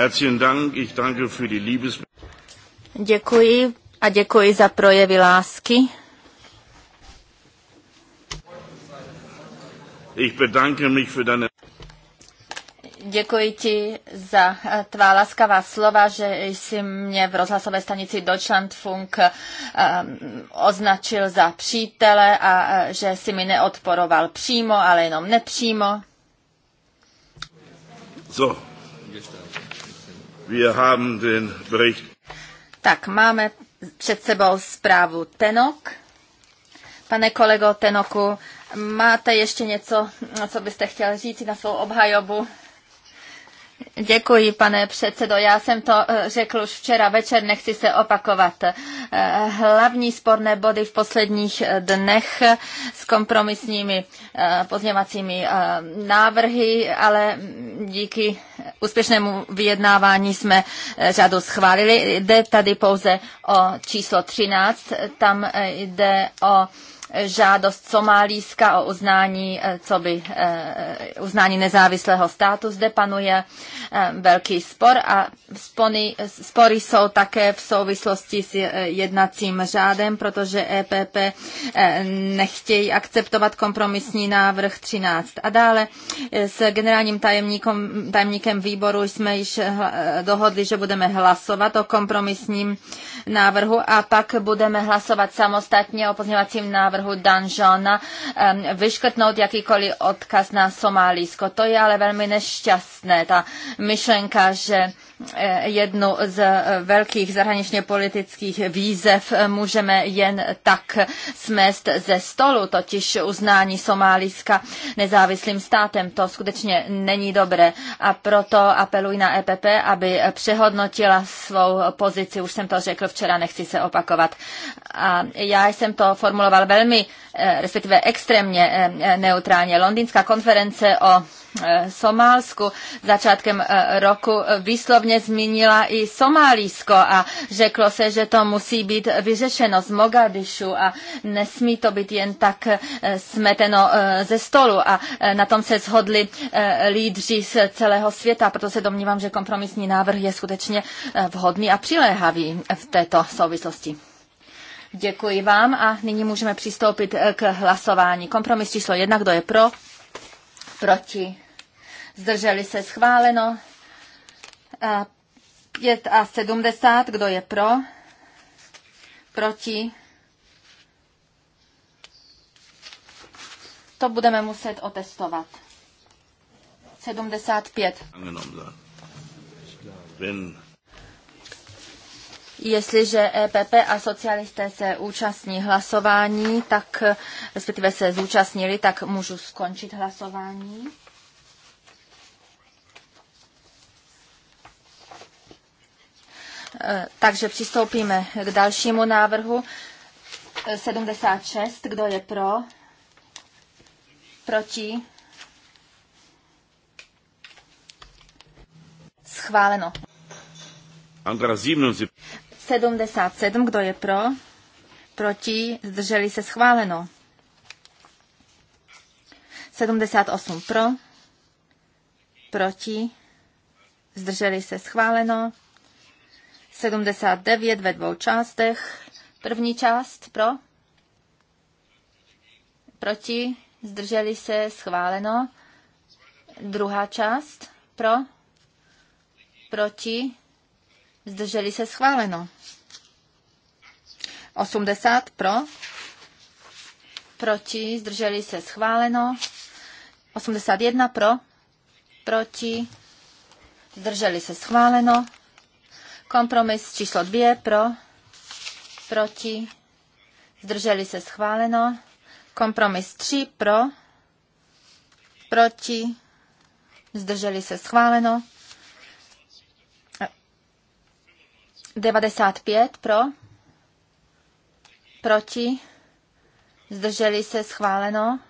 Herzlichen Dank, ich danke für die Liebes... Děkuji a děkuji za projevy lásky. Ich bedanke mich für deine Děkuji ti za eh, tvá laskavá slova, že jsi mě v rozhlasové stanici Deutschlandfunk um, eh, označil za přítele a eh, že jsi mi neodporoval přímo, ale jenom nepřímo. Co? So. Wir haben den Bericht. Tak, máme před sebou zprávu Tenok. Pane kolego Tenoku, máte ještě něco, co byste chtěl říct na svou obhajobu? Děkuji, pane předsedo. Já jsem to eh, řekl už včera večer, nechci se opakovat. Eh, hlavní sporné body v posledních eh, dnech s kompromisními pozněvacími návrhy, ale díky úspěšnému vyjednávání jsme řadu schválili. Jde tady pouze o číslo 13, tam jde o žádost Somálíska o uznání, eh, co by, eh, uznání nezávislého státu. Zde panuje eh, velký spor a spony, spory jsou také v souvislosti s jednacím řádem, protože EPP nechtějí akceptovat kompromisní návrh 13. A dále s generálním tajemníkem, tajemníkem výboru jsme již dohodli, že budeme hlasovat o kompromisním návrhu a pak budeme hlasovat samostatně o pozměňovacím návrhu návrhu Danžona vyškrtnout jakýkoliv odkaz na Somálisko. To je ale velmi nešťastné, ta myšlenka, že Eh, jednu z eh, velkých zahraničně politických výzev můžeme jen tak smést ze stolu, totiž uznání Somálska nezávislým státem. To skutečně není dobré a proto apeluji na EPP, aby přehodnotila svou pozici. Už jsem to řekl včera, nechci se opakovat. A já jsem to formuloval velmi, eh, respektive extrémně neutrálně. Londýnská konference o Eh, Somálsku začátkem eh, roku eh, výslovně zmínila i Somálisko a řeklo se, že to musí být vyřešeno z Mogadišu a nesmí to být jen tak smeteno ze stolu a na tom se shodli lídři z celého světa, proto se domnívám, že kompromisní návrh je skutečně vhodný a přiléhavý v této souvislosti. Děkuji vám a nyní můžeme přistoupit k hlasování. Kompromis číslo jedna, kdo je pro? proti, zdrželi se schváleno, 5 a 70, kdo je pro, proti, to budeme muset otestovat. 75. Angenommen sein. Jestliže EPP a socialisté se účastní hlasování, tak respektive se zúčastnili, tak můžu skončit hlasování. E, takže přistoupíme k dalšímu návrhu. 76, e, kdo je pro? Proti? Schváleno. 77, kdo je pro, proti, zdrželi se schváleno. 78 pro, proti, zdrželi se schváleno. 79 ve dvou částech. První část pro, proti, zdrželi se schváleno. Druhá část pro, proti, zdrželi se schváleno. 80 pro, proti, zdrželi se schváleno. 81 pro, proti, zdrželi se schváleno. Kompromis číslo 2 pro, proti, zdrželi se schváleno. Kompromis 3 pro, proti, zdrželi se schváleno. 95 pro, proti, zdrželi se schváleno.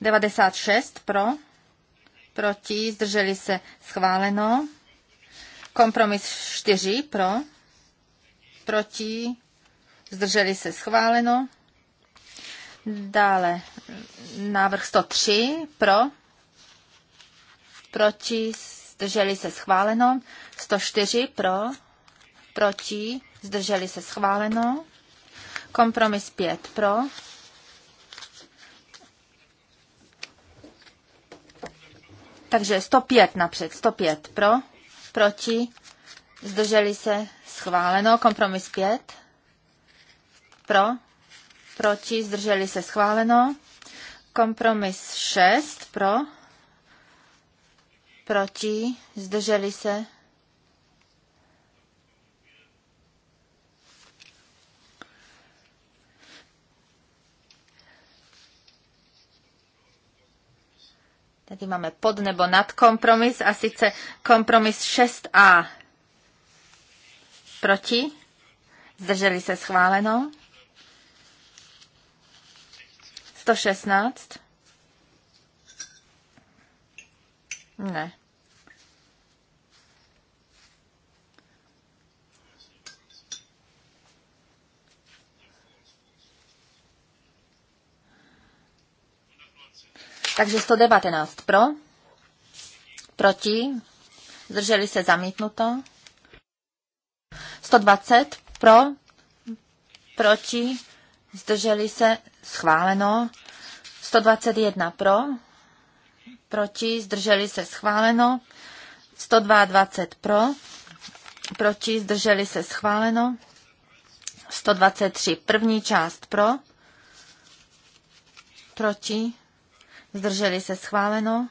96 pro, proti, zdrželi se schváleno. Kompromis 4 pro, proti, zdrželi se schváleno. Dále návrh 103 pro, proti, zdrželi se schváleno. 104 pro, proti, zdrželi se schváleno. Kompromis 5 pro. Takže 105 napřed, 105 pro, proti, zdrželi se schváleno. Kompromis 5 pro, proti, zdrželi se schváleno. Kompromis 6 pro, proti, zdrželi se Tady máme pod nebo nad kompromis a sice kompromis 6a. Proti? Zdrželi se schváleno? 116? Ne. Takže 119 pro, proti, zdrželi se zamítnuto. 120 pro, proti, zdrželi se schváleno. 121 pro, proti, zdrželi se schváleno. 122 pro, proti, zdrželi se schváleno. 123 první část pro, proti, zdrželi se schváleno.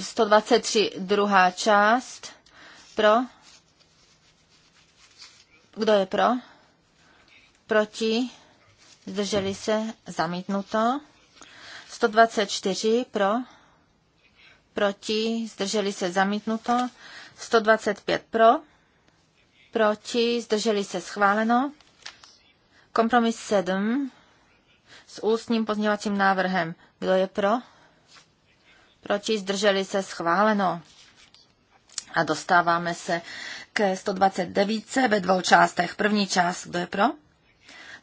123 druhá část pro. Kdo je pro? Proti? Zdrželi se? Zamítnuto. 124 pro. Proti? Zdrželi se? Zamítnuto. 125 pro. Proti? Zdrželi se? Schváleno. Kompromis 7 s ústním pozměňovacím návrhem. Kdo je pro? Proti zdrželi se schváleno. A dostáváme se k 129 ve dvou částech. První část, kdo je pro?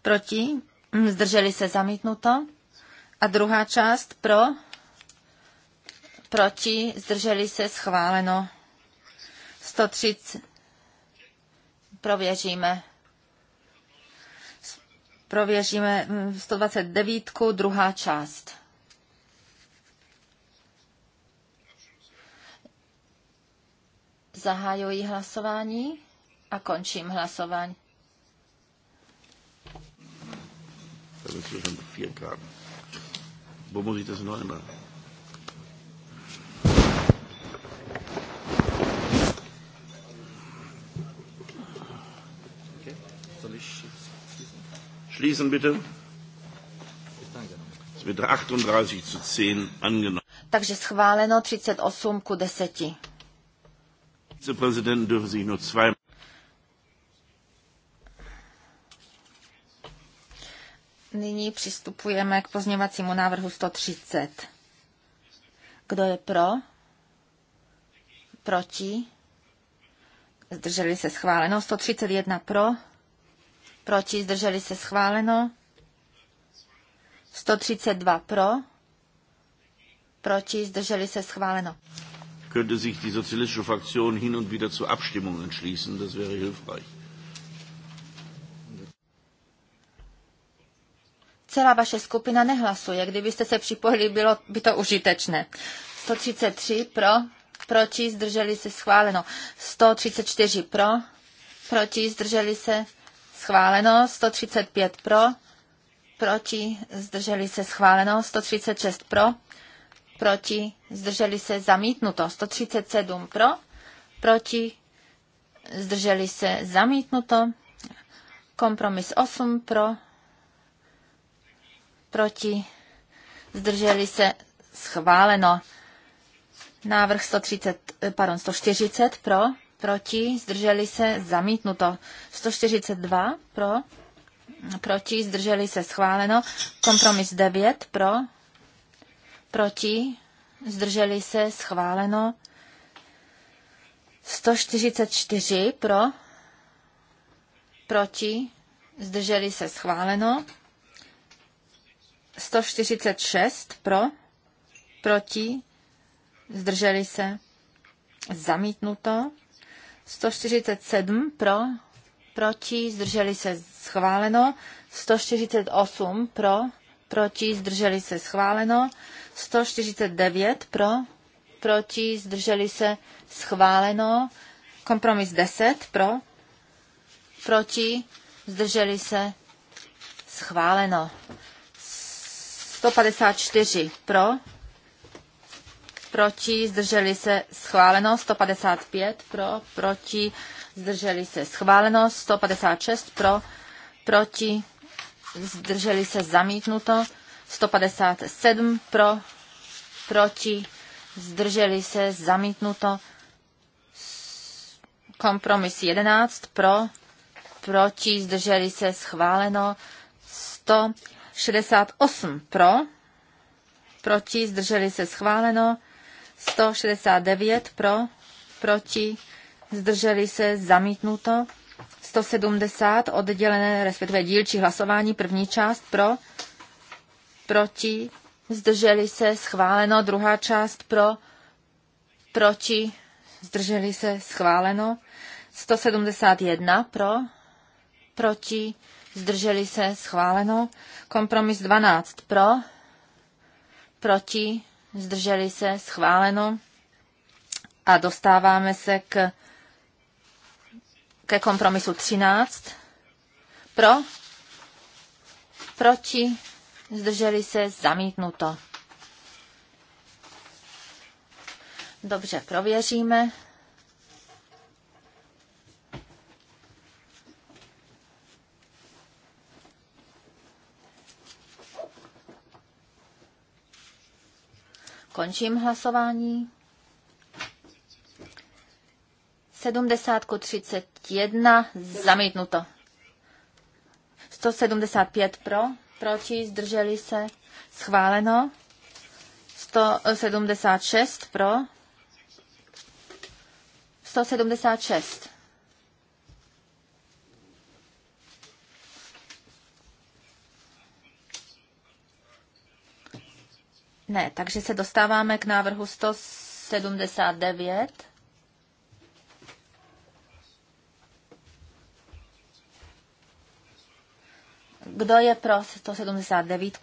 Proti? Hm, zdrželi se zamítnuto. A druhá část pro? Proti? Zdrželi se schváleno. 130. Prověříme. Prověříme 129, mm, druhá část. Zahájuji hlasování a končím hlasování. Da müssen schon vier Karten. Wo muss ich das noch einmal? Schließen bitte. Es wird 38 zu 10 angenommen. Takže schváleno 38 ku 10. Vizepräsidenten dürfen sich nur zwei Nyní přistupujeme k pozněvacímu návrhu 130. Kdo je pro? Proti? Zdrželi se schváleno. 131 pro? proti, zdrželi se schváleno. 132 pro, proti, zdrželi se schváleno. Könnte sich die sozialistische Fraktion hin und wieder zur Abstimmung entschließen, das wäre hilfreich. Celá vaše skupina nehlasuje, kdybyste se připojili, bylo by to užitečné. 133 pro, proti, zdrželi se schváleno. 134 pro, proti, zdrželi se schváleno schváleno, 135 pro, proti, zdrželi se schváleno, 136 pro, proti, zdrželi se zamítnuto, 137 pro, proti, zdrželi se zamítnuto, kompromis 8 pro, proti, zdrželi se schváleno, návrh 130, eh, pardon, 140 pro, proti, zdrželi se, zamítnuto. 142 pro, proti, zdrželi se, schváleno. Kompromis 9 pro, proti, zdrželi se, schváleno. 144 pro, proti, zdrželi se, schváleno. 146 pro, proti, zdrželi se, zamítnuto. 147 pro, proti, zdrželi se schváleno. 148 pro, proti, zdrželi se schváleno. 149 pro, proti, zdrželi se schváleno. Kompromis 10 pro, proti, zdrželi se schváleno. 154 pro, proti, zdrželi se schváleno, 155 pro, proti, zdrželi se schváleno, 156 pro, proti, zdrželi se zamítnuto, 157 pro, proti, zdrželi se zamítnuto, kompromis 11 pro, proti, zdrželi se schváleno, 168 pro, proti, zdrželi se schváleno, 169 pro, proti, zdrželi se, zamítnuto. 170 oddělené, respektive dílčí hlasování, první část pro, proti, zdrželi se, schváleno, druhá část pro, proti, zdrželi se, schváleno. 171 pro, proti, zdrželi se, schváleno. Kompromis 12 pro, proti, zdrželi se, schváleno. A dostáváme se k, ke kompromisu 13. Pro, proti, zdrželi se, zamítnuto. Dobře, prověříme. Končím hlasování. 70 ku 31 zamítnuto. 175 pro, proti, zdrželi se, schváleno. 176 pro, 176. Ne, takže se dostáváme k návrhu 179. Kdo je pro 179?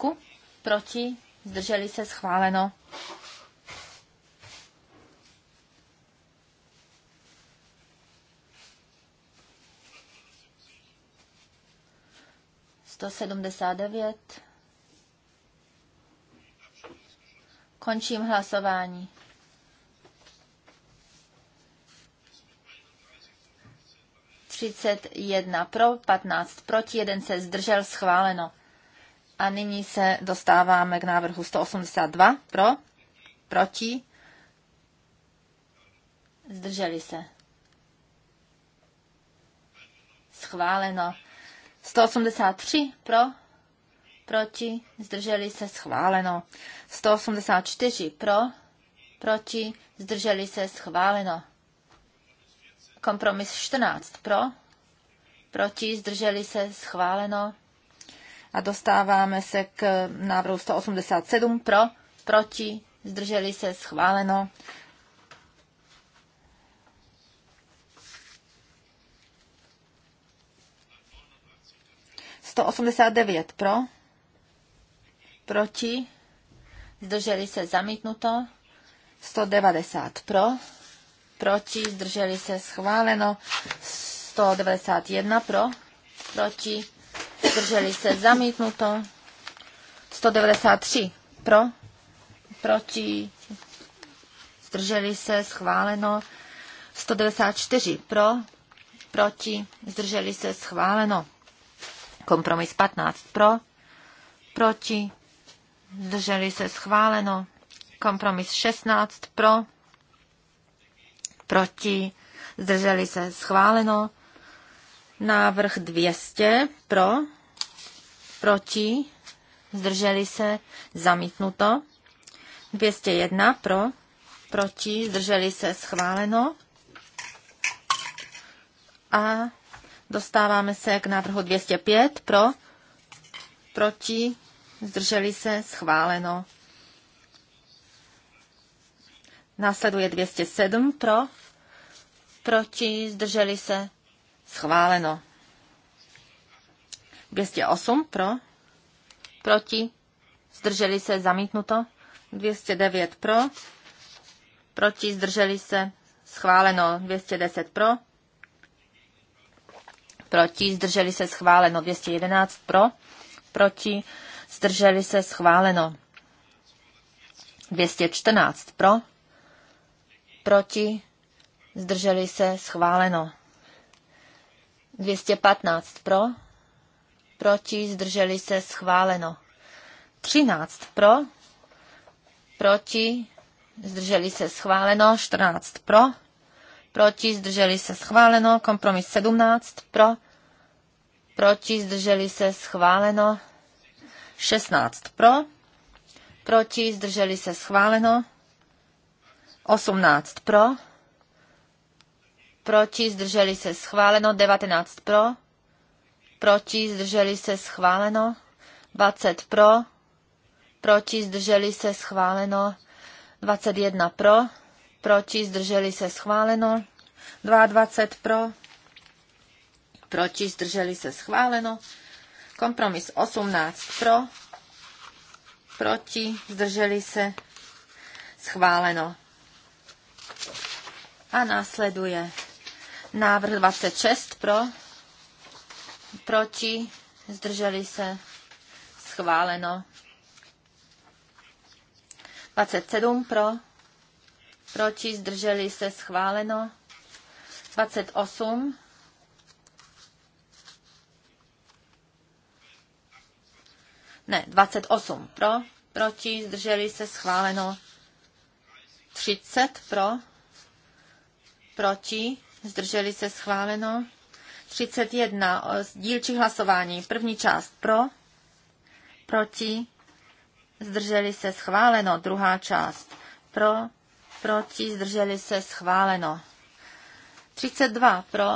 Proti? Zdrželi se schváleno. Sto sedmdesát devět. Končím hlasování. jedna pro, 15 proti, jeden se zdržel, schváleno. A nyní se dostáváme k návrhu 182 pro, proti, zdrželi se. Schváleno. 183 pro, proti, zdrželi se schváleno. 184 pro, proti, zdrželi se schváleno. Kompromis 14 pro, proti, zdrželi se schváleno. A dostáváme se k návrhu 187 pro, proti, zdrželi se schváleno. Sto osmdesát devět pro, proti, zdrželi se zamítnuto, 190 pro, proti, zdrželi se schváleno, 191 pro, proti, zdrželi se zamítnuto, 193 pro, proti, zdrželi se schváleno, 194 pro, proti, zdrželi se schváleno. Kompromis 15 pro, proti, zdrželi se schváleno. Kompromis 16 pro, proti, zdrželi se schváleno. Návrh 200 pro, proti, zdrželi se zamítnuto. 201 pro, proti, zdrželi se schváleno. A dostáváme se k návrhu 205 pro, proti, zdrželi se, schváleno. Následuje 207 pro, proti, zdrželi se, schváleno. 208 pro, proti, zdrželi se, zamítnuto. 209 pro, proti, zdrželi se, schváleno. 210 pro, proti, zdrželi se, schváleno. 211 pro, proti, zdrželi se schváleno. 214 pro, proti, zdrželi se schváleno. 215 pro, proti, zdrželi se schváleno. 13 pro, proti, zdrželi se schváleno. 14 pro, proti, zdrželi se schváleno. Kompromis 17 pro, proti, zdrželi se schváleno. 16 pro, proti, zdrželi se schváleno, 18 pro, proti, zdrželi se schváleno, 19 pro, proti, zdrželi se schváleno, 20 pro, proti, zdrželi se schváleno, 21 pro, proti, zdrželi se schváleno, 22 pro, proti, zdrželi se schváleno, Kompromis 18 pro, proti, zdrželi se, schváleno. A následuje návrh 26 pro, proti, zdrželi se, schváleno. 27 pro, proti, zdrželi se, schváleno. 28 ne, 28 pro, proti, zdrželi se, schváleno 30 pro, proti, zdrželi se, schváleno 31 o dílčí hlasování, první část pro, proti, zdrželi se, schváleno, druhá část pro, proti, zdrželi se, schváleno 32 pro,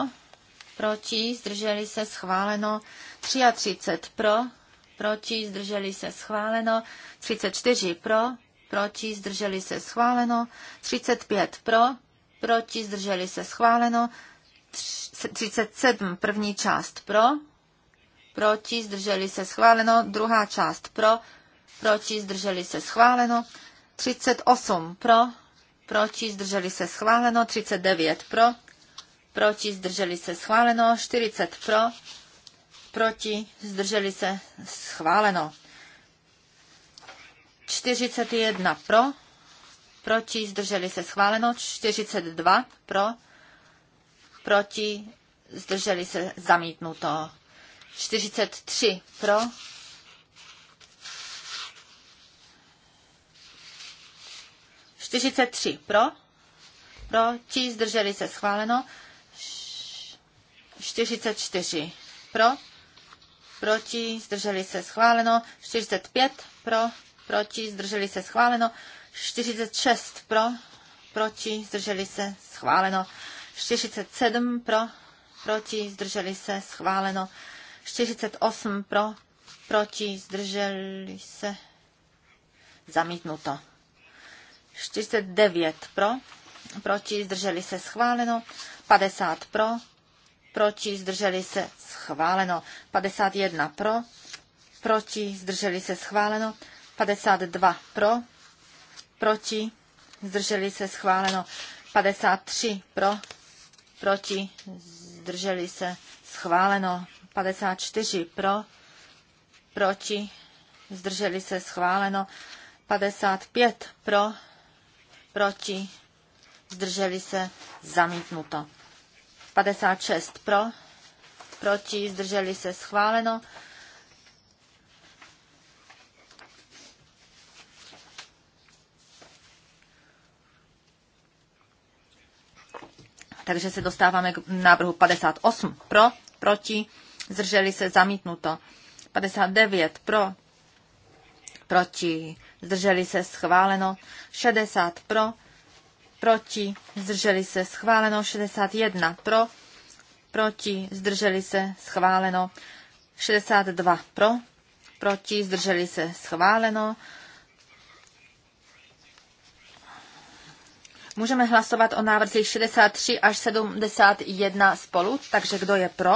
proti, zdrželi se, schváleno 33 pro, proti, zdrželi se schváleno, 34 pro, proti, zdrželi se schváleno, 35 pro, proti, zdrželi se schváleno, 37 první část pro, proti, zdrželi se schváleno, druhá část pro, proti, zdrželi se schváleno, 38 pro, proti, zdrželi se schváleno, 39 pro, proti, zdrželi se schváleno, 40 pro, proti, zdrželi se, schváleno. 41 pro, proti, zdrželi se, schváleno. 42 pro, proti, zdrželi se, zamítnuto. 43 pro, Čtyřicet tři pro, proti, zdrželi se schváleno, čtyři pro, proti, zdrželi se schváleno, 45 pro, proti, zdrželi se schváleno, 46 pro, proti, zdrželi se schváleno, 47 pro, proti, zdrželi se schváleno, 48 pro, proti, zdrželi se zamítnuto. 49 pro, proti, zdrželi se schváleno, 50 pro, proti, zdrželi se, schváleno. 51 pro, proti, zdrželi se, schváleno. 52 pro, proti, zdrželi se, schváleno. 53 pro, proti, zdrželi se, schváleno. 54 pro, proti, zdrželi se, schváleno. 55 pro, proti, zdrželi se, zamítnuto. 56 pro, proti, zdrželi se schváleno. Takže se dostáváme k návrhu 58 pro, proti, zdrželi se zamítnuto. 59 pro, proti, zdrželi se schváleno. 60 pro, proti, zdrželi se, schváleno 61 pro, proti, zdrželi se, schváleno 62 pro, proti, zdrželi se, schváleno. Můžeme hlasovat o návrzích 63 až 71 spolu, takže kdo je pro,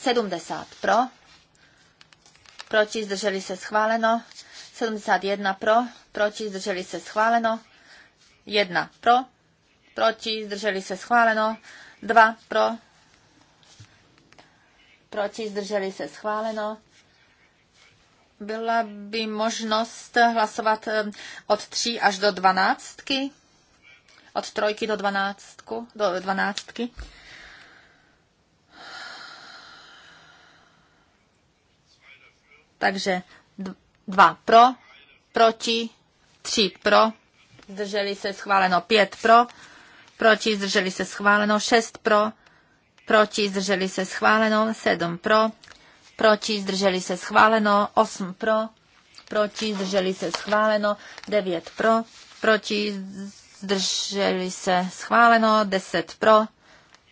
70 pro, proti zdrželi se schváleno, 71 pro, proti zdrželi se schváleno, 1 pro, proti zdrželi se schváleno, 2 pro, proti zdrželi se schváleno. Byla by možnost hlasovat od 3 až do 12, od trojky do 12, do 12. Takže dva pro, proti, tři pro, zdrželi se schváleno pět pro, proti, zdrželi se schváleno šest pro, proti, zdrželi se schváleno sedm pro, proti, zdrželi se schváleno osm pro, proti, zdrželi se schváleno devět pro, proti, zdrželi se schváleno deset pro,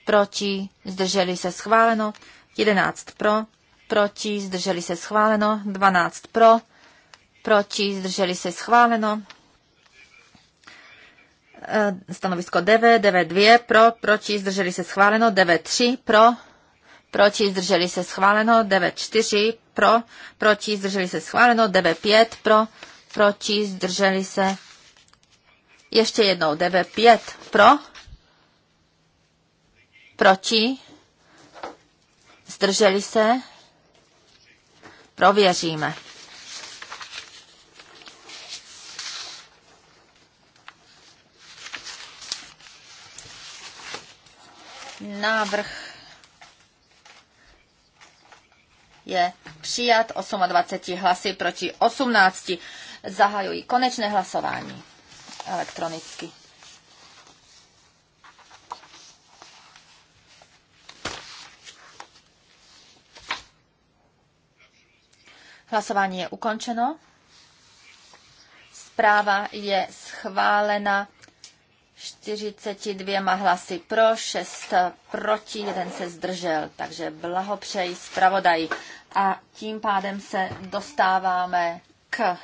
proti, zdrželi se schváleno jedenáct pro, proti, zdrželi se schváleno, 12 pro, proti, zdrželi se schváleno, e, stanovisko 9, 9-2 pro, proti, zdrželi se schváleno, 9-3 pro, proti, zdrželi se schváleno, 9-4 pro, proti, zdrželi se schváleno, 9-5 pro, proti, zdrželi se ještě jednou, 9-5 pro, proti, zdrželi se, prověříme. Návrh je přijat 28 hlasy proti 18. Zahajuji konečné hlasování elektronicky. Hlasování je ukončeno. Zpráva je schválena 42 hlasy pro, 6 proti, jeden se zdržel. Takže blahopřeji zpravodaji. A tím pádem se dostáváme k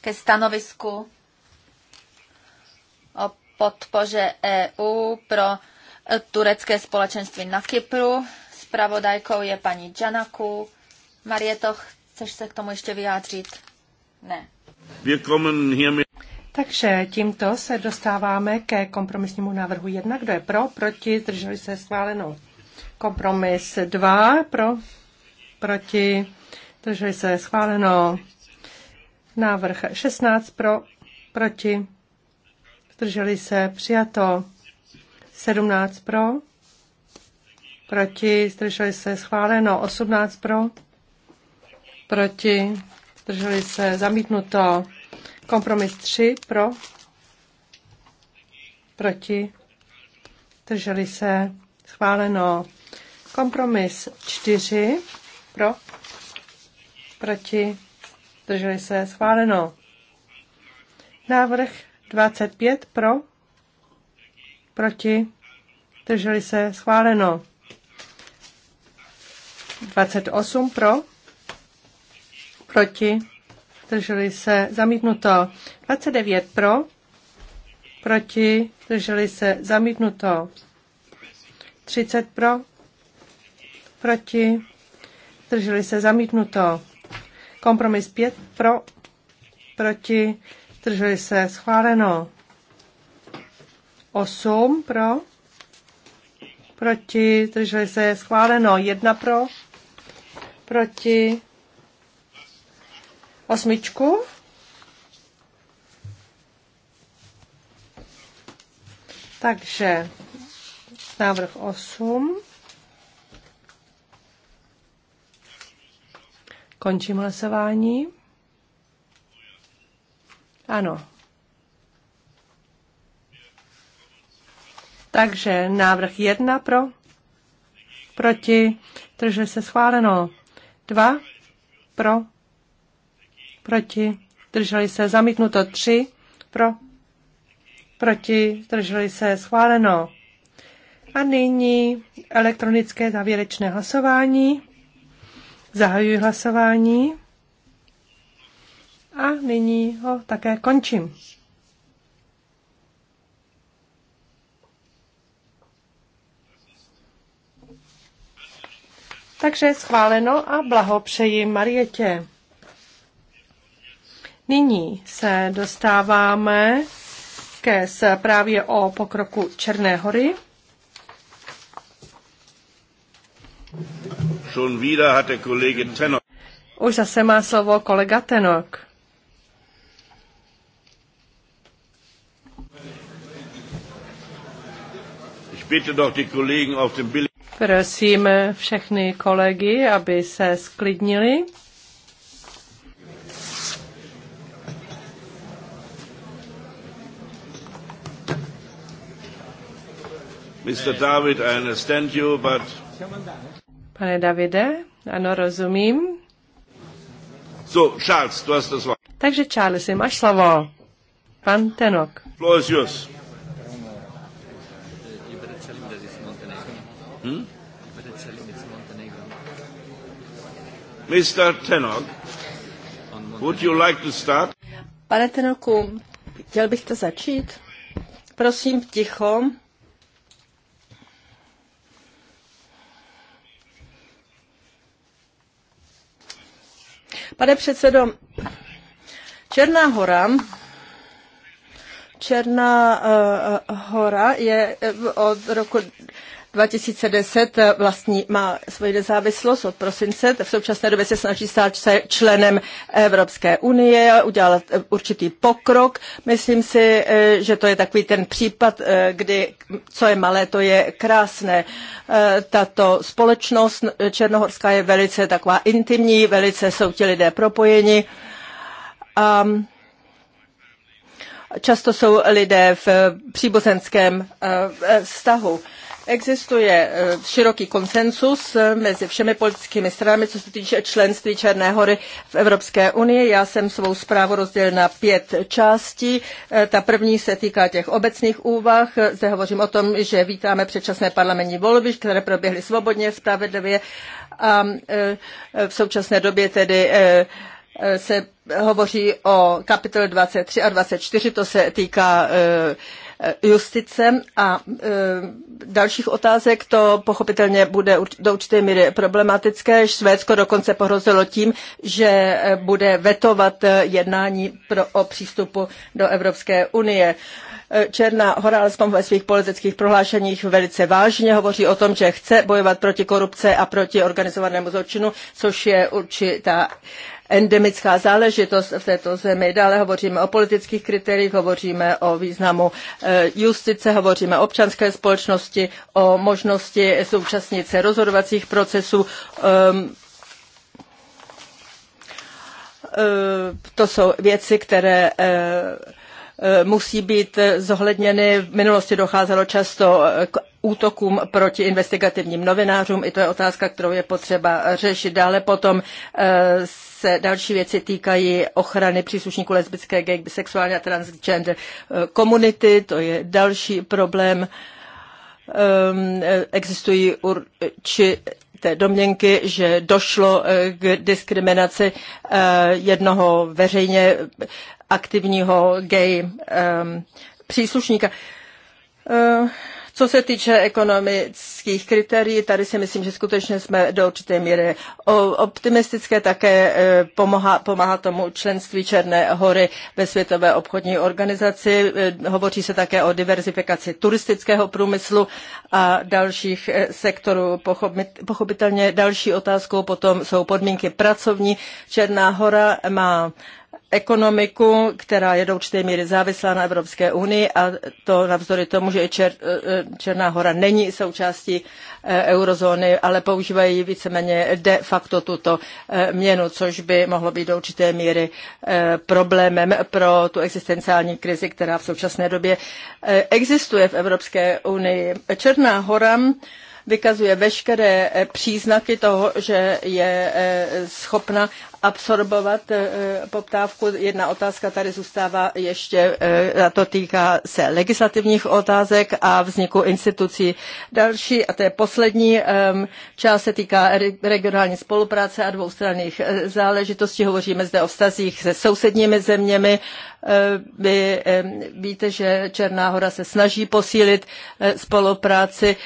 ke stanovisku o podpoře EU pro turecké společenství na Kypru zpravodajkou je paní Janaku. Marieto, chceš se k tomu ještě vyjádřit? Ne. Takže tímto se dostáváme ke kompromisnímu návrhu 1. Kdo je pro, proti, zdrželi se schváleno. Kompromis 2, pro, proti, zdrželi se schváleno. Návrh 16 pro, proti, zdrželi se přijato. 17 pro, proti, zdrželi se, schváleno 18 pro, proti, zdrželi se, zamítnuto, kompromis 3 pro, proti, zdrželi se, schváleno, kompromis 4 pro, proti, zdrželi se, schváleno. Návrh 25 pro, proti, zdrželi se, schváleno. 28 pro, proti, drželi se, zamítnuto. 29 pro, proti, drželi se, zamítnuto. 30 pro, proti, drželi se, zamítnuto. Kompromis 5 pro, proti, drželi se, schváleno. 8 pro, proti, drželi se, schváleno. 1 pro, proti osmičku. Takže návrh 8. Končím hlasování. Ano. Takže návrh 1 pro, proti, takže se schváleno. 2 pro, proti, drželi se, zamítnuto 3 pro, proti, drželi se, schváleno. A nyní elektronické závěrečné hlasování. Zahajuji hlasování a nyní ho také končím. Takže schváleno a blahopřeji Marietě. Nyní se dostáváme ke zprávě o pokroku Černé hory. Schon wieder Kollege Tenok. Už zase má slovo kolega Tenok. Ich bitte doch die Kollegen auf dem Bild. Prosím všechny kolegy, aby se sklidnili. Mr. David, I understand you, but... Pane Davide, ano, rozumím. So, Charles, du hast das Wort. Takže Charles, máš slovo. Pan Tenok. Floor is yours. Hmm? But it's selling it's Montenegro. Mr. Tenok, would you like to start? Pane Tenoku, chtěl bych to začít? Prosím, ticho. Pane předsedo, Černá hora Černá uh, hora je eh, od roku 2010 eh, vlastní, má svoji nezávislost od prosince. V současné době se snaží stát se členem Evropské unie, udělat eh, určitý pokrok. Myslím si, eh, že to je takový ten případ, kdy co je malé, to je krásné. Tato společnost černohorská je velice taková intimní, velice jsou ti lidé propojeni. A často jsou lidé v příbuzenském vztahu. Existuje eh, široký konsensus eh, mezi všemi politickými stranami, co se týče členství Černé hory v Evropské unii. Já jsem svou zprávu rozdělil na pět částí. Eh, ta první se týká těch obecných úvah. Zde hovořím o tom, že vítáme předčasné parlamentní volby, které proběhly svobodně, spravedlivě a v současné době tedy se hovoří o kapitole 23 a 24, to se týká Eh, justice a eh, dalších otázek, to pochopitelně bude do určité míry problematické. Švédsko dokonce pohrozilo tím, že eh, bude vetovat jednání pro, o přístupu do Evropské unie. Černá hora alespoň ve svých politických prohlášeních velice vážně hovoří o tom, že chce bojovat proti korupce a proti organizovanému zločinu, což je určitá endemická záležitost v této zemi. Dále hovoříme o politických kritériích, hovoříme o významu eh, justice, hovoříme o občanské společnosti, o možnosti současnit se rozhodovacích procesů. Ehm, ehm, to jsou věci, které eh, eh, musí být zohledněny. V minulosti docházelo často k útokům proti investigativním novinářům. I to je otázka, kterou je potřeba řešit. Dále potom eh, se další věci týkají ochrany příslušníků lesbické, gay, bisexuální a transgender eh, komunity. To je další problém. Ehm, eh, existují určité té domněnky, že došlo k diskriminaci jednoho veřejně aktivního gay ehm, příslušníka. Co se týče ekonomických kritérií, tady si myslím, že skutečně jsme do určité míry optimistické, také e, pomáhá, pomáhá tomu členství Černé hory ve Světové obchodní organizaci. E, hovoří se také o diverzifikaci turistického průmyslu a dalších e, sektorů. Pochopitelně další otázkou potom jsou podmínky pracovní. Černá hora má ekonomiku, která je do určité míry závislá na Evropské unii a to navzdory tomu, že Čer, eh, Černá hora není součástí eh, eurozóny, ale používají víceméně de facto tuto eh, měnu, což by mohlo být do určité míry problémem pro tu existenciální krizi, která v současné době existuje v Evropské unii. Černá hora vykazuje veškeré příznaky toho, že je schopna absorbovat eh, eh, poptávku. Jedna otázka tady zůstává ještě, eh, a to týká se legislativních otázek a vzniku institucí další. A to je poslední část, se týká regionální spolupráce a dvoustranných záležitostí. Hovoříme zde o vztazích se sousedními zeměmi. Vy víte, že Černá hora se snaží posílit spolupráci.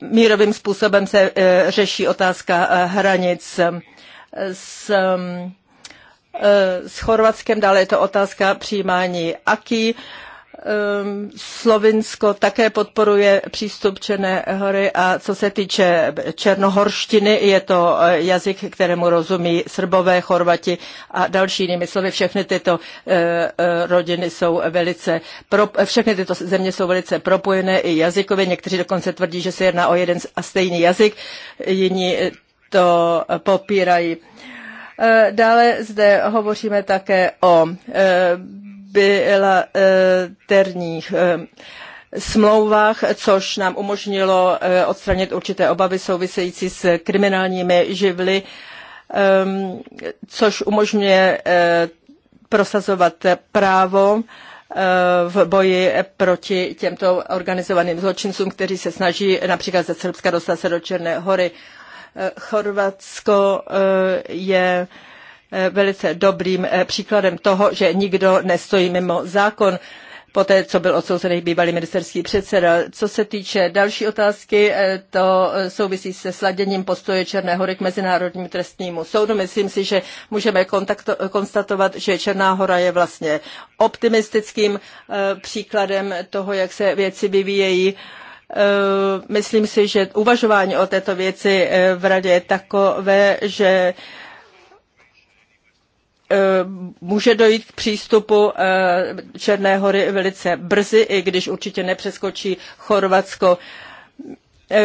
Mírovým způsobem se řeší otázka hranic s um, eh, s Chorvatskem, dále je to otázka přijímání AKI. Um, Slovinsko také podporuje přístup Černé hory a co se týče černohorštiny, je to eh, jazyk, kterému rozumí Srbové, Chorvati a další jinými slovy. Všechny tyto eh, rodiny jsou velice, pro, všechny tyto země jsou velice propojené i jazykově. Někteří dokonce tvrdí, že se jedná o jeden a stejný jazyk. Jiní to popírají. E, dále zde hovoříme také o e, bilaterních e, smlouvách, což nám umožnilo odstranit určité obavy související s kriminálními živly, což umožňuje prosazovat právo v boji proti těmto organizovaným zločincům, kteří se snaží například ze Srbska dostat se do Černé hory. Chorvatsko eh, je eh, velice dobrým eh, příkladem toho, že nikdo nestojí mimo zákon poté, co byl odsouzený bývalý ministerský předseda. Co se týče další otázky, to souvisí se sladěním postoje Černé hory k Mezinárodnímu trestnímu soudu. Myslím si, že můžeme konstatovat, že Černá hora je vlastně optimistickým příkladem toho, jak se věci vyvíjejí. Eh, myslím si, že uvažování o této věci eh, v radě je takové, že eh, může dojít k přístupu Černé hory velice brzy, i když určitě nepřeskočí Chorvatsko. E,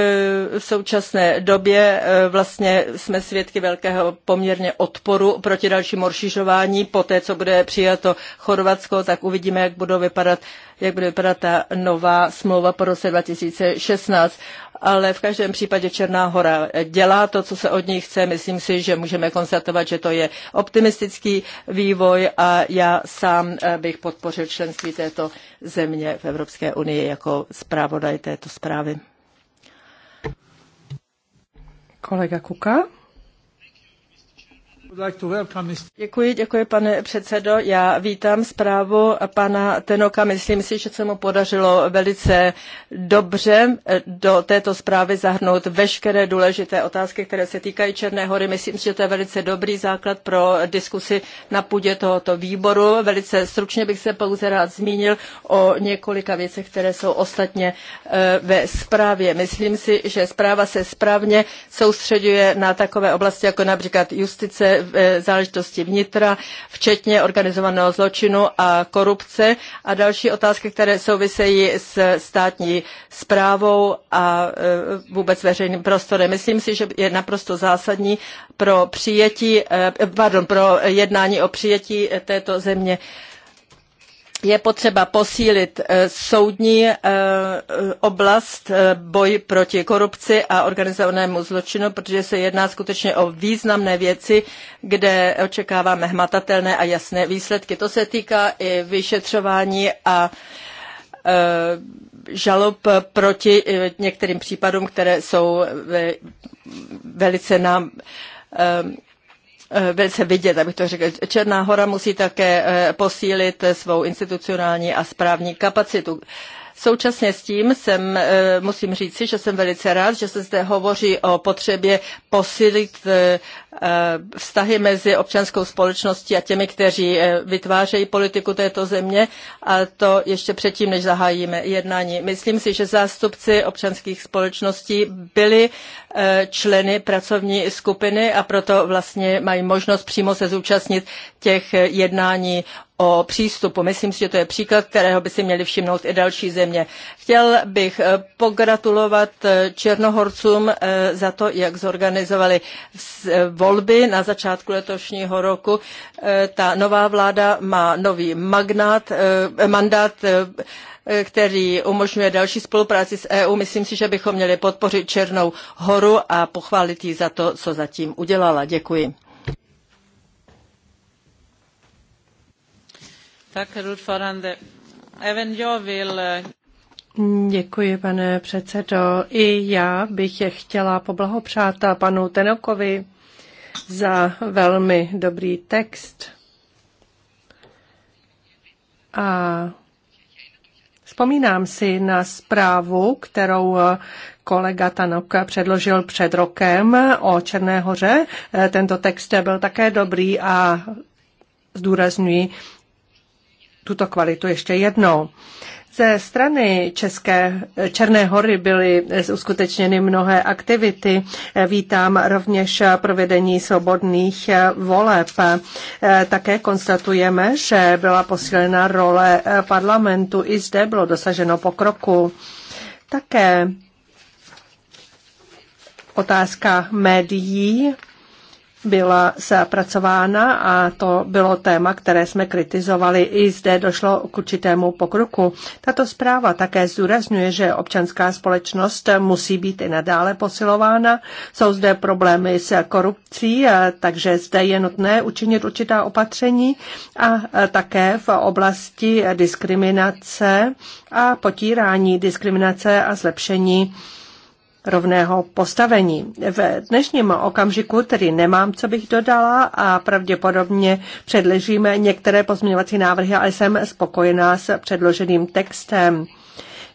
v současné době e, vlastně jsme svědky velkého poměrně odporu proti dalšímu rozšiřování. Po té, co bude přijato Chorvatsko, tak uvidíme, jak, budou vypadat, jak bude vypadat ta nová smlouva po roce 2016. Ale v každém případě Černá hora dělá to, co se od ní chce. Myslím si, že můžeme konstatovat, že to je optimistický vývoj a já sám e, bych podpořil členství této země v Evropské unii jako zpravodaj této zprávy. Kolega Kuka. Děkuji, děkuji pane předsedo. Já vítám zprávu pana Tenoka. Myslím si, že se mu podařilo velice dobře eh, do této zprávy zahrnout veškeré důležité otázky, které se týkají Černé hory. Myslím si, že to je velice dobrý základ pro diskusi na půdě tohoto výboru. Velice stručně bych se pouze rád zmínil o několika věcech, které jsou ostatně eh, ve zprávě. Myslím si, že zpráva se správně soustředuje na takové oblasti, jako například justice, Eh, záležitosti vnitra, včetně organizovaného zločinu a korupce a další otázky, které souvisejí s státní zprávou a eh, vůbec veřejným prostorem. Myslím si, že je naprosto zásadní pro přijetí, eh, pardon, pro jednání o přijetí této země je potřeba posílit eh, soudní eh, oblast, eh, boj proti korupci a organizovanému zločinu, protože se jedná skutečně o významné věci, kde očekáváme hmatatelné a jasné výsledky. To se týká i vyšetřování a žalob proti některým případům, které jsou velice nám Eh, velice vidět, abych to řekl. Černá hora musí také eh, posílit eh, svou institucionální a správní kapacitu. Současně s tím jsem, musím říci, že jsem velice rád, že se zde hovoří o potřebě posílit. Eh, vztahy mezi občanskou společností a těmi, kteří eh, vytvářejí politiku této země a to ještě předtím, než zahájíme jednání. Myslím si, že zástupci občanských společností byli eh, členy pracovní skupiny a proto vlastně mají možnost přímo se zúčastnit těch jednání o přístupu. Myslím si, že to je příklad, kterého by si měli všimnout i další země. Chtěl bych pogratulovat Černohorcům za to, jak zorganizovali volby volby na začátku letošního roku. E, ta nová vláda má nový magnát, e, mandát e, který umožňuje další spolupráci s EU. Myslím si, že bychom měli podpořit Černou horu a pochválit ji za to, co zatím udělala. Děkuji. Eh, Děkuji, pane předsedo. I já bych chtěla poblahopřát panu Tenokovi za velmi dobrý text. A Vzpomínám si na zprávu, kterou kolega Tanok předložil před rokem o Černé hoře. Tento text byl také dobrý a zdůrazňuji tuto kvalitu ještě jednou. Ze strany České Černé hory byly uskutečněny mnohé aktivity. Vítám rovněž provedení svobodných voleb. Také konstatujeme, že byla posílena role parlamentu. I zde bylo dosaženo pokroku. Také otázka médií byla zapracována a to bylo téma, které jsme kritizovali. I zde došlo k určitému pokroku. Tato zpráva také zdůrazňuje, že občanská společnost musí být i nadále posilována. Jsou zde problémy s korupcí, takže zde je nutné učinit určitá opatření a také v oblasti diskriminace a potírání diskriminace a zlepšení rovného postavení. V dnešním okamžiku tedy nemám, co bych dodala a pravděpodobně předležíme některé pozměňovací návrhy, ale jsem spokojená s předloženým textem.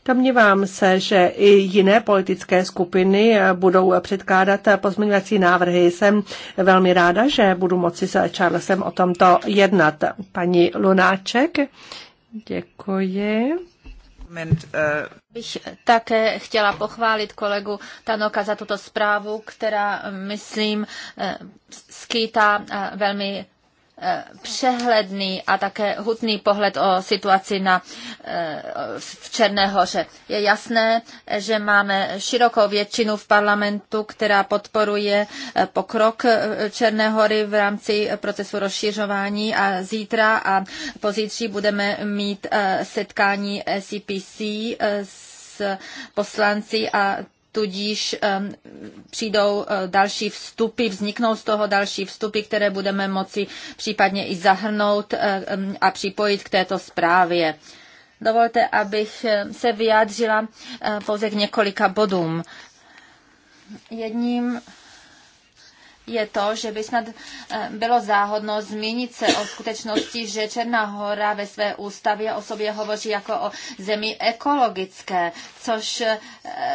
Domnívám se, že i jiné politické skupiny budou předkládat pozměňovací návrhy. Jsem velmi ráda, že budu moci s Charlesem o tomto jednat. Paní Lunáček, děkuji. Eh, Bych také chtěla pochválit kolegu Tanoka za tuto zprávu, která, myslím, eh, skýtá eh, velmi Eh, přehledný a také hutný pohled o situaci na, eh, v Černé hoře. Je jasné, že máme širokou většinu v parlamentu, která podporuje eh, pokrok Černé hory v rámci procesu rozšiřování a zítra a pozítří budeme mít setkání CPC s poslanci a tudíž přijdou e, další vstupy, vzniknou z toho další vstupy, které budeme moci případně i zahrnout e, a připojit k této zprávě. Dovolte, abych e, se vyjádřila pouze k několika bodům. Jedním je to, že by snad eh, bylo záhodno zmínit se o skutečnosti, že Černá hora ve své ústavě o sobě hovoří jako o zemi ekologické, což eh,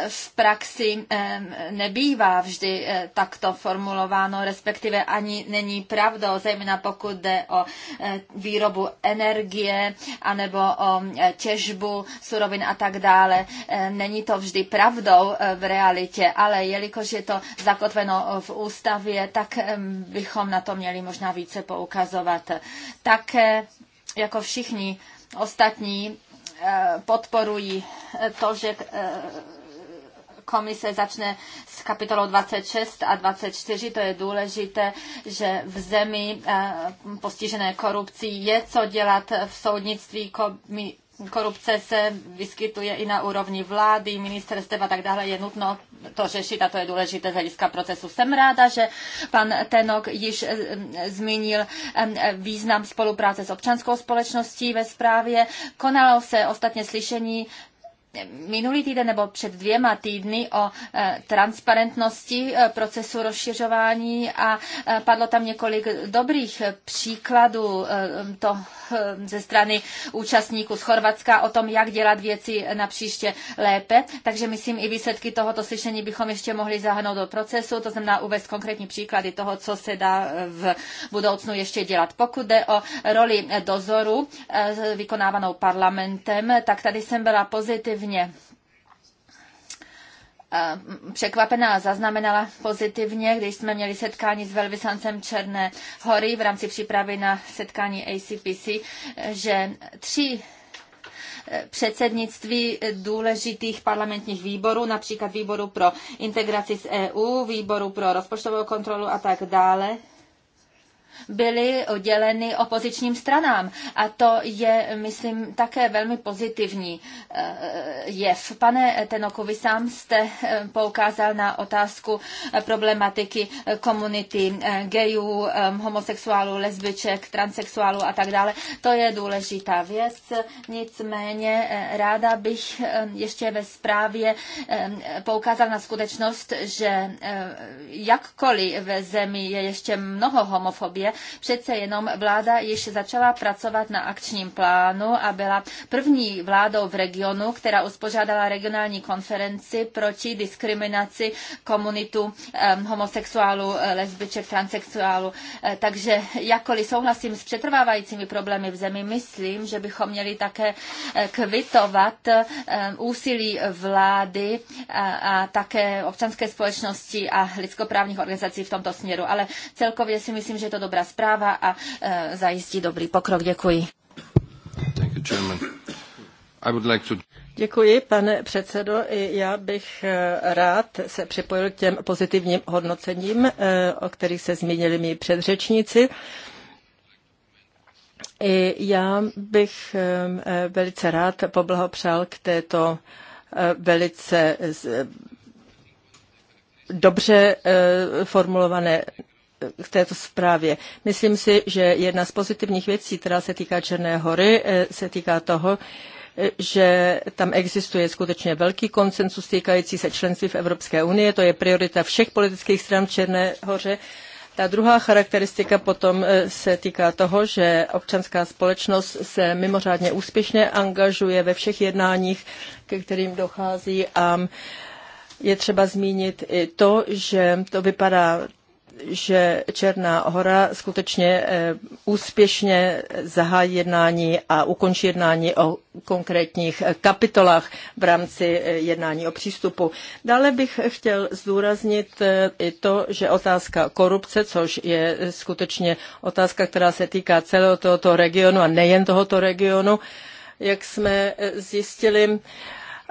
v praxi eh, nebývá vždy takto formulováno, respektive ani není pravdou, zejména pokud jde o výrobu energie anebo o těžbu surovin a tak dále. Není to vždy pravdou v realitě, ale jelikož je to zakotveno v ústavě, je, tak bychom na to měli možná více poukazovat. Také eh, jako všichni ostatní eh, podporují eh, to, že komise začne s kapitolou 26 a 24. To je důležité, že v zemi postižené korupcí je co dělat v soudnictví korupce se vyskytuje i na úrovni vlády, ministerstva a tak dále. Je nutno to řešit a to je důležité z hlediska procesu. Jsem ráda, že pan Tenok již eh, zmínil eh, význam spolupráce s občanskou společností ve zprávě. Konalo se ostatně slyšení minulý týden nebo před dvěma týdny o e, transparentnosti e, procesu rozšiřování a e, padlo tam několik dobrých příkladů to ze strany účastníků z Chorvatska o tom, jak dělat věci na příště lépe. Takže myslím, i výsledky tohoto slyšení bychom ještě mohli zahrnout do procesu, to znamená uvést konkrétní příklady toho, co se dá v budoucnu ještě dělat. Pokud jde o roli dozoru vykonávanou parlamentem, tak tady jsem byla pozitivní pozitivně eh, překvapená zaznamenala pozitivně, když jsme měli setkání s velvyslancem Černé hory v rámci přípravy na setkání ACPC, že tři eh, předsednictví důležitých parlamentních výborů, například výboru pro integraci s EU, výboru pro rozpočtovou kontrolu a tak dále, byly odděleny opozičním stranám. A to je, myslím, také velmi pozitivní eh, jev. Pane Tenoku, vy sám jste eh, poukázal na otázku eh, problematiky komunity gejů, homosexuálů, lesbiček, transexuálů a tak dále. To je důležitá věc. Nicméně ráda bych ještě ve zprávě poukázal na skutečnost, že jakkoliv ve zemi je ještě mnoho homofobie, je. přece jenom vláda již začala pracovat na akčním plánu a byla první vládou v regionu, která uspořádala regionální konferenci proti diskriminaci komunitu homosexuálů, eh, lesbiček, transexuálů. Eh, takže jakkoliv souhlasím s přetrvávajícími problémy v zemi, myslím, že bychom měli také eh, kvitovat úsilí vlády a také občanské společnosti a lidskoprávních organizací v tomto směru. Ale celkově si myslím, že je to dobré dobrá správa a e, zajistí dobrý pokrok. Děkuji. Děkuji, pane předsedo. Já bych e, rád se připojil k těm pozitivním hodnocením, e, o kterých se zmínili mý předřečníci. I já bych velice rád poblahopřál k této velice dobře formulované k této zprávě. Myslím si, že jedna z pozitivních věcí, která se týká Černé hory, eh, se týká toho, eh, že tam existuje skutečně velký koncensus týkající se členství v Evropské unii. To je priorita všech politických stran v Černé hoře. Ta druhá charakteristika potom eh, se týká toho, že občanská společnost se mimořádně úspěšně angažuje ve všech jednáních, ke kterým dochází a je třeba zmínit i to, že to vypadá že Černá hora skutečně eh, úspěšně zahájí jednání a ukončí jednání o konkrétních eh, kapitolách v rámci eh, jednání o přístupu. Dále bych chtěl zdůraznit i to, že otázka korupce, což je skutečně otázka, která se týká celého tohoto regionu a nejen tohoto regionu, jak jsme zjistili,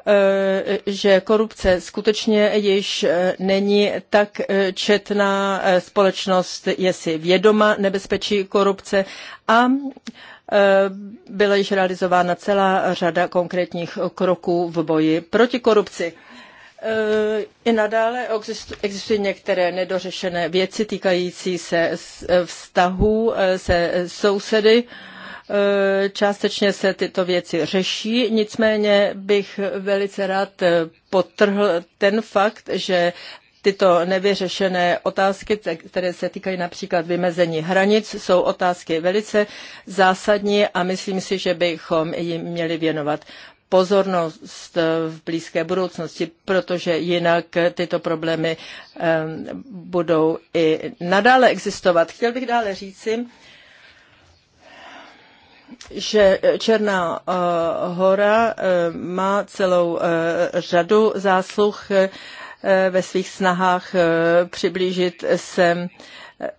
Eh, že korupce skutečně již eh, není tak eh, četná, společnost je si vědoma nebezpečí korupce a byla již realizována celá řada konkrétních kroků v boji proti korupci. I nadále existují některé nedořešené věci týkající se vztahů se sousedy. Eh, částečně se tyto věci řeší, nicméně bych velice rád eh, potrhl ten fakt, že tyto nevyřešené otázky, které se týkají například vymezení hranic, jsou otázky velice zásadní a myslím si, že bychom jim měli věnovat pozornost eh, v blízké budoucnosti, protože jinak tyto problémy budou i nadále existovat. Chtěl bych dále říci, že Černá eh, hora eh, má celou eh, řadu zásluh ve svých snahách přiblížit se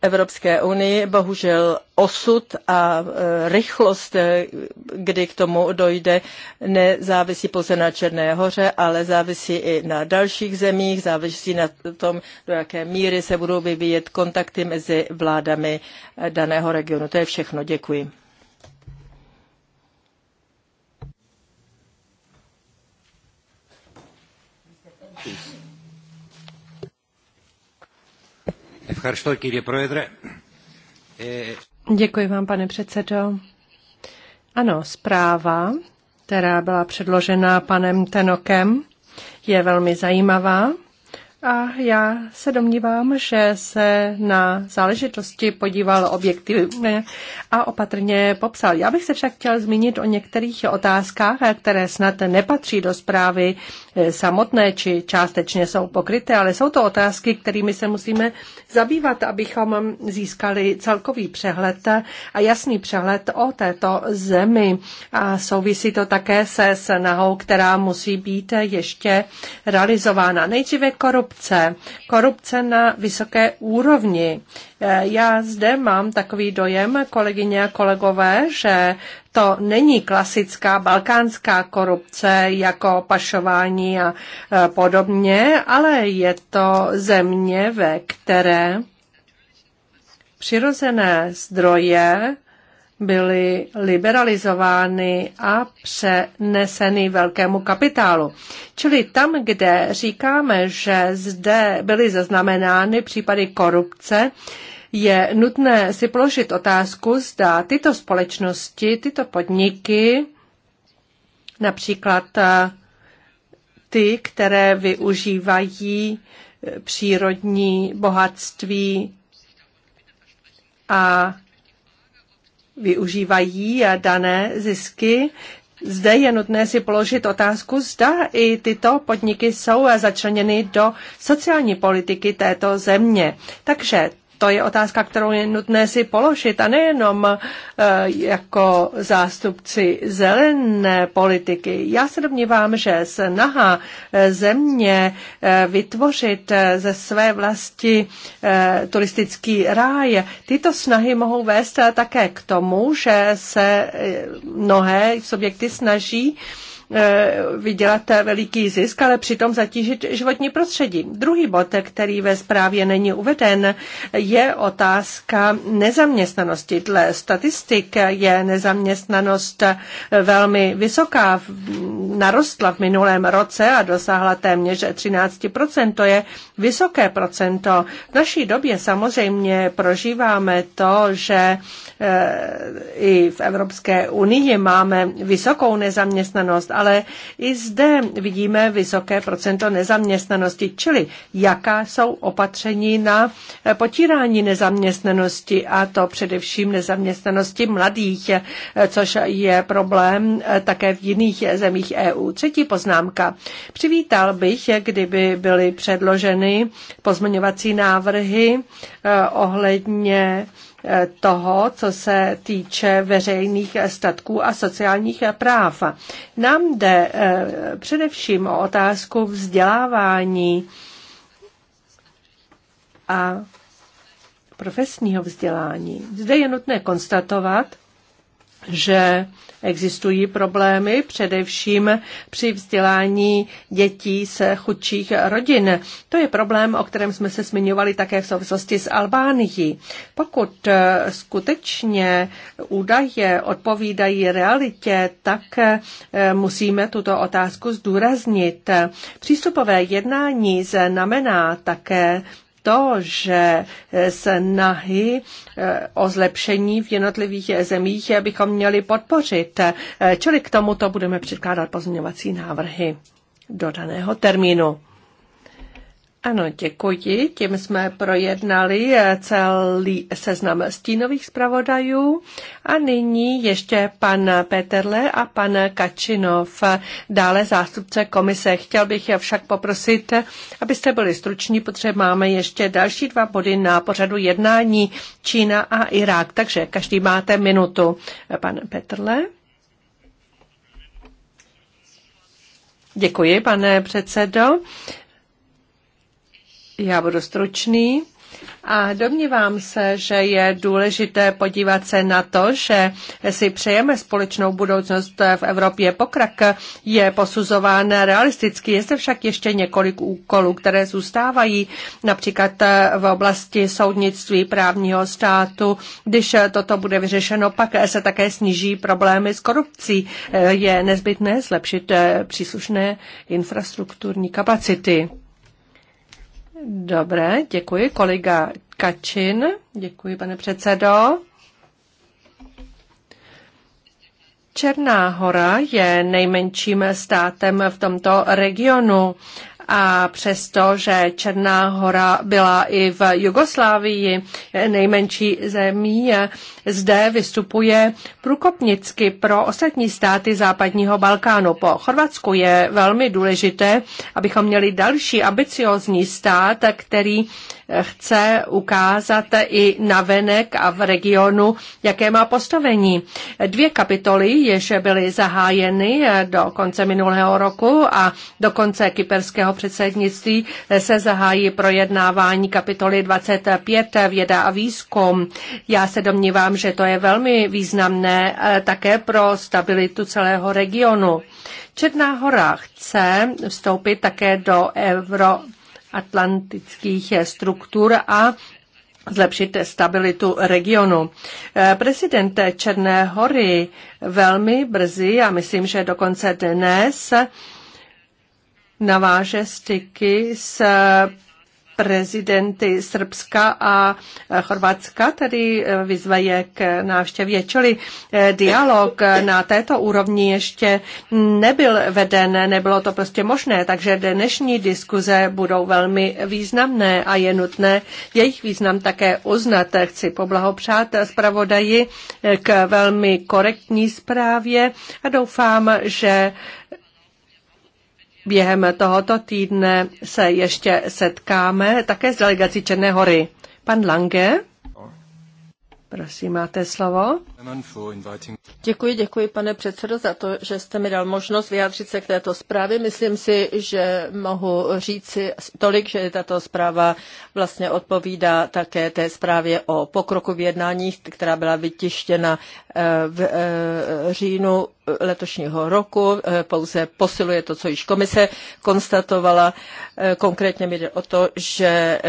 Evropské unii. Bohužel osud a rychlost, kdy k tomu dojde, nezávisí pouze na Černé hoře, ale závisí i na dalších zemích, závisí na tom, do jaké míry se budou vyvíjet kontakty mezi vládami daného regionu. To je všechno. Děkuji. Děkuji vám, pane předsedo. Ano, zpráva, která byla předložena panem Tenokem, je velmi zajímavá. A já se domnívám, že se na záležitosti podíval objektivně a opatrně popsal. Já bych se však chtěl zmínit o některých otázkách, které snad nepatří do zprávy Eh, samotné či částečně jsou pokryté, ale jsou to otázky, kterými se musíme zabývat, abychom získali celkový přehled a jasný přehled o této zemi. A souvisí to také se snahou, která musí být ještě realizována. Nejdříve korupce. Korupce na vysoké úrovni. Eh, já zde mám takový dojem, kolegyně a kolegové, že to není klasická balkánská korupce jako pašování a eh, podobně, ale je to země, ve které přirozené zdroje byly liberalizovány a přeneseny velkému kapitálu. Čili tam, kde říkáme, že zde byly zaznamenány případy korupce, je nutné si položit otázku, zda tyto společnosti, tyto podniky, například eh, ty, které využívají eh, přírodní bohatství a využívají dané zisky. Zde je nutné si položit otázku, zda i tyto podniky jsou začleněny do sociální politiky této země. Takže to je otázka, kterou je nutné si položit a nejenom eh, jako zástupci zelené politiky. Já se domnívám, že snaha eh, země eh, vytvořit ze své vlasti turistický ráj, tyto snahy mohou vést také k tomu, že se mnohé subjekty snaží Eh, vydělat veliký zisk, ale přitom zatížit životní prostředí. Druhý bod, který ve zprávě není uveden, je otázka nezaměstnanosti. Dle statistik je nezaměstnanost velmi vysoká. Narostla v minulém roce a dosáhla téměř 13%. To je vysoké procento. V naší době samozřejmě prožíváme to, že Eh, I v Evropské unii máme vysokou nezaměstnanost, ale i zde vidíme vysoké procento nezaměstnanosti, čili jaká jsou opatření na eh, potírání nezaměstnanosti a to především nezaměstnanosti mladých, eh, což je problém také v jiných zemích EU. Třetí poznámka. Přivítal bych, kdyby byly předloženy pozměňovací návrhy ohledně toho, co se týče veřejných statků a sociálních práv. Nám jde eh, především o otázku vzdělávání a profesního vzdělání. Zde je nutné konstatovat, že existují problémy především při vzdělání dětí z chudších rodin. To je problém, o kterém jsme se zmiňovali také v souvislosti s Albánií. Pokud eh, skutečně údaje odpovídají realitě, tak eh, musíme tuto otázku zdůraznit. Přístupové jednání znamená také to, že snahy eh, o zlepšení v jednotlivých zemích bychom měli podpořit. Eh, čili k tomuto budeme předkládat pozměňovací návrhy do daného termínu. Ano, děkuji. Tím jsme projednali eh, celý seznam stínových zpravodajů a nyní ještě pan Peterle a pan Kačinov, dále zástupce komise. Chtěl bych je však poprosit, abyste byli struční, protože máme ještě další dva body na pořadu jednání Čína a Irák, takže každý máte minutu. Pan Petrle. Děkuji, pane předsedo. Já budu stručný. A domnívám se, že je důležité podívat se na to, že si přejeme společnou budoucnost v Evropě. Pokrak je posuzován realisticky. Je zde však ještě několik úkolů, které zůstávají například v oblasti soudnictví právního státu. Když toto bude vyřešeno, pak se také sníží problémy s korupcí. Je nezbytné zlepšit příslušné infrastrukturní kapacity. Dobré, děkuji. Kolega Kačin, děkuji, pane předsedo. Černá hora je nejmenším státem v tomto regionu a přesto, že Černá hora byla i v Jugoslávii nejmenší zemí, zde vystupuje průkopnicky pro ostatní státy západního Balkánu. Po Chorvatsku je velmi důležité, abychom měli další ambiciozní stát, který chce ukázat i na venek a v regionu, jaké má postavení. Dvě kapitoly, jež byly zahájeny do konce minulého roku a do konce kyperského předsednictví se zahájí projednávání kapitoly 25 věda a výzkum. Já se domnívám, že to je velmi významné eh, také pro stabilitu celého regionu. Černá hora chce vstoupit také do euroatlantických struktur a zlepšit stabilitu regionu. Eh, prezident Černé hory velmi brzy, já myslím, že dokonce dnes, naváže styky s prezidenty Srbska a eh, Chorvatska, tedy eh, vyzve je k návštěvě. Čili eh, dialog na této úrovni ještě nebyl veden, nebylo to prostě možné, takže dnešní diskuze budou velmi významné a je nutné jejich význam také uznat. Chci poblahopřát zpravodaji k velmi korektní zprávě a doufám, že Během tohoto týdne se ještě setkáme také s delegací Černé hory. Pan Lange, prosím, máte slovo. Děkuji, děkuji, pane předsedo, za to, že jste mi dal možnost vyjádřit se k této zprávě. Myslím si, že mohu říci tolik, že tato zpráva vlastně odpovídá také té zprávě o pokroku v jednáních, která byla vytištěna eh, v eh, říjnu letošního roku, eh, pouze posiluje to, co již komise konstatovala. Konkrétně mi jde o to, že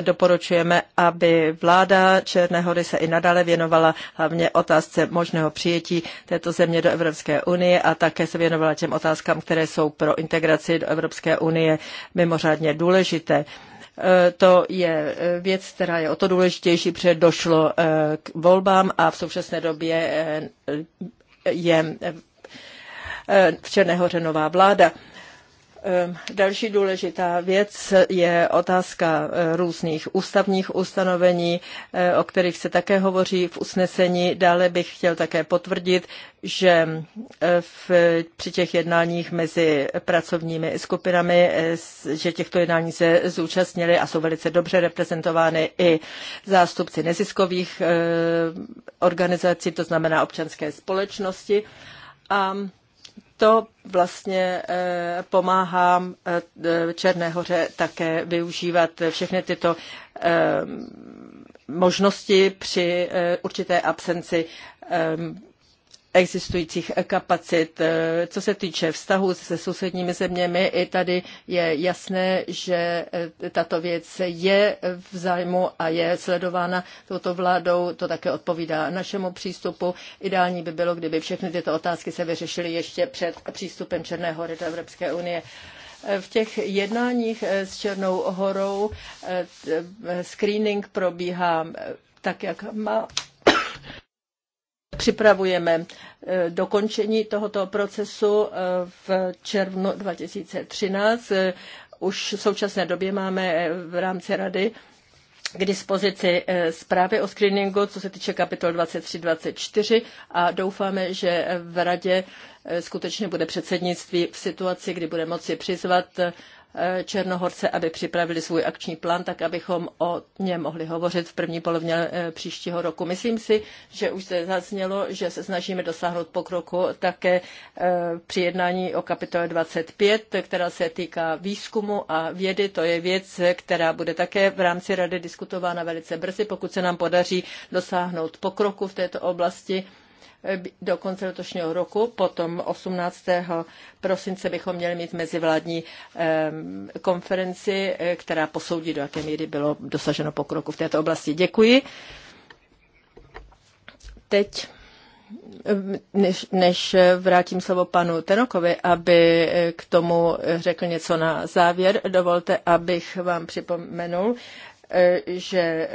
doporučujeme, aby vláda Černé hory se i nadále věnovala hlavně otázkám otázce možného přijetí této země do Evropské unie a také se věnovala těm otázkám, které jsou pro integraci do Evropské unie mimořádně důležité e, to je e, věc, která je o to důležitější, protože došlo e, k volbám a v současné době je v Černé hoře nová vláda. Ehm, další důležitá věc je otázka eh, různých ústavních ustanovení, eh, o kterých se také hovoří v usnesení. Dále bych chtěl také potvrdit, že eh, v, při těch jednáních mezi pracovními skupinami, že těchto jednání se zúčastnili a jsou velice dobře reprezentovány i zástupci neziskových organizací, to znamená občanské společnosti. A to vlastně eh, pomáhá eh, Černé hoře také využívat všechny tyto eh, možnosti při určité absenci existujících kapacit. Eh, co se týče vztahu se sousedními zeměmi, i tady je jasné, že eh, tato věc je v zájmu a je sledována touto vládou. To také odpovídá našemu přístupu. Ideální by bylo, kdyby všechny tyto otázky se vyřešily ještě před přístupem Černé hory do Evropské unie eh, v těch jednáních s Černou horou screening probíhá tak, jak má připravujeme eh, dokončení tohoto procesu eh, v červnu 2013. Eh, už v současné době máme v rámci rady k dispozici zprávy o screeningu, co se týče kapitol 23-24 a doufáme, že v radě skutečně bude předsednictví v situaci, kdy bude moci přizvat Eh, Černohorce, aby připravili svůj akční plán, tak abychom o něm mohli hovořit v první polovině eh, příštího roku. Myslím si, že už se zaznělo, že se snažíme dosáhnout pokroku také eh, při jednání o kapitole 25, která se týká výzkumu a vědy. To je věc, která bude také v rámci rady diskutována velice brzy, pokud se nám podaří dosáhnout pokroku v této oblasti do konce letošního roku, potom 18. prosince bychom měli mít mezivládní konferenci, eh, která posoudí, do jaké míry bylo dosaženo pokroku v této oblasti. Děkuji. Teď eh, než, než vrátím slovo panu Tenokovi, aby eh, k tomu řekl něco na závěr, dovolte, abych vám připomenul, že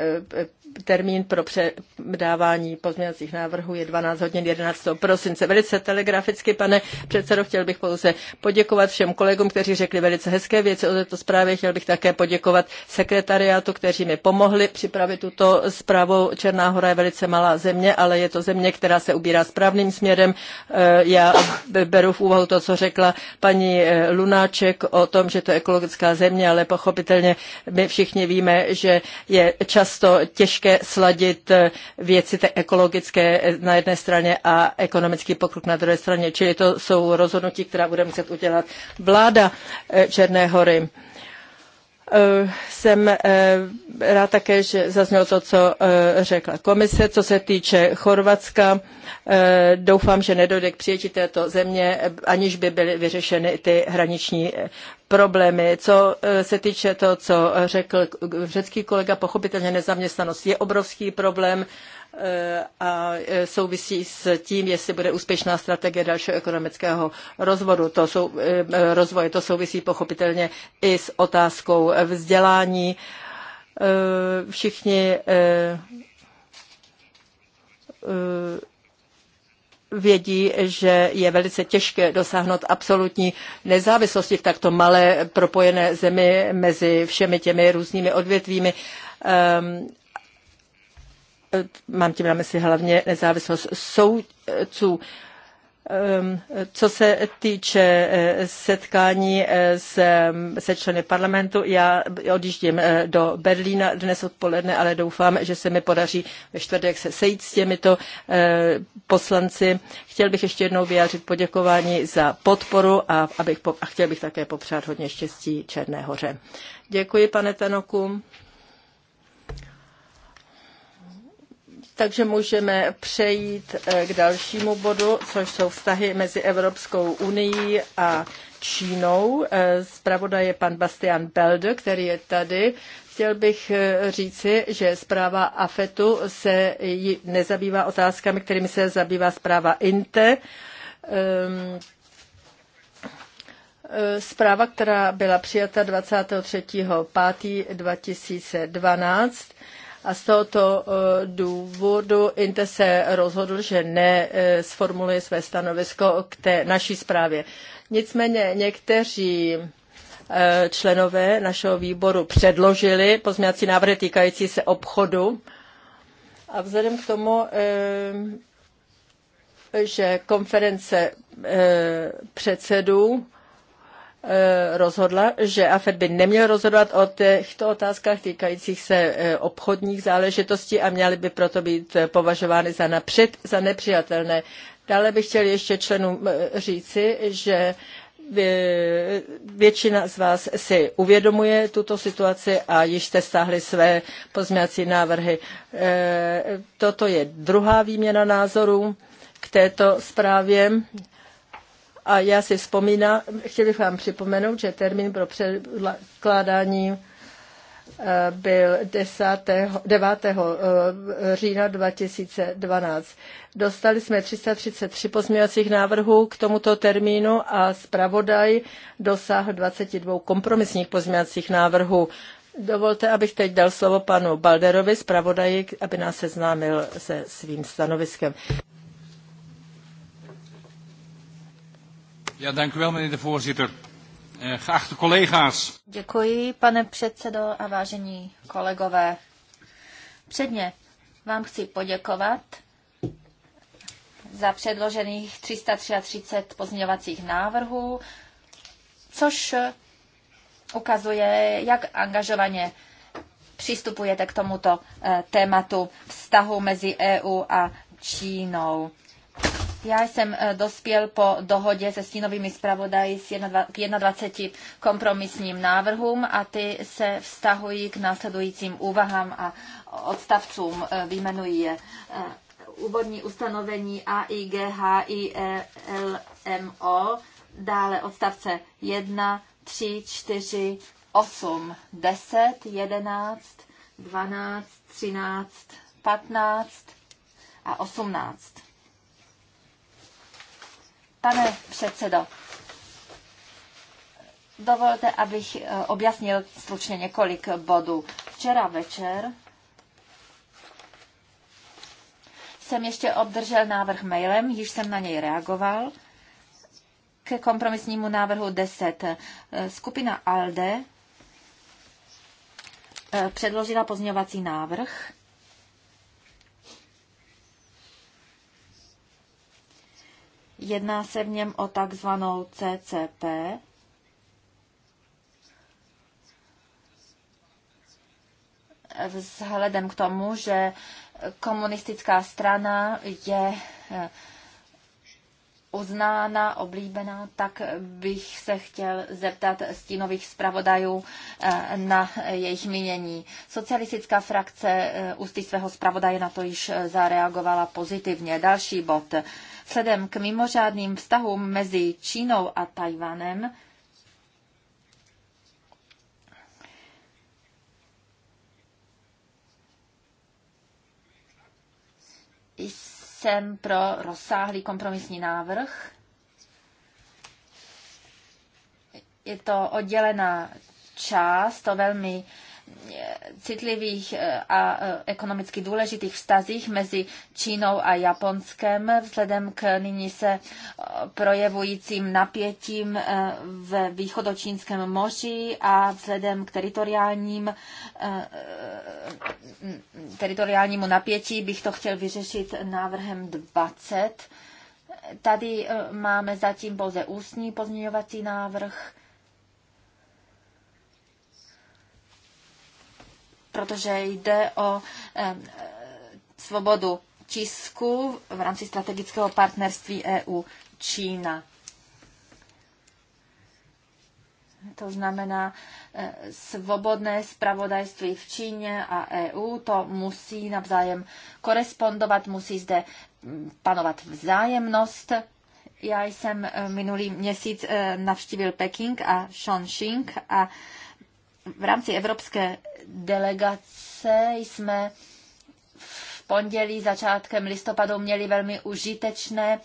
termín pro předávání pozměňovacích návrhů je 12 hodin 11. prosince. Velice telegraficky, pane předsedo, chtěl bych pouze poděkovat všem kolegům, kteří řekli velice hezké věci o této zprávě. Chtěl bych také poděkovat sekretariátu, kteří mi pomohli připravit tuto zprávu. Černá hora je velice malá země, ale je to země, která se ubírá správným směrem. Eh, já beru v úvahu to, co řekla paní eh, Lunáček o tom, že to je ekologická země, ale pochopitelně my všichni víme, že je často těžké těžké sladit eh, věci ekologické eh, na jedné straně a ekonomický pokrok na druhé straně. Čili to jsou rozhodnutí, která bude muset udělat vláda eh, Černé hory. Eh, jsem eh, rád také, že zaznělo to, co eh, řekla komise. Co se týče Chorvatska, doufám, že nedojde k přijetí této země, aniž by byly vyřešeny ty hraniční problémy. Co se týče toho, co řekl řecký kolega, pochopitelně nezaměstnanost je obrovský problém. Eh, a eh, souvisí s tím, jestli bude úspěšná strategie dalšího ekonomického rozvodu. To sou, eh, rozvoje to souvisí pochopitelně i s otázkou vzdělání. Všichni vědí, že je velice těžké dosáhnout absolutní nezávislosti v takto malé propojené zemi mezi všemi těmi různými odvětvími ehm, Eh, mám tím na mysli hlavně nezávislost soudců. Ehm, co se týče eh, setkání eh, se, ehm, se členy parlamentu, já odjíždím do Berlína dnes odpoledne, ale doufám, že se mi podaří ve čtvrtek se sejít s těmito poslanci. Chtěl bych ještě jednou vyjádřit poděkování za podporu a, abych, a chtěl bych také popřát hodně štěstí Černé hoře. Děkuji, pane Tenoku. Takže můžeme přejít eh, k dalšímu bodu, což jsou vztahy mezi Evropskou unii a Čínou. Eh, zpravodaj je pan Bastian Belde, který je tady. Chtěl bych eh, říci, že zpráva AFETu se nezabývá otázkami, kterými se zabývá zpráva INTE. Ehm, zpráva, která byla přijata 23.5.2012, a z tohoto eh, důvodu Inte se rozhodl, že nezformuluje eh, své stanovisko k té naší zprávě. Nicméně někteří eh, členové našeho výboru předložili pozměňovací návrhy týkající se obchodu a vzhledem k tomu, že konference předsedů Eh, rozhodla, že AFED by neměl rozhodovat o těchto otázkách týkajících se eh, obchodních záležitostí a měly by proto být eh, považovány za napřed za nepřijatelné. Dále bych chtěl ještě členům říci, že většina z vás si uvědomuje tuto situaci a již jste stáhli své pozměňovací návrhy. Toto je druhá výměna názorů k této zprávě. A já si vzpomínám, chtěl bych vám připomenout, že termín pro předkládání eh, byl 10. 9. Eh, října 2012. Dostali jsme 333 pozměňovacích návrhů k tomuto termínu a zpravodaj dosáhl 22 kompromisních pozměňovacích návrhů. Dovolte, abych teď dal slovo panu Balderovi, zpravodaji, aby nás seznámil se svým stanoviskem. Ja, dank u wel, meneer de voorzitter. Eh, geachte collega's. Děkuji, pane předsedo a vážení kolegové. Předně vám chci poděkovat za předložených 333 pozměňovacích návrhů, což ukazuje, jak angažovaně přistupujete k tomuto eh, tématu vztahu mezi EU a Čínou. Já jsem eh, dospěl po dohodě se stínovými zpravodaji jedna 21 kompromisním návrhům a ty se vztahují k následujícím úvahám a odstavcům. Eh, Výjmenuji je eh, úvodní ustanovení A, I, G, H, I, E, L, M, O, dále odstavce 1, 3, 4, 8, 10, 11, 12, 13, 15 a 18. Pane předsedo, dovolte, abych eh, objasnil stručně několik bodů. Včera večer jsem ještě obdržel návrh mailem, již jsem na něj reagoval. Ke kompromisnímu návrhu 10. Eh, skupina ALDE eh, předložila pozměňovací návrh, Jedná se v něm o takzvanou CCP, vzhledem k tomu, že komunistická strana je eh, uznána, oblíbená, tak bych se chtěl zeptat stínových zpravodajů eh, na jejich mínění. Socialistická frakce eh, ústy svého zpravodaje na to již eh, zareagovala pozitivně. Další bod. Vzhledem k mimořádným vztahům mezi Čínou a Tajvanem jsem pro rozsáhlý kompromisní návrh. Je to oddělená část, to velmi citlivých eh, a eh, ekonomicky důležitých vztazích mezi Čínou a Japonskem vzhledem k nyní se eh, projevujícím napětím v východočínském moři a vzhledem k teritoriálním, teritoriálnímu napětí bych to chtěl vyřešit návrhem 20. Tady máme zatím pouze ústní pozměňovací návrh protože jde o svobodu tisku v rámci strategického partnerství EU Čína. To znamená, eh, svobodné spravodajství v Číně a EU, to musí navzájem korespondovat, musí zde mm, panovat vzájemnost. Já jsem eh, minulý měsíc eh, navštívil Peking a Chongqing a v rámci evropské delegace jsme v pondělí začátkem listopadu měli velmi užitečné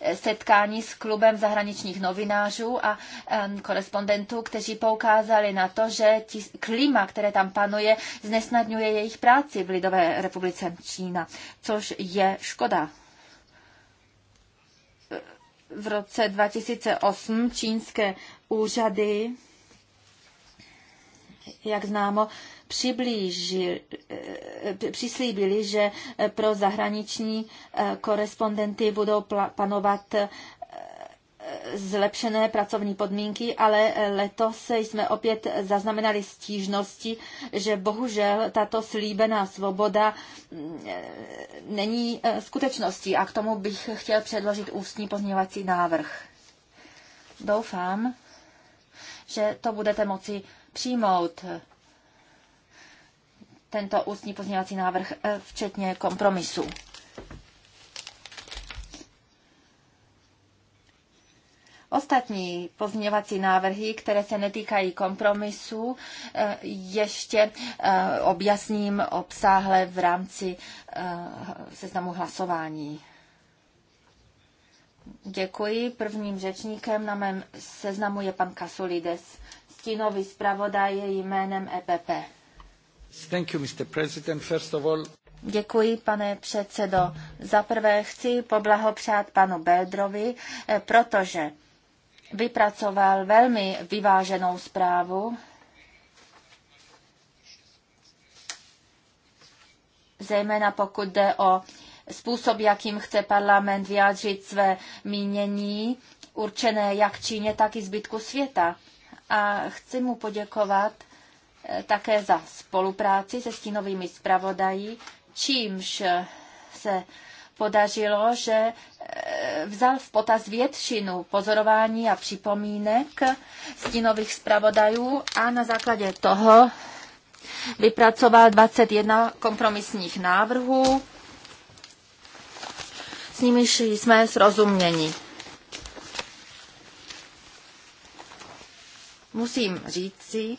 eh, setkání s klubem zahraničních novinářů a korespondentů, kteří poukázali na to, že klima, které tam panuje, znesnadňuje jejich práci v Lidové republice Čína, což je škoda eh, v roce 2008 čínské úřady jak známo, přiblížil, eh, přislíbili, že eh, pro zahraniční eh, korespondenty budou panovat zlepšené pracovní podmínky, ale letos jsme opět zaznamenali stížnosti, že bohužel tato slíbená svoboda mm, není skutečností a k tomu bych chtěl předložit ústní pozměňovací návrh. Doufám, že to budete moci přijmout tento ústní pozměňovací návrh, eh, včetně kompromisu. Ostatní pozměňovací návrhy, které se netýkají kompromisu, eh, ještě eh, objasním obsáhle v rámci seznamu hlasování. Děkuji. Prvním řečníkem na mém seznamu je pan Kasulides stínový zpravodaj jménem EPP. Thank you, Mr. President. First of all... Děkuji, pane předsedo. Za prvé chci poblahopřát panu Beldrovi, eh, protože vypracoval velmi vyváženou zprávu, zejména pokud jde o způsob, jakým chce parlament vyjádřit své mínění, určené jak Číně, tak i zbytku světa a chci mu poděkovat eh, také za spolupráci se stínovými zpravodají, čímž eh, se podařilo, že eh, vzal v potaz většinu pozorování a připomínek stínových zpravodajů a na základě toho vypracoval 21 kompromisních návrhů, s nimiž jsme srozuměni. musím říci,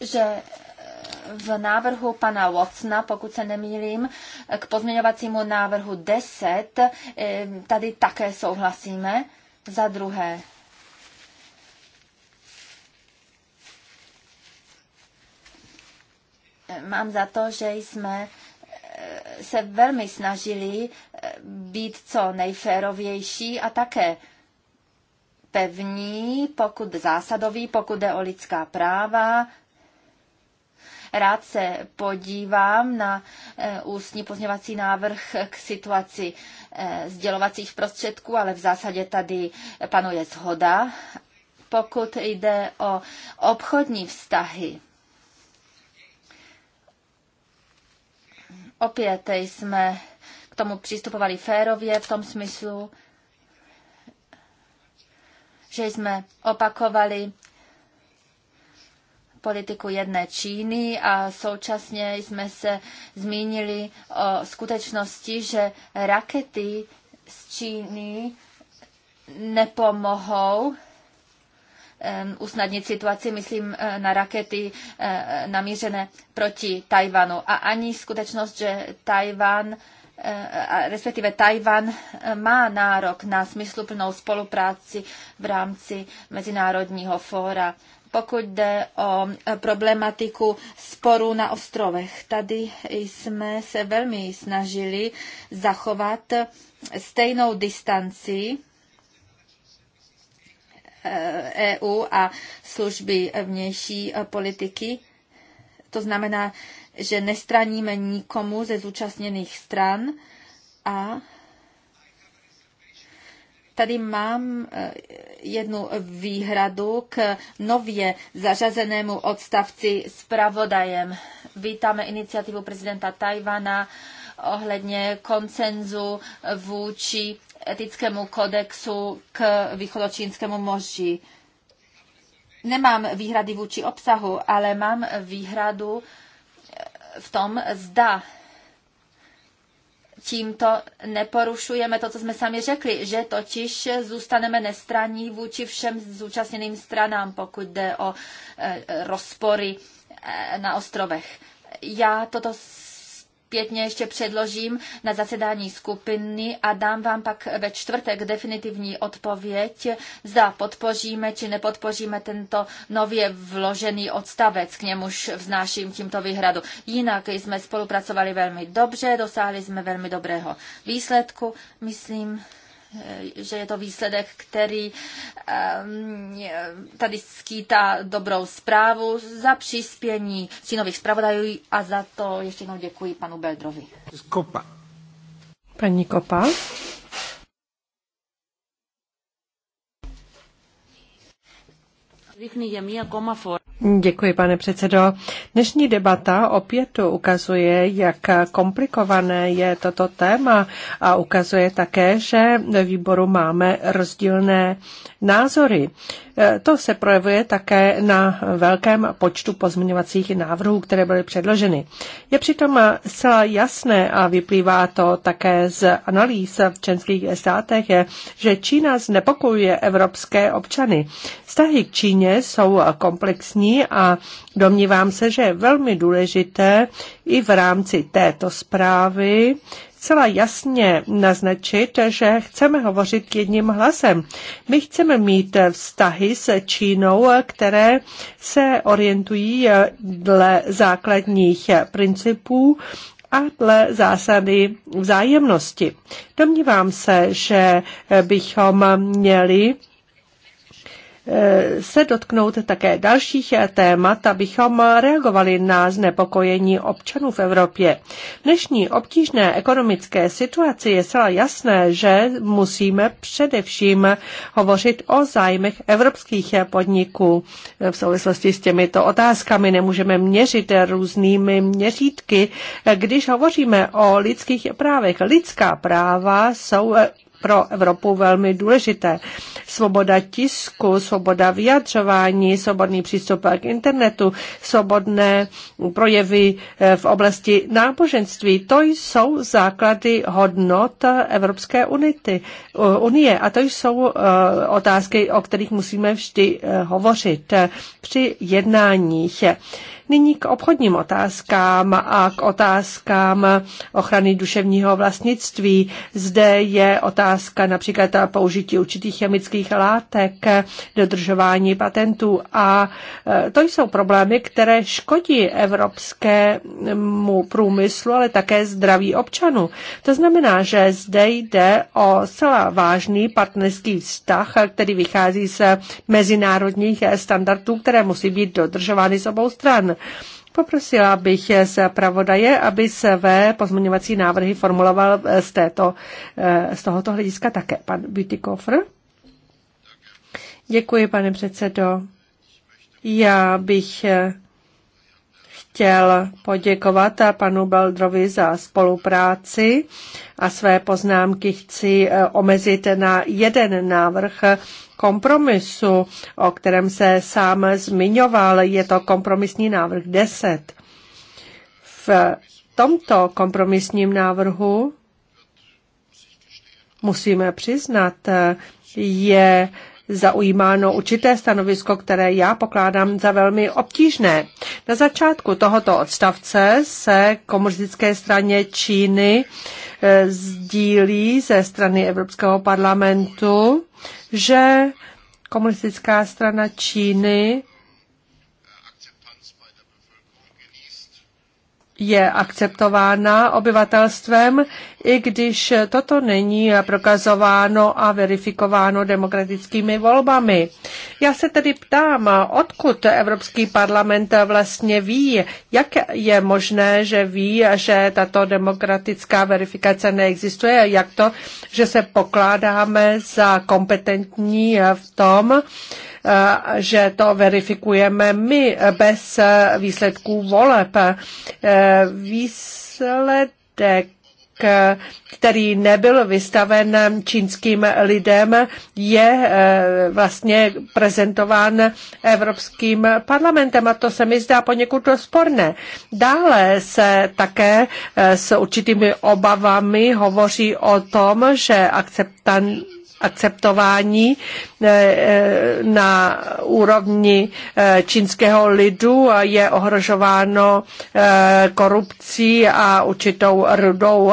že eh, v návrhu pana Watsona, pokud se nemýlím, eh, k pozměňovacímu návrhu 10, eh, tady také souhlasíme. Za druhé, mám za to, že jsme se velmi snažili být co nejférovější a také pevní, pokud zásadový, pokud jde o lidská práva. Rád se podívám na eh, ústní pozměvací návrh k situaci eh, sdělovacích prostředků, ale v zásadě tady panuje shoda. Pokud jde o obchodní vztahy, opět jsme k tomu přistupovali férově v tom smyslu, že jsme opakovali politiku jedné Číny a současně jsme se zmínili o skutečnosti, že rakety z Číny nepomohou usnadnit situaci, myslím eh, na rakety eh, namířené proti Tajvanu. A ani skutečnost, že Tajvan Eh, respektive Tajvan eh, má nárok na smysluplnou spolupráci v rámci Mezinárodního fóra. Pokud jde o eh, problematiku sporů na ostrovech, tady jsme se velmi snažili zachovat stejnou distanci EU e a služby vnější politiky. To znamená, že nestraníme nikomu ze zúčastněných stran a tady mám eh, jednu výhradu k nově zařazenému odstavci s pravodajem. Vítáme iniciativu prezidenta Tajvana ohledně koncenzu vůči etickému kodexu k východočínskému moři. Nemám výhrady vůči obsahu, ale mám výhradu v tom, zda tímto neporušujeme to, co jsme sami řekli, že totiž zůstaneme nestraní vůči všem zúčastněným stranám, pokud jde o eh, rozpory eh, na ostrovech. Já toto zpětně ještě předložím na zasedání skupiny a dám vám pak ve čtvrtek definitivní odpověď, zda podpoříme či nepodpoříme tento nově vložený odstavec, k němuž vznáším tímto výhradu. Jinak jsme spolupracovali velmi dobře, dosáhli jsme velmi dobrého výsledku, myslím Eh, že je to výsledek, který eh, tady skýtá dobrou zprávu za přispění synových zpravodajů a za to ještě jednou děkuji panu Beldrovi. Kopa. Paní Kopa. Δείχνει je μία ακόμα φορά Děkuji, pane předsedo. Dnešní debata opět ukazuje, jak komplikované je toto téma a ukazuje také, že ve výboru máme rozdílné názory. To se projevuje také na velkém počtu pozměňovacích návrhů, které byly předloženy. Je přitom zcela jasné a vyplývá to také z analýz v členských státech, že Čína znepokojuje evropské občany. Vztahy k Číně jsou komplexní opatření a domnívám se, že je velmi důležité i v rámci této zprávy celá jasně naznačit, že chceme hovořit jedním hlasem. My chceme mít vztahy s Čínou, které se orientují dle základních principů a dle zásady vzájemnosti. Domnívám se, že bychom měli se dotknout také dalších témat, abychom reagovali na znepokojení občanů v Evropě. V dnešní obtížné ekonomické situaci je zcela jasné, že musíme především hovořit o zájmech evropských podniků. V souvislosti s těmito otázkami nemůžeme měřit různými měřítky. Když hovoříme o lidských právech, lidská práva jsou pro Evropu velmi důležité. Svoboda tisku, svoboda vyjadřování, svobodný přístup k internetu, svobodné projevy eh, v oblasti náboženství, to jsou základy hodnot Evropské unity, eh, unie a to jsou eh, otázky, o kterých musíme vždy hovořit při jednáních. Nyní k obchodním otázkám a k otázkám ochrany duševního vlastnictví. Zde je otázka například použití určitých chemických látek, dodržování patentů a e, to jsou problémy, které škodí evropskému průmyslu, ale také zdraví občanů. To znamená, že zde jde o celá vážný partnerský vztah, který vychází z mezinárodních standardů, které musí být dodržovány z obou stran. Poprosila bych z pravodaje, aby své pozměňovací návrhy formuloval eh, z, této, eh, z tohoto hlediska také pan Bütikofer. Děkuji, pane předsedo. Já bych eh, chtěl poděkovat panu Beldrovi za spolupráci a své poznámky chci omezit na jeden návrh kompromisu, o kterém se sám zmiňoval. Je to kompromisní návrh 10. V tomto kompromisním návrhu musíme přiznat, je zaujímáno určité stanovisko, které já pokládám za velmi obtížné. Na začátku tohoto odstavce se komunistické straně Číny eh, sdílí ze strany Evropského parlamentu, že komunistická strana Číny je akceptována obyvatelstvem, i když toto není prokazováno a verifikováno demokratickými volbami. Já se tedy ptám, odkud Evropský parlament vlastně ví, jak je možné, že ví, že tato demokratická verifikace neexistuje, jak to, že se pokládáme za kompetentní v tom, že to verifikujeme my bez výsledků voleb. Výsledek který nebyl vystaven čínským lidem, je eh, vlastně prezentován Evropským parlamentem a to se mi zdá poněkud rozporné. Dále se také eh, s určitými obavami hovoří o tom, že akceptan akceptování eh, eh, na úrovni eh, čínského lidu je ohrožováno korupcí a určitou rudou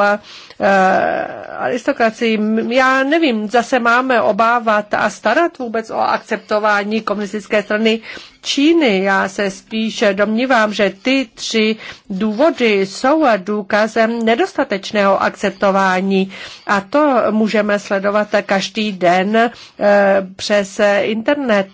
aristokracií. Já nevím, zase máme obávat a starat vůbec o akceptování komunistické strany Číny. Já se spíše domnívám, že ty tři důvody jsou důkazem nedostatečného akceptování a to můžeme sledovat každý den eh, přes internet.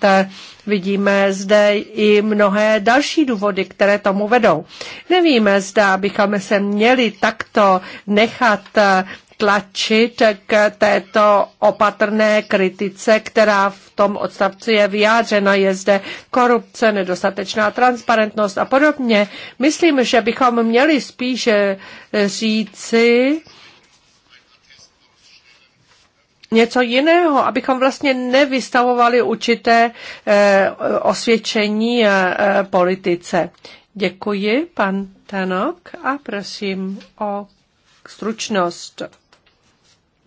Vidíme zde i mnohé další důvody, které tomu vedou. Nevíme, zda bychom se měli takto nechat eh, tlačit k této opatrné kritice, která v tom odstavci je vyjádřena. Je zde korupce, nedostatečná transparentnost a podobně. Myslím, že bychom měli spíše říci, něco jiného, abychom vlastně nevystavovali určité eh, osvědčení eh, eh, politice. Děkuji, pan Tanok, a prosím o stručnost.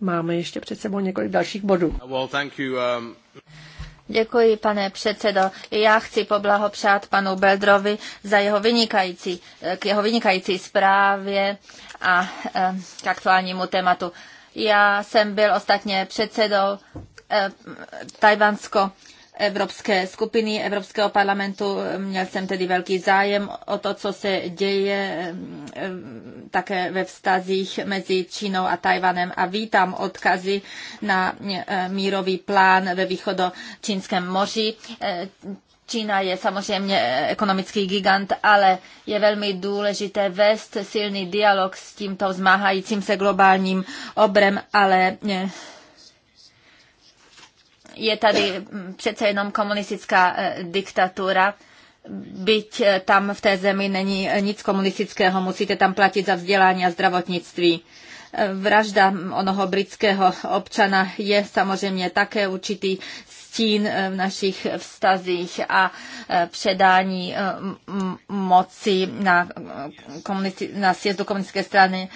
Máme ještě před sebou několik dalších bodů. Well, thank you, um... Děkuji, pane předsedo. Já chci poblahopřát panu Beldrovi za jeho vynikající, eh, k jeho vynikající zprávě a eh, k aktuálnímu tématu. Já jsem byl ostatně předsedou eh, tajvansko Evropské skupiny Evropského parlamentu. Měl jsem tedy velký zájem o to, co se děje také ve vztazích mezi Čínou a Tajvanem a vítám odkazy na e, mírový plán ve východočínském moři. E, Čína je samozřejmě e, ekonomický gigant, ale je velmi důležité vést silný dialog s tímto zmáhajícím se globálním obrem, ale je tady mm, přece jenom komunistická eh, diktatura, byť eh, tam v té zemi není eh, nic komunistického, musíte tam platit za vzdělání a zdravotnictví. Vražda mm, onoho britského občana je samozřejmě také určitý stín v našich vztazích a předání moci na, komunici- na sjezdu komunistické strany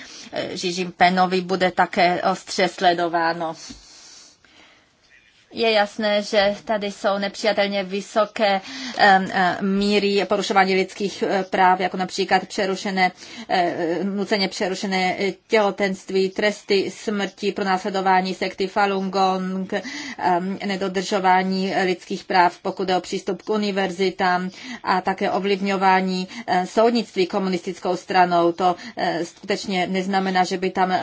Žižim Penovi bude také ostře sledováno. Je jasné, že tady jsou nepřijatelně vysoké míry porušování lidských eh, práv, jako například přerušené, eh, nuceně přerušené eh, těhotenství, tresty smrti, pronásledování sekty Falun Gong, nedodržování lidských práv, pokud je o přístup k univerzitám a také ovlivňování soudnictví komunistickou stranou. To skutečně neznamená, že by tam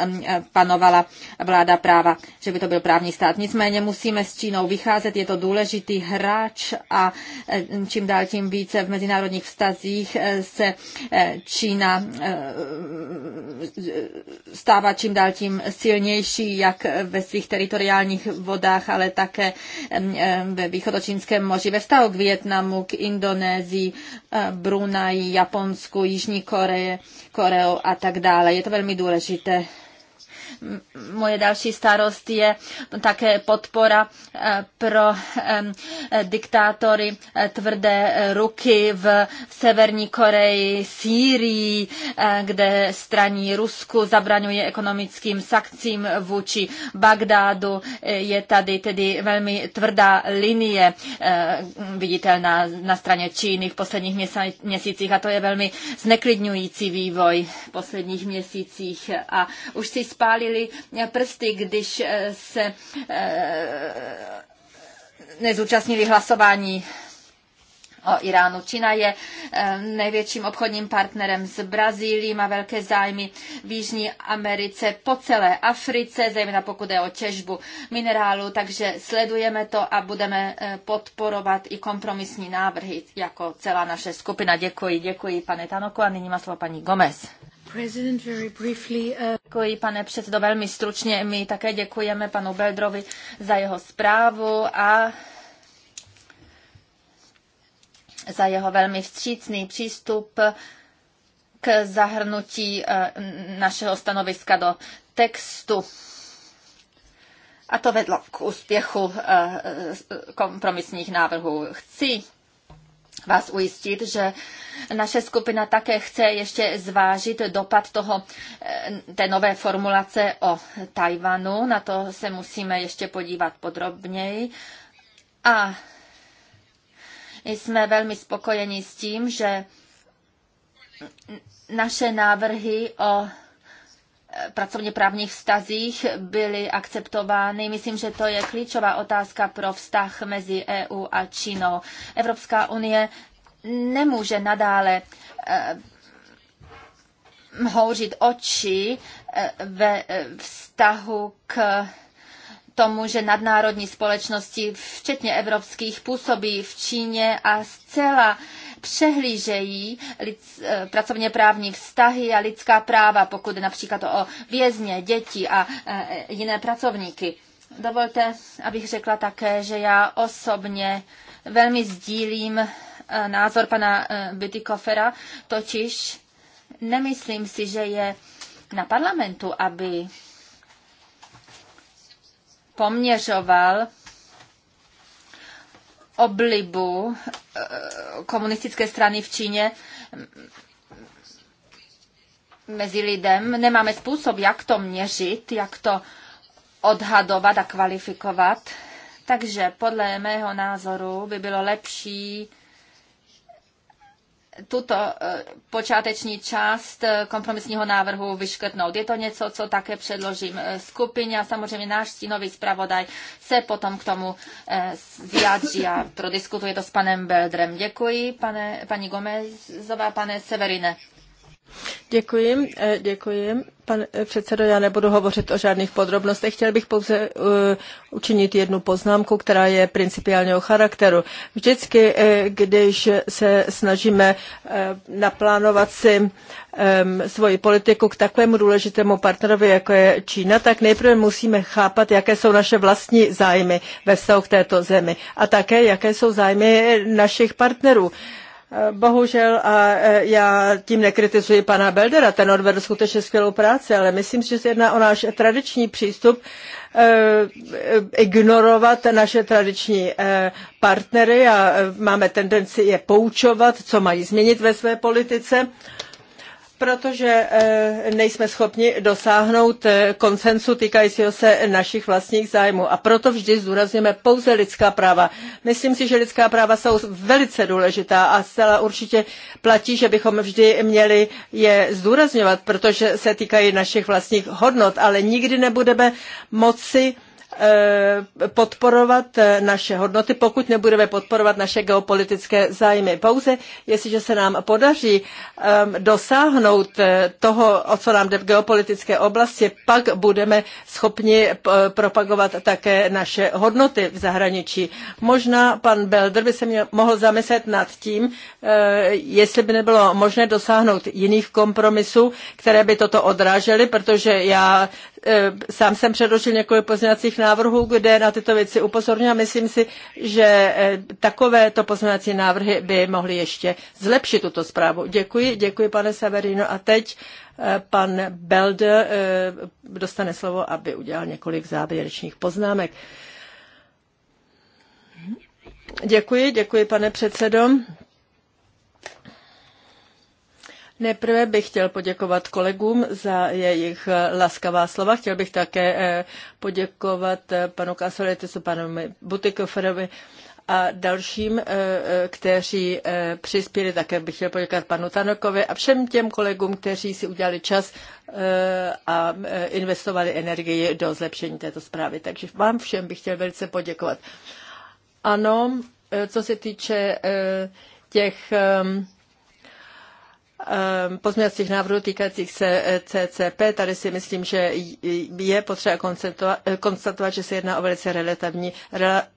panovala vláda práva, že by to byl právní stát. Nicméně musíme Čínou vycházet. Je to důležitý hráč a e, čím dál tím více v mezinárodních vztazích e, se e, Čína stává čím dál tím silnější, jak ve svých teritoriálních vodách, ale také ve východočínském moři, ve vztahu k Větnamu, k Indonésii, Brunaji, Japonsku, Jižní Koreje, Koreou a tak dále. Je to velmi důležité moje další starost je také podpora eh, pro diktátory eh, tvrdé ruky v Severní Koreji, Sýrii, eh, kde straní Rusku, zabraňuje ekonomickým sankcím vůči Bagdádu. Je tady tedy velmi tvrdá linie viditelná na straně Číny v posledních měsících a to je velmi zneklidňující vývoj v posledních měsících. A už si spálí uholili prsty, když eh, se eh, nezúčastnili hlasování o Iránu. Čína je eh, největším obchodním partnerem z Brazílii, má velké zájmy v Jižní Americe, po celé Africe, zejména pokud je o těžbu minerálu, takže sledujeme to a budeme podporovat i kompromisní návrhy jako celá naše skupina. Děkuji, děkuji pane Tanoko a nyní má slovo paní Gomez. Uh, Děkuji, pane předsedo, velmi stručně. My také děkujeme panu Beldrovi za jeho zprávu a za jeho velmi vstřícný přístup k zahrnutí eh, našeho stanoviska do textu. A to vedlo k úspěchu eh, kompromisních návrhů. Chci vás ujistit, že naše skupina také chce ještě zvážit dopad toho, eh, té nové formulace o Tajvanu. Na to se musíme ještě podívat podrobněji. A jsme velmi spokojeni s tím, že naše návrhy o pracovně právních vztazích byly akceptovány. Myslím, že to je klíčová otázka pro vztah mezi EU a Čínou. Evropská unie nemůže nadále eh, houřit oči eh, ve vztahu k tomu, že nadnárodní společnosti, včetně evropských, působí v Číně a zcela přehlížejí lids, eh, pracovně právní vztahy a lidská práva, pokud například o vězně, děti a eh, jiné pracovníky. Dovolte, abych řekla také, že já osobně velmi sdílím eh, názor pana Bytykofera, totiž nemyslím si, že je na parlamentu, aby poměřoval oblibu eh, komunistické strany v Číně mezi lidem. Nemáme způsob, jak to měřit, jak to odhadovat a kvalifikovat. Takže podle mého názoru by bylo lepší tuto e, počáteční část e, kompromisního návrhu vyškrtnout. Je to něco, co také předložím e, skupině a samozřejmě náš stínový zpravodaj se potom k tomu vyjádří a prodiskutuje to s panem Beldrem. Děkuji, pane, paní Gomezová, pane Severine. Děkuji, eh, děkuji. Pane eh, předsedo, já nebudu hovořit o žádných podrobnostech. Chtěl bych pouze eh, učinit jednu poznámku, která je principiálního charakteru. Vždycky, když se snažíme naplánovat si svoji politiku k takovému důležitému partnerovi, jako je Čína, tak nejprve musíme chápat, jaké jsou naše vlastní zájmy ve vztahu k této zemi a také, jaké jsou zájmy našich partnerů. Uh, Bohužel, a e, já tím nekritizuji pana Beldera, ten odvedl skutečně skvělou práci, ale myslím, že se jedná o náš tradiční přístup e, e, ignorovat naše tradiční partnery a máme tendenci je poučovat, co mají změnit ve své politice protože eh, nejsme schopni dosáhnout eh, konsensu týkajícího se našich vlastních zájmů. A proto vždy zdůrazňujeme pouze lidská práva. Myslím si, že lidská práva jsou velice důležitá a zcela určitě platí, že bychom vždy měli je zdůrazňovat, protože se týkají našich vlastních hodnot, ale nikdy nebudeme moci Eh, podporovat naše hodnoty, pokud nebudeme podporovat naše geopolitické zájmy. Pouze jestliže se nám podaří dosáhnout eh, toho, o co nám jde v geopolitické oblasti, pak budeme schopni eh, propagovat také naše hodnoty v zahraničí. Možná pan Belder by se mohl zamyslet nad tím, jestli by nebylo možné dosáhnout jiných kompromisů, které by toto odrážely, protože já Eh, sám jsem předložil několik pozměňovacích návrhů, kde na tyto věci upozorňuji a myslím si, že eh, takovéto pozměňovací návrhy by mohly ještě zlepšit tuto zprávu. Děkuji, děkuji pane Severino a teď eh, pan Belde dostane slovo, aby udělal několik závěrečných poznámek. Děkuji, děkuji pane předsedo. Nejprve bych chtěl poděkovat kolegům za jejich laskavá slova. Chtěl bych také eh, poděkovat eh, panu Kasoletisu, panu Butikoferovi a dalším, eh, kteří přispěli. Také bych chtěl poděkovat panu Tanokovi a všem těm kolegům, kteří si udělali čas a investovali energii do zlepšení této zprávy. Takže vám všem bych chtěl velice poděkovat. Ano, co se týče těch Ehm, pozměňovacích návrhů týkajících se eh, CCP. Tady si myslím, že je potřeba eh, konstatovat, že se jedná o velice relevantní,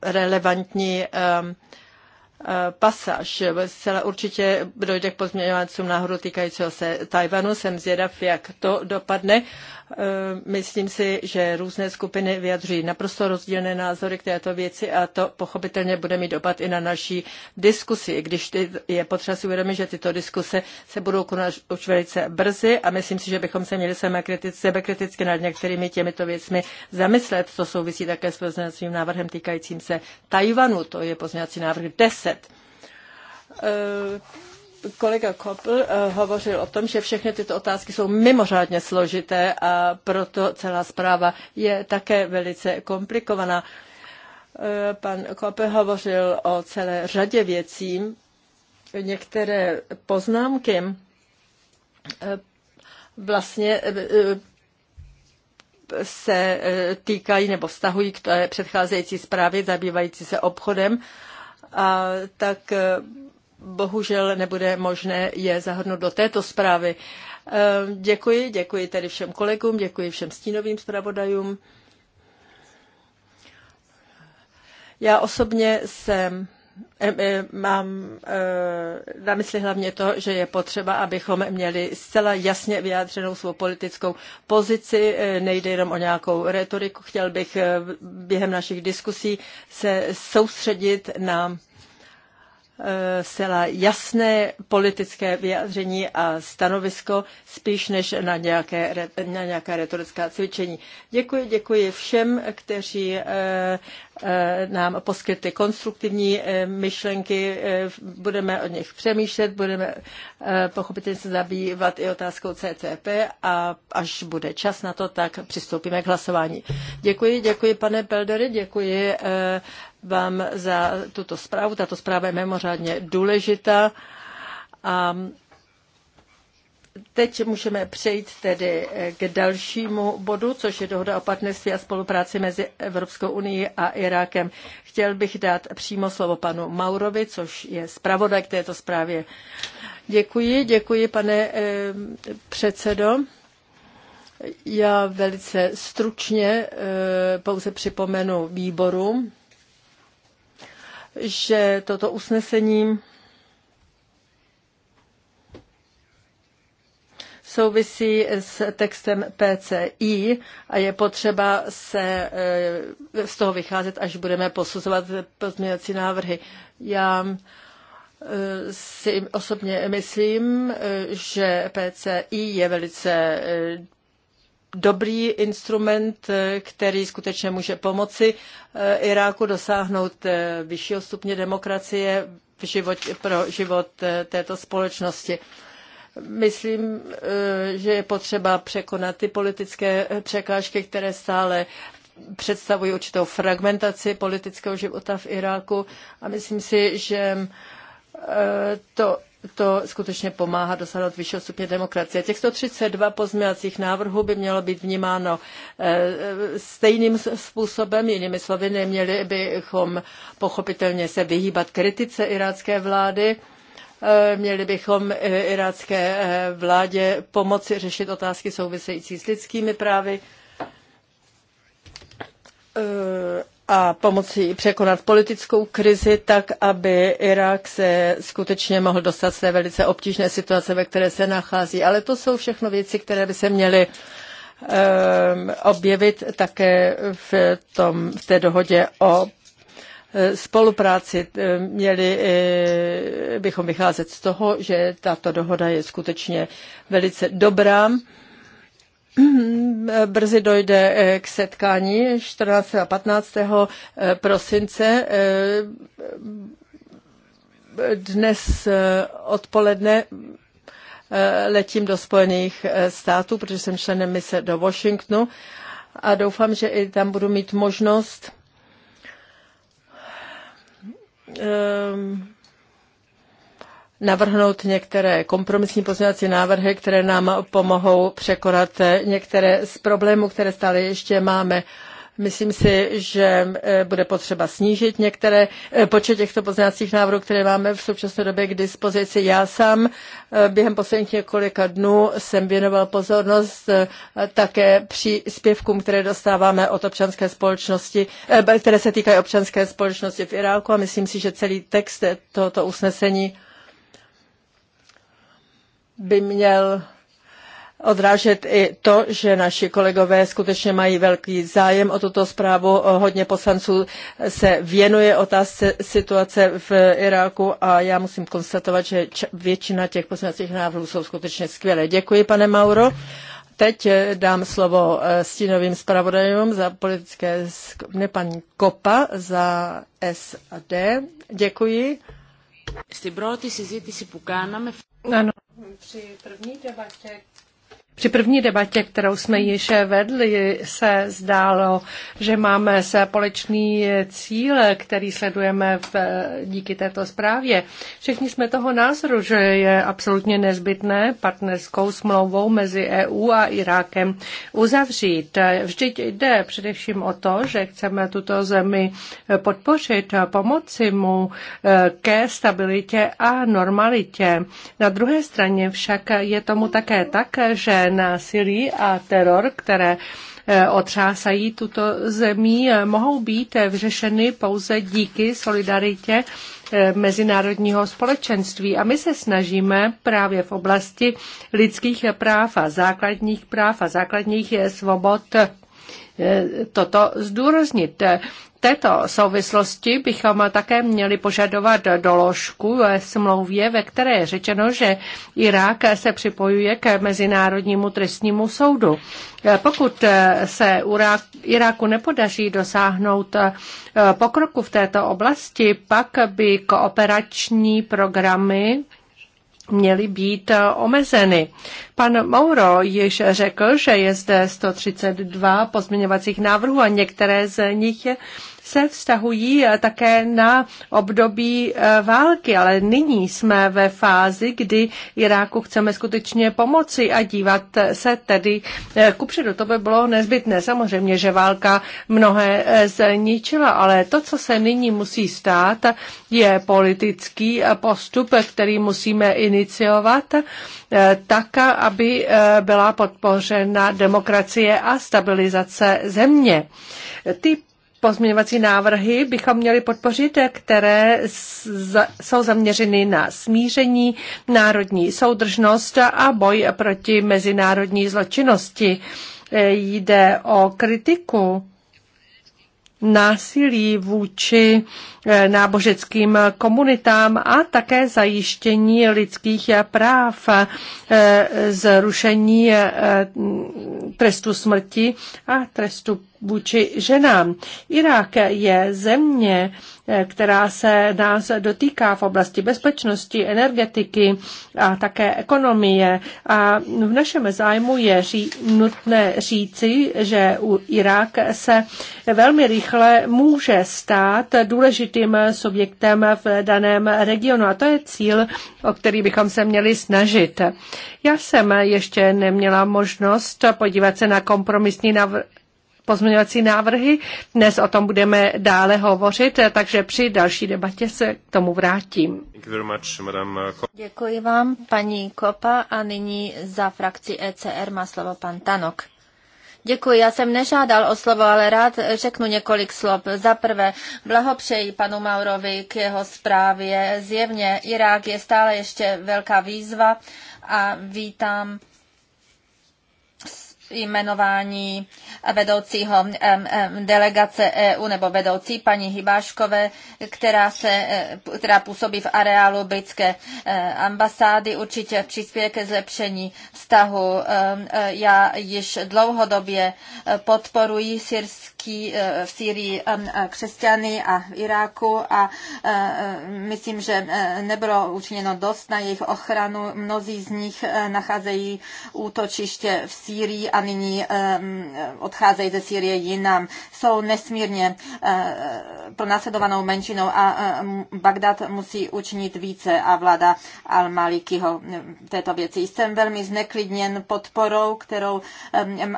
relevantní ehm, eh, pasáž. Zcela určitě dojde k pozměňovacím náhodou týkajícího se Tajvanu. Jsem zvědav, jak to dopadne. Eh, myslím si, že různé skupiny vyjadřují naprosto rozdílné názory k této věci a to pochopitelně bude mít dopad i na naší diskusi, když je potřeba si uvědomit, že tyto diskuse se budou konat už velice brzy a myslím si, že bychom se měli sebekriticky nad některými těmito věcmi zamyslet. To souvisí také s pozměňovacím návrhem týkajícím se Tajvanu, to je pozměňovací návrh 10 kolega Koppel eh, hovořil o tom, že všechny tyto otázky jsou mimořádně složité a proto celá zpráva je také velice komplikovaná. Eh, pan Koppel hovořil o celé řadě věcí. Některé poznámky eh, vlastně se týkají nebo vztahují k té předcházející zprávě zabývající se obchodem. A tak bohužel nebude možné je zahrnout do této zprávy. Ehm, děkuji, děkuji tedy všem kolegům, děkuji všem stínovým zpravodajům. Já osobně jsem mám ehm, na mysli hlavně to, že je potřeba, abychom měli zcela jasně vyjádřenou svou politickou pozici. Ehm, nejde jenom o nějakou retoriku. Chtěl bych během našich diskusí se soustředit na zcela jasné politické vyjádření a stanovisko, spíš než na nějaké, na nějaká retorická cvičení. Děkuji, děkuji všem, kteří eh, Eh, nám poskytly konstruktivní eh, myšlenky, eh, budeme o nich přemýšlet, budeme pochopitelně se zabývat i otázkou CCP a až bude čas na to, tak přistoupíme k hlasování. Děkuji, děkuji pane Peldery, děkuji vám za tuto zprávu. Tato zpráva je mimořádně důležitá a Teď můžeme přejít tedy eh, k dalšímu bodu, což je dohoda o partnerství a spolupráci mezi Evropskou unii a Irákem. Chtěl bych dát přímo slovo panu Maurovi, což je zpravodaj k této zprávě. Děkuji, děkuji, pane eh, předsedo. Já velice stručně eh, pouze připomenu výboru, že toto usnesení souvisí s textem PCI a je potřeba se e, z toho vycházet, až budeme posuzovat pozměňovací návrhy. Já e, si osobně myslím, e, že PCI je velice dobrý instrument, který skutečně může pomoci Iráku dosáhnout vyššího stupně demokracie v život, pro život této společnosti. Myslím, eh, že je potřeba překonat ty politické překážky, které stále představují určitou fragmentaci politického života v Iráku a myslím si, že eh, to to skutečně pomáhá dosáhnout vyššího stupně demokracie. Těch 132 pozměňovacích návrhů by mělo být vnímáno eh, stejným způsobem, jinými slovy, neměli bychom pochopitelně se vyhýbat kritice irácké vlády. Eh, měli bychom eh, irácké eh, vládě pomoci řešit otázky související s lidskými právy a pomoci překonat politickou krizi tak, aby Irák se skutečně mohl dostat z té velice obtížné situace, ve které se nachází. Ale to jsou všechno věci, které by se měly objevit také v, tom, v té dohodě o E, spolupráci. E, měli e, bychom vycházet z toho, že tato dohoda je skutečně velice dobrá. Brzy dojde k setkání 14. a 15. prosince. Dnes odpoledne letím do Spojených států, protože jsem členem mise do Washingtonu a doufám, že i tam budu mít možnost Ehm, navrhnout některé kompromisní pozměňovací návrhy, které nám pomohou překonat eh, některé z problémů, které stále ještě máme. Myslím si, že e, bude potřeba snížit některé e, počet těchto pozměňovacích návrhů, které máme v současné době k dispozici. Já sám e, během posledních několika dnů jsem věnoval pozornost také příspěvkům, které dostáváme od občanské společnosti, které se týkají občanské společnosti v Iráku a myslím si, že celý text tohoto usnesení by měl odrážet i to, že naši kolegové skutečně mají velký zájem o tuto zprávu. Hodně poslanců se věnuje otázce situace v Iráku a já musím konstatovat, že většina těch poslaneckých návrhů jsou skutečně skvělé. Děkuji, pane Mauro. Teď eh, dám slovo eh, stínovým zpravodajům za politické skupiny, paní Kopa za SAD. Děkuji. Ano. Při první debatě, při první debatě, kterou jsme již vedli, se zdálo, že máme společný cíl, který sledujeme v, díky této zprávě. Všichni jsme toho názoru, že je absolutně nezbytné partnerskou smlouvou mezi EU a Irákem uzavřít. Vždyť jde především o to, že chceme tuto zemi podpořit, pomoci mu eh, ke stabilitě a normalitě. Na druhé straně však je tomu také tak, že násilí a teror, které eh, otřásají tuto zemí, eh, mohou být eh, vyřešeny pouze díky solidaritě mezinárodního společenství. A my se snažíme právě v oblasti lidských práv a základních práv a základních svobod toto zdůraznit této souvislosti bychom také měli požadovat doložku ve smlouvě, ve které je řečeno, že Irák se připojuje k Mezinárodnímu trestnímu soudu. Pokud se Iráku nepodaří dosáhnout eh, pokroku v této oblasti, pak by kooperační programy měly být eh, omezeny. Pan Mauro již řekl, že je zde 132 pozměňovacích návrhů a některé z nich se vztahují eh, také na období eh, války, ale nyní jsme ve fázi, kdy Iráku chceme skutečně pomoci a dívat eh, se tedy kupředu. To by bylo nezbytné. Samozřejmě, že válka mnohé zničila, ale to, co se nyní musí stát, je politický postup, který musíme iniciovat tak, aby byla podpořena demokracie a stabilizace země. Ty pozměňovací návrhy bychom měli podpořit, které jsou zaměřeny na smíření, národní soudržnost a boj proti mezinárodní zločinnosti. E, jde o kritiku násilí vůči e, náboženským komunitám a také zajištění lidských práv, e, zrušení trestu smrti a trestu vůči ženám. Irák je země, která se nás dotýká v oblasti bezpečnosti, energetiky a také ekonomie. A v našem zájmu je ří, nutné říci, že u Irák se velmi rychle může stát důležitým subjektem v daném regionu. A to je cíl, o který bychom se měli snažit. Já jsem ještě neměla možnost podívat se na kompromisní pozměňovací návrhy. Dnes o tom budeme dále hovořit, takže při další debatě se k tomu vrátím. Uh, Děkuji vám, paní Kopa, a nyní za frakci ECR má slovo pan Tanok. Děkuji, já jsem nežádal o slovo, ale rád řeknu několik slov. Za prvé, blahopřeji panu Maurovi k jeho zprávě. Zjevně Irák je stále ještě velká výzva a vítám jmenování vedoucího delegace EU nebo vedoucí paní Hybáškové, která, se, e, která působí v areálu britské e, ambasády, určitě přispěje ke zlepšení vztahu. E, já již dlouhodobě podporuji syrský, v Syrii křesťany a v Iráku a myslím, že nebylo učiněno dost na jejich ochranu. Mnozí z nich nacházejí útočiště v Syrii a nyní odcházejí ze Sýrie jinam. Jsou nesmírně eh, pronásledovanou menšinou a Bagdad musí učinit více a vláda Al-Malikiho této věci. Jsem velmi zneklidněn podporou, kterou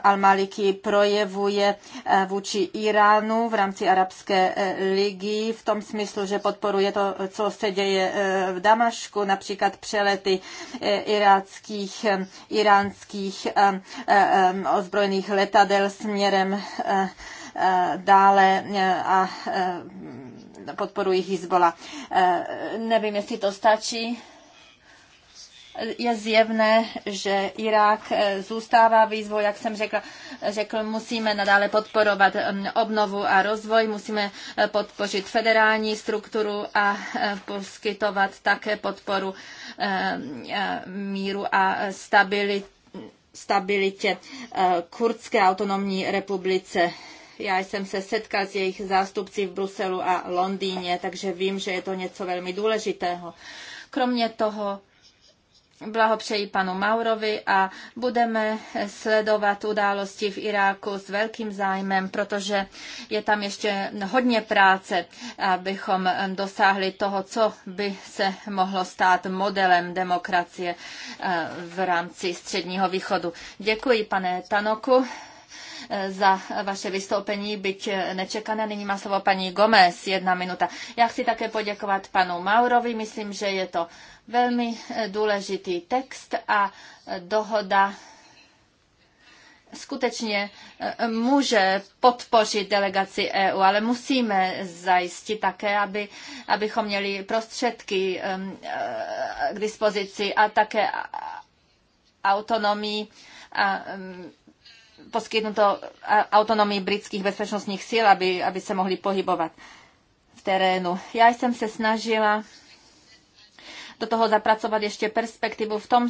Al-Maliki projevuje eh, vůči Iránu v rámci Arabské eh, ligy v tom smyslu, že podporuje to, co se děje v Damašku, například přelety iráckých, iránských Um, ozbrojených letadel směrem uh, uh, dále uh, a podporují Hezbola. Nevím, jestli to stačí. Je zjevné, že Irák zůstává výzvou, jak jsem řekla, řekl, musíme nadále podporovat um, obnovu a rozvoj, musíme podpořit federální strukturu a poskytovat také podporu um, míru a stability stabilitě eh, Kurdské autonomní republice. Já jsem se setkal s jejich zástupci v Bruselu a Londýně, takže vím, že je to něco velmi důležitého. Kromě toho Blahopřeji panu Maurovi a budeme sledovat události v Iráku s velkým zájmem, protože je tam ještě hodně práce, abychom dosáhli toho, co by se mohlo stát modelem demokracie eh, v rámci Středního východu. Děkuji, pane Tanoku. Eh, za vaše vystoupení, byť eh, nečekané. Nyní má slovo paní Gomez, jedna minuta. Já chci také poděkovat panu Maurovi, myslím, že je to velmi eh, důležitý text a dohoda skutečně může podpořit delegaci EU, ale musíme zajistit také, aby, abychom měli prostředky k dispozici a také autonomii a poskytnuto autonomii britských bezpečnostních sil, aby, aby se mohli pohybovat v terénu. Já jsem se snažila do toho zapracovat ještě perspektivu v tom,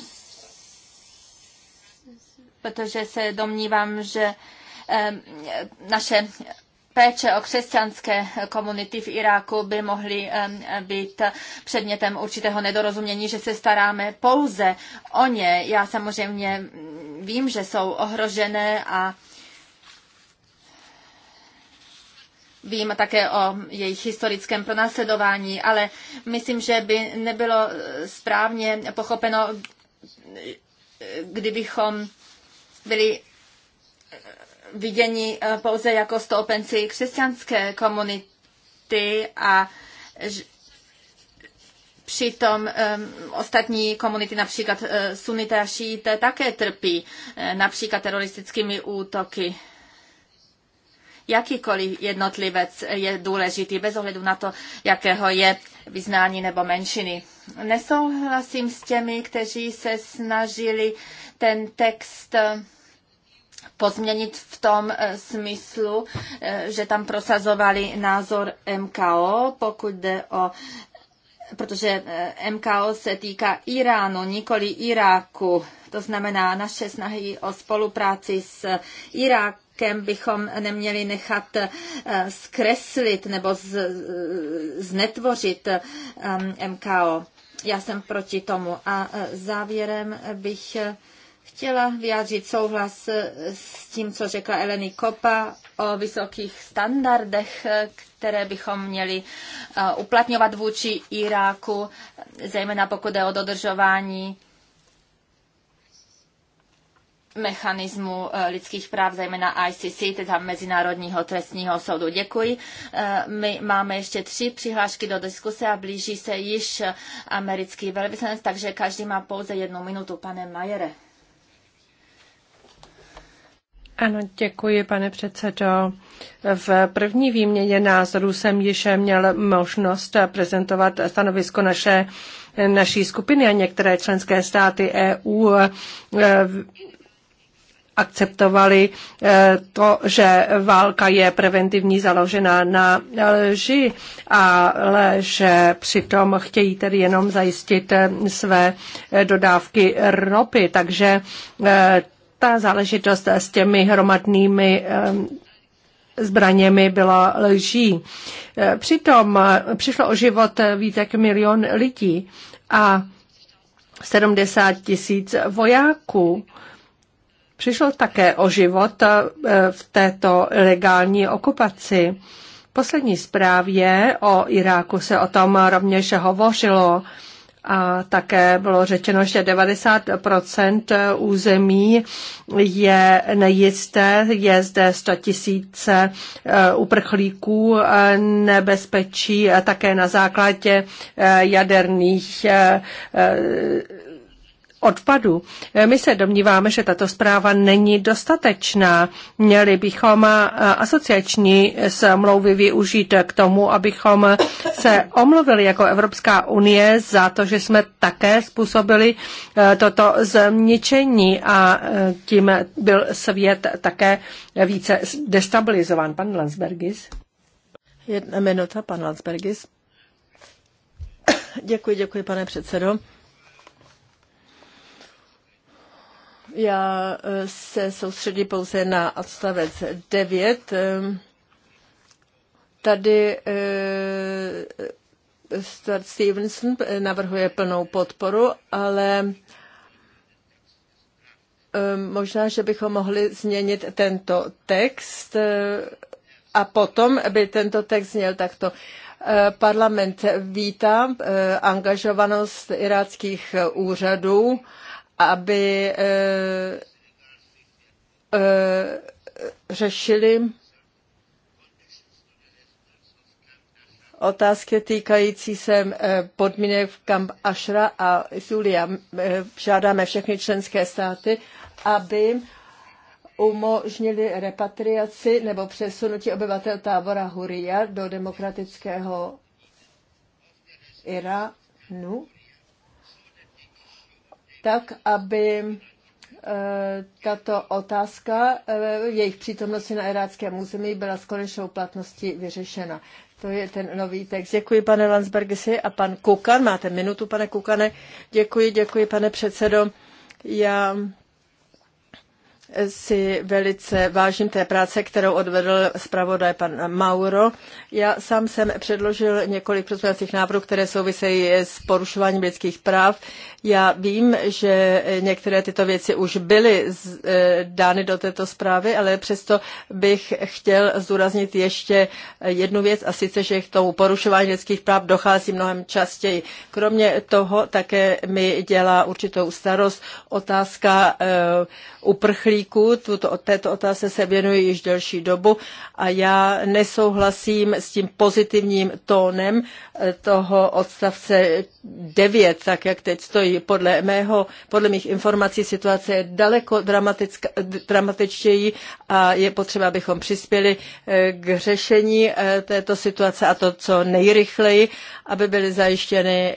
protože se domnívám, že eh, naše péče o křesťanské komunity v Iráku by mohly být předmětem určitého nedorozumění, že se staráme pouze o ně. Já samozřejmě vím, že jsou ohrožené a Vím také o jejich historickém pronásledování, ale myslím, že by nebylo správně pochopeno, kdybychom byli viděni eh, pouze jako stoupenci křesťanské komunity a Přitom um, ostatní komunity, například uh, sunité a šíité, také trpí eh, například teroristickými útoky. Jakýkoliv jednotlivec je důležitý, bez ohledu na to, jakého je vyznání nebo menšiny. Nesouhlasím s těmi, kteří se snažili ten text uh, pozměnit v tom eh, smyslu, eh, že tam prosazovali názor MKO, pokud jde o protože eh, MKO se týká Iránu, nikoli Iráku. To znamená, naše snahy o spolupráci s Irákem bychom neměli nechat zkreslit nebo z, znetvořit MKO. Já jsem proti tomu. A závěrem bych chtěla vyjádřit souhlas eh, s tím, co řekla Eleny Kopa o vysokých standardech, eh, které bychom měli eh, uplatňovat vůči Iráku, zejména pokud je o dodržování mechanismu lidských práv, zejména ICC, teda Mezinárodního trestního soudu. Děkuji. My máme ještě tři přihlášky do diskuse a blíží se již americký velvyslanec, takže každý má pouze jednu minutu. Pane Majere. Ano, děkuji, pane předsedo. V první výměně názorů jsem již měl možnost prezentovat stanovisko naše, naší skupiny a některé členské státy EU eh, akceptovali eh, to, že válka je preventivní založená na lži, ale že přitom chtějí tedy jenom zajistit eh, své dodávky ropy. Takže ta záležitost s těmi hromadnými zbraněmi byla lží. E, přitom e, přišlo o život e, vítek milion lidí a 70 tisíc vojáků. Přišlo také o život v této legální okupaci. V poslední zprávě o Iráku se o tom rovněž hovořilo. A také bylo řečeno, že 90 území je nejisté, je zde 100 tisíce eh, uprchlíků eh, nebezpečí také na základě eh, jaderných odpadu. Eh, my se domníváme, že tato zpráva není dostatečná. Měli bychom eh, asociační smlouvy využít k tomu, abychom se omluvili jako Evropská unie za to, že jsme také způsobili eh, toto zničení a tím byl svět také více destabilizován. Pan Landsbergis. Jedna minuta, pan Landsbergis. Děkuji, děkuji, pane předsedo. Já eh, se soustředím pouze na odstavec 9. Ehm, tady eh, Stuart Stevenson navrhuje plnou podporu, ale ehm, možná, že bychom mohli změnit tento text eh, a potom by tento text měl takto. Parlament vítá angažovanost iráckých úřadů aby eh, eh, řešili otázky týkající se eh, podmínek v Kamp Ashra a Zulia. Žádáme všechny členské státy, aby umožnili repatriaci nebo přesunutí obyvatel tábora Huria do demokratického Iránu tak aby eh, tato otázka eh, jejich přítomnosti na iráckém území byla s konečnou platností vyřešena. To je ten nový text. Děkuji, pane Landsbergisi a pan Kukan. Máte minutu, pane Kukane. Děkuji, děkuji, pane předsedo. Já si velice vážím té práce, kterou odvedl zpravodaj pan Mauro. Já sám jsem předložil několik pozměňovacích návrhů, které souvisejí s porušováním lidských práv. Já vím, že některé tyto věci už byly e, dány do této zprávy, ale přesto bych chtěl zdůraznit ještě jednu věc a sice, že k tomu porušování lidských práv dochází mnohem častěji. Kromě toho také mi dělá určitou starost otázka e, uprchlí uhlíku. Tuto, této otázce se věnuji již delší dobu a já nesouhlasím s tím pozitivním tónem eh, toho odstavce 9, tak jak teď stojí. Podle, mého, podle mých informací situace je daleko dramatičtější a je potřeba, abychom přispěli eh, k řešení eh, této situace a to, co nejrychleji, aby byly zajištěny,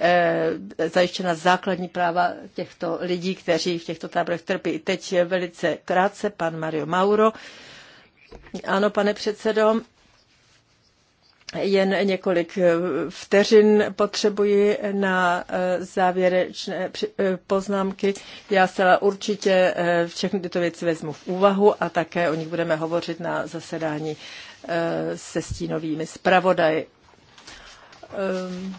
zajištěna základní práva těchto lidí, kteří v těchto táborech trpí. Teď velice krátce, pan Mario Mauro. Ano, pane předsedo, jen několik vteřin potřebuji na eh, závěrečné eh, poznámky. Já se určitě eh, všechny tyto věci vezmu v úvahu a také o nich budeme hovořit na zasedání se stínovými zpravodaji. Ehm,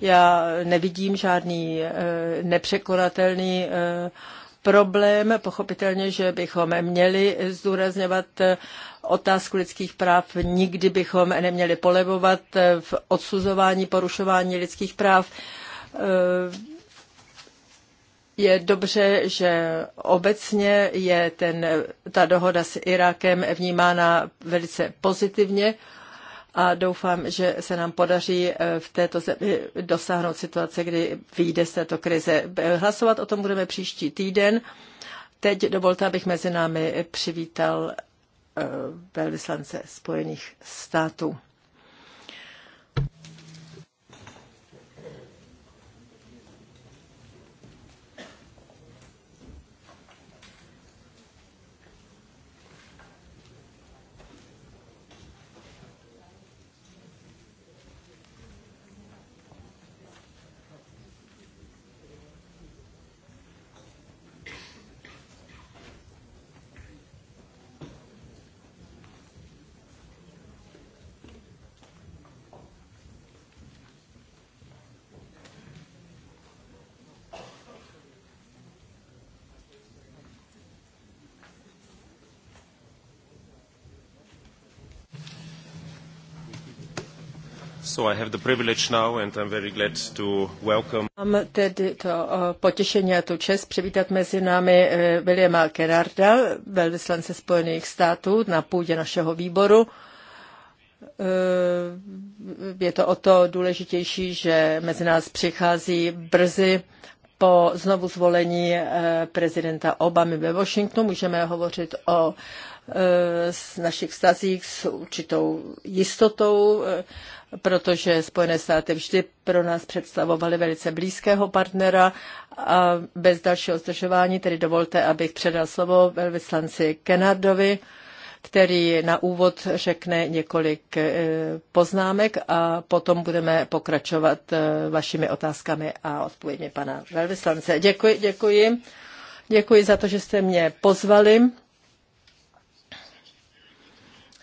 já nevidím žádný nepřekonatelný problém. Pochopitelně, že bychom měli zdůrazňovat eh, otázku lidských práv, nikdy bychom neměli polevovat eh, v odsuzování, porušování lidských práv. Eh, je dobře, že obecně je ten, ta dohoda s Irákem vnímána velice pozitivně a doufám, že se nám podaří eh, v této zemi dosáhnout situace, kdy vyjde z této krize. Eh, hlasovat o tom budeme příští týden. Teď dovolte, abych mezi námi přivítal eh, velvyslance Spojených států. So I have the privilege now and I'm very glad to welcome. Mám tedy to eh, potěšení a tu čest přivítat mezi námi eh, Williama Gerarda, velvyslance Spojených států na půdě našeho výboru. Eh, je to o to důležitější, že mezi nás přichází brzy po znovu zvolení prezidenta Obamy ve Washingtonu. Můžeme hovořit o Eh, s našich vztazích s určitou jistotou, eh, protože Spojené státy vždy pro nás představovaly velice blízkého partnera a bez dalšího zdržování tedy dovolte, abych předal slovo velvyslanci Kennardovi, který na úvod řekne několik eh, poznámek a potom budeme pokračovat vašimi otázkami a odpověďmi pana velvyslance. Děkuji, děkuji. Děkuji za to, že jste mě pozvali.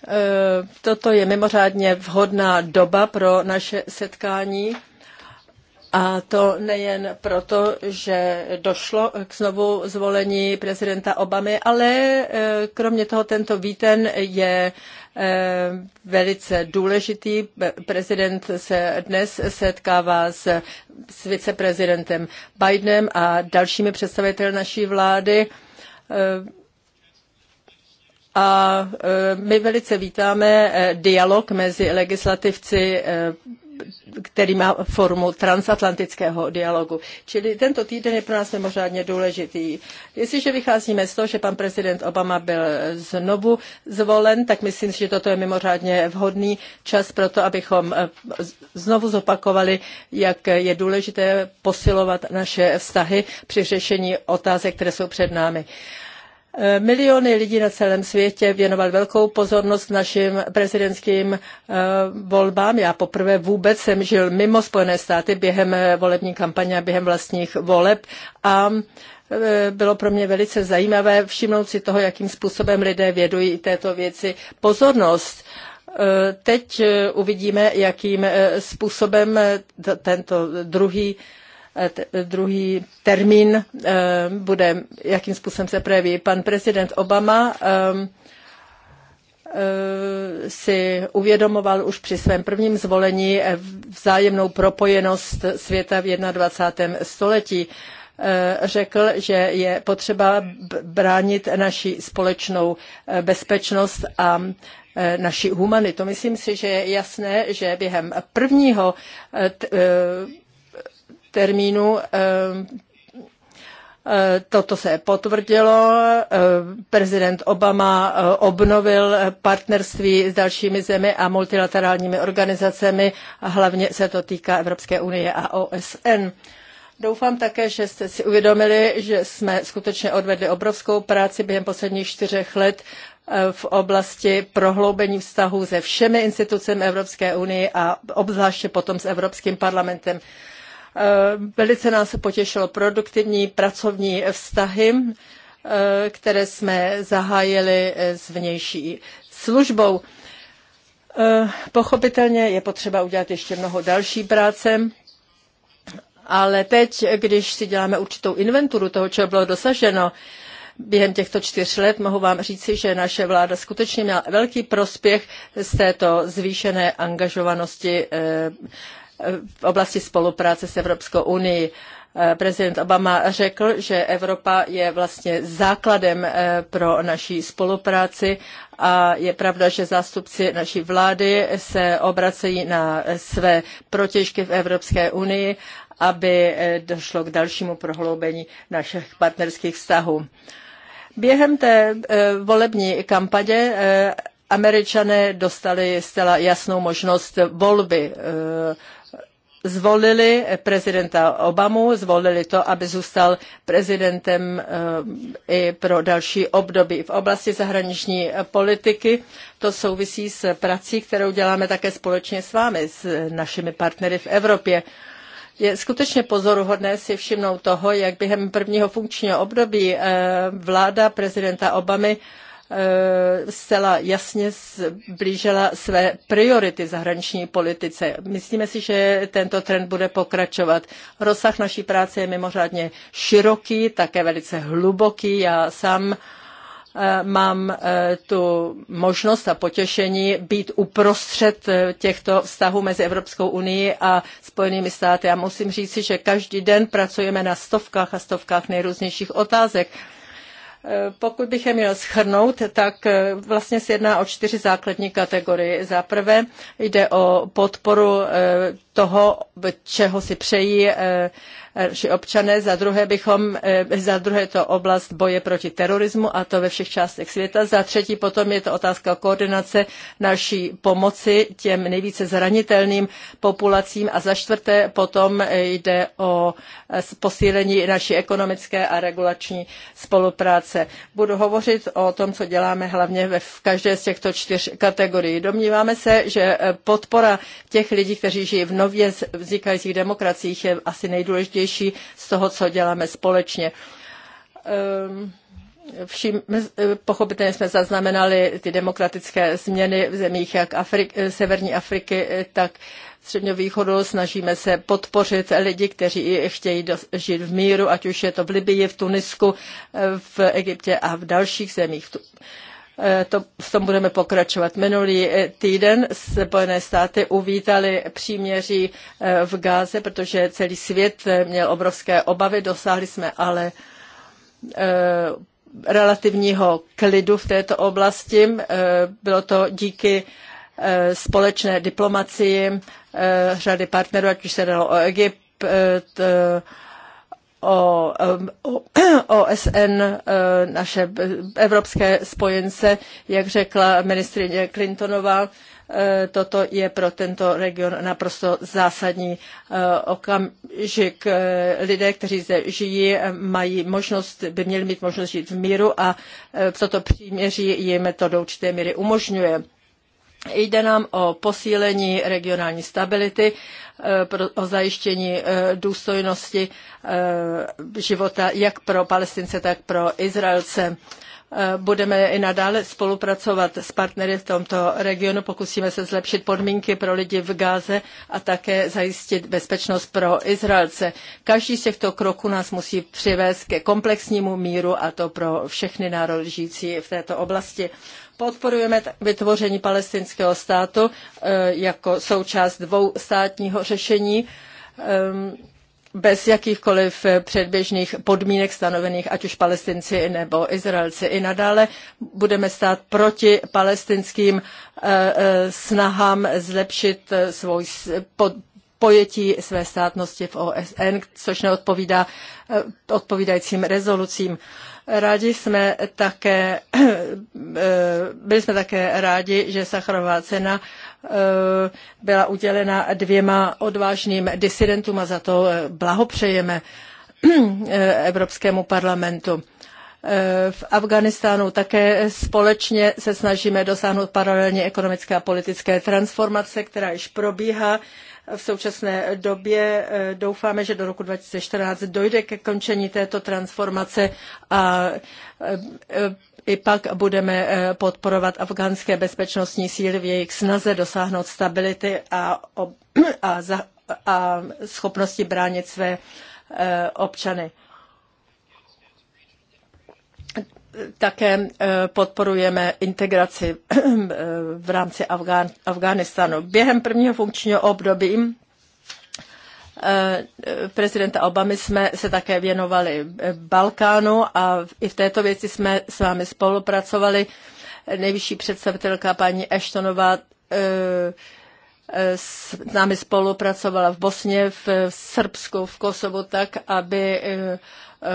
Eh, toto je mimořádně vhodná doba pro naše setkání. A to nejen proto, že došlo k znovu zvolení prezidenta Obamy, ale eh, kromě toho tento víten je eh, velice důležitý. Prezident se dnes setkává s, s viceprezidentem Bidenem a dalšími představiteli naší vlády a e, my velice vítáme e, dialog mezi legislativci e, který má formu transatlantického dialogu. Čili tento týden je pro nás mimořádně důležitý. Jestliže vycházíme z toho, že pan prezident Obama byl znovu zvolen, tak myslím, že toto je mimořádně vhodný čas pro to, abychom znovu zopakovali, jak je důležité posilovat naše vztahy při řešení otázek, které jsou před námi. Uh, Eh, miliony lidí na celém světě věnoval velkou pozornost našim prezidentským eh, volbám. Já poprvé vůbec jsem žil mimo Spojené státy během eh, volební kampaně a během vlastních voleb a bylo pro mě velice zajímavé všimnout si toho, jakým způsobem lidé vědují této věci pozornost. Teď uvidíme, jakým způsobem tento druhý druhý termín eh, bude, jakým způsobem se projeví. Pan prezident Obama ehm, eh, si uvědomoval už při svém prvním zvolení eh, vzájemnou propojenost světa v 21. století. Řekl, že je potřeba bránit naši společnou bezpečnost a naši humanitu. Myslím si, že je jasné, že během prvního termínu eh, eh, Toto se potvrdilo. Eh, prezident Obama obnovil partnerství s dalšími zemi a multilaterálními organizacemi a hlavně se to týká Evropské unie a OSN. Doufám také, že jste si uvědomili, že jsme skutečně odvedli obrovskou práci během posledních čtyřech let v oblasti prohloubení vztahů se všemi institucemi Evropské unie a obzvláště potom s Evropským parlamentem. Eh, velice nás potěšilo produktivní pracovní vztahy, eh, které jsme zahájili eh, s vnější službou. Pochopitelně je potřeba udělat ještě mnoho další práce, ale teď, když si děláme určitou inventuru toho, co bylo dosaženo, během těchto čtyř let mohu vám říci, že naše vláda skutečně měla velký prospěch z této zvýšené angažovanosti v oblasti spolupráce s Evropskou unii. Eh, prezident Obama řekl, že Evropa je vlastně základem eh, pro naší spolupráci a je pravda, že zástupci naší vlády se obracejí na své protěžky v Evropské unii, aby eh, došlo k dalšímu prohloubení našich partnerských vztahů. Během té volební kampaně Američané dostali zcela jasnou možnost volby zvolili prezidenta Obamu, zvolili to, aby zůstal prezidentem eh, i pro další období. V oblasti zahraniční politiky to souvisí s prací, kterou děláme také společně s vámi, s našimi partnery v Evropě. Je skutečně pozoruhodné si všimnout toho, jak během prvního funkčního období eh, vláda prezidenta Obamy Eh, zcela jasně zblížila své priority v zahraniční politice. Myslíme si, že tento trend bude pokračovat. Rozsah naší práce je mimořádně široký, také velice hluboký. Já sám eh, mám eh, tu možnost a potěšení být uprostřed těchto vztahů mezi Evropskou unii a Spojenými státy. A musím říci, že každý den pracujeme na stovkách a stovkách nejrůznějších otázek pokud bych je měl schrnout, tak e, vlastně se jedná o čtyři základní kategorie. Za prvé jde o podporu e, toho, čeho si přejí eh, naši občané, za druhé, bychom, eh, za druhé to oblast boje proti terorismu a to ve všech částech světa, za třetí potom je to otázka koordinace naší pomoci těm nejvíce zranitelným populacím a za čtvrté potom jde o eh, posílení naší ekonomické a regulační spolupráce. Budu hovořit o tom, co děláme hlavně v každé z těchto čtyř kategorií. Domníváme se, že podpora těch lidí, kteří žijí v nově nově vznikajících demokraciích je asi nejdůležitější z toho, co děláme společně. Ehm, všim, eh, pochopitelně jsme zaznamenali ty demokratické změny v zemích jak Afrik, eh, Severní Afriky, eh, tak Středního východu. Snažíme se podpořit lidi, kteří chtějí do, žít v míru, ať už je to v Libii, v Tunisku, v Egyptě a v dalších zemích. V Eh, to, v tom budeme pokračovat. Minulý eh, týden Spojené státy uvítali příměří eh, v Gáze, protože celý svět měl obrovské obavy, dosáhli jsme ale relativního klidu v této oblasti. Bylo to díky společné diplomacii řady partnerů, ať už se dalo o Egypt, o, OSN, e, naše evropské spojence, jak řekla ministrině Clintonová, e, toto je pro tento region naprosto zásadní e, okamžik. Lidé, kteří zde žijí, mají možnost, by měli mít možnost žít v míru a toto příměří jim to do určité míry umožňuje. Jde nám o posílení regionální stability, e, o zajištění e, důstojnosti e, života jak pro Palestince, tak pro Izraelce. Budeme i nadále spolupracovat s partnery v tomto regionu, pokusíme se zlepšit podmínky pro lidi v Gáze a také zajistit bezpečnost pro Izraelce. Každý z těchto kroků nás musí přivést ke komplexnímu míru a to pro všechny národy žijící v této oblasti. Podporujeme vytvoření palestinského státu eh, jako součást dvou státního řešení ehm, bez jakýchkoliv eh, předběžných podmínek stanovených ať už palestinci nebo Izraelci. I nadále budeme stát proti palestinským eh, snahám zlepšit svůj pojetí své státnosti v OSN, což neodpovídá odpovídajícím rezolucím. Rádi jsme také, byli jsme také rádi, že Sacharová cena eh, byla udělena dvěma odvážným disidentům a za to eh, blahopřejeme eh, Evropskému parlamentu v Afghánistánu také společně se snažíme dosáhnout paralelně ekonomické a politické transformace, která již probíhá. V současné době eh, doufáme, že do roku 2014 dojde ke končení této transformace a eh, i pak budeme eh, podporovat afgánské bezpečnostní síly v jejich snaze dosáhnout stability a, a, a schopnosti bránit své občany také eh, podporujeme integraci eh, v rámci Afgán, Během prvního funkčního období eh, prezidenta Obamy jsme se také věnovali Balkánu a i v této věci jsme s vámi spolupracovali. Nejvyšší představitelka paní Ashtonová Eh, s námi spolupracovala v Bosně, v Srbsku, v Kosovu tak, aby eh,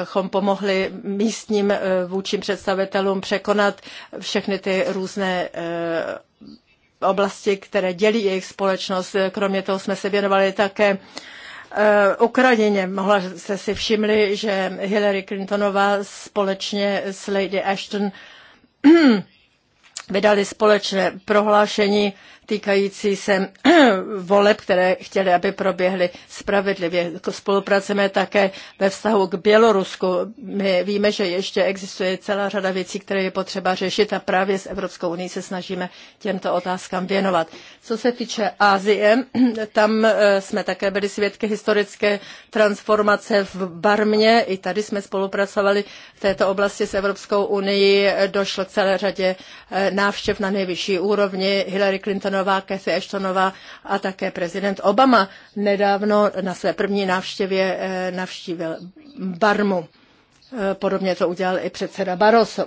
chom pomohli místním eh, vůčím představitelům překonat všechny ty různé oblasti, které dělí jejich společnost. Kromě toho jsme se věnovali také Ukrajině. Mohla jste si všimli, že Hillary Clintonová společně s Lady Ashton vydali společné prohlášení týkající se voleb, které chtěli, aby proběhly spravedlivě. Jako spolupracujeme také ve vztahu k Bělorusku. My víme, že ještě existuje celá řada věcí, které je potřeba řešit a právě s Evropskou unii se snažíme těmto otázkám věnovat. Co se týče Ázie, tam eh, jsme také byli svědky historické transformace v Barmě. I tady jsme spolupracovali v této oblasti s Evropskou unii. Došlo k celé řadě eh, návštěv na nejvyšší úrovni. Hillary Clinton Clintonová, Kathy Ashtonová a také prezident Obama nedávno na své první návštěvě eh, navštívil Barmu. Eh, podobně to udělal i předseda Barroso.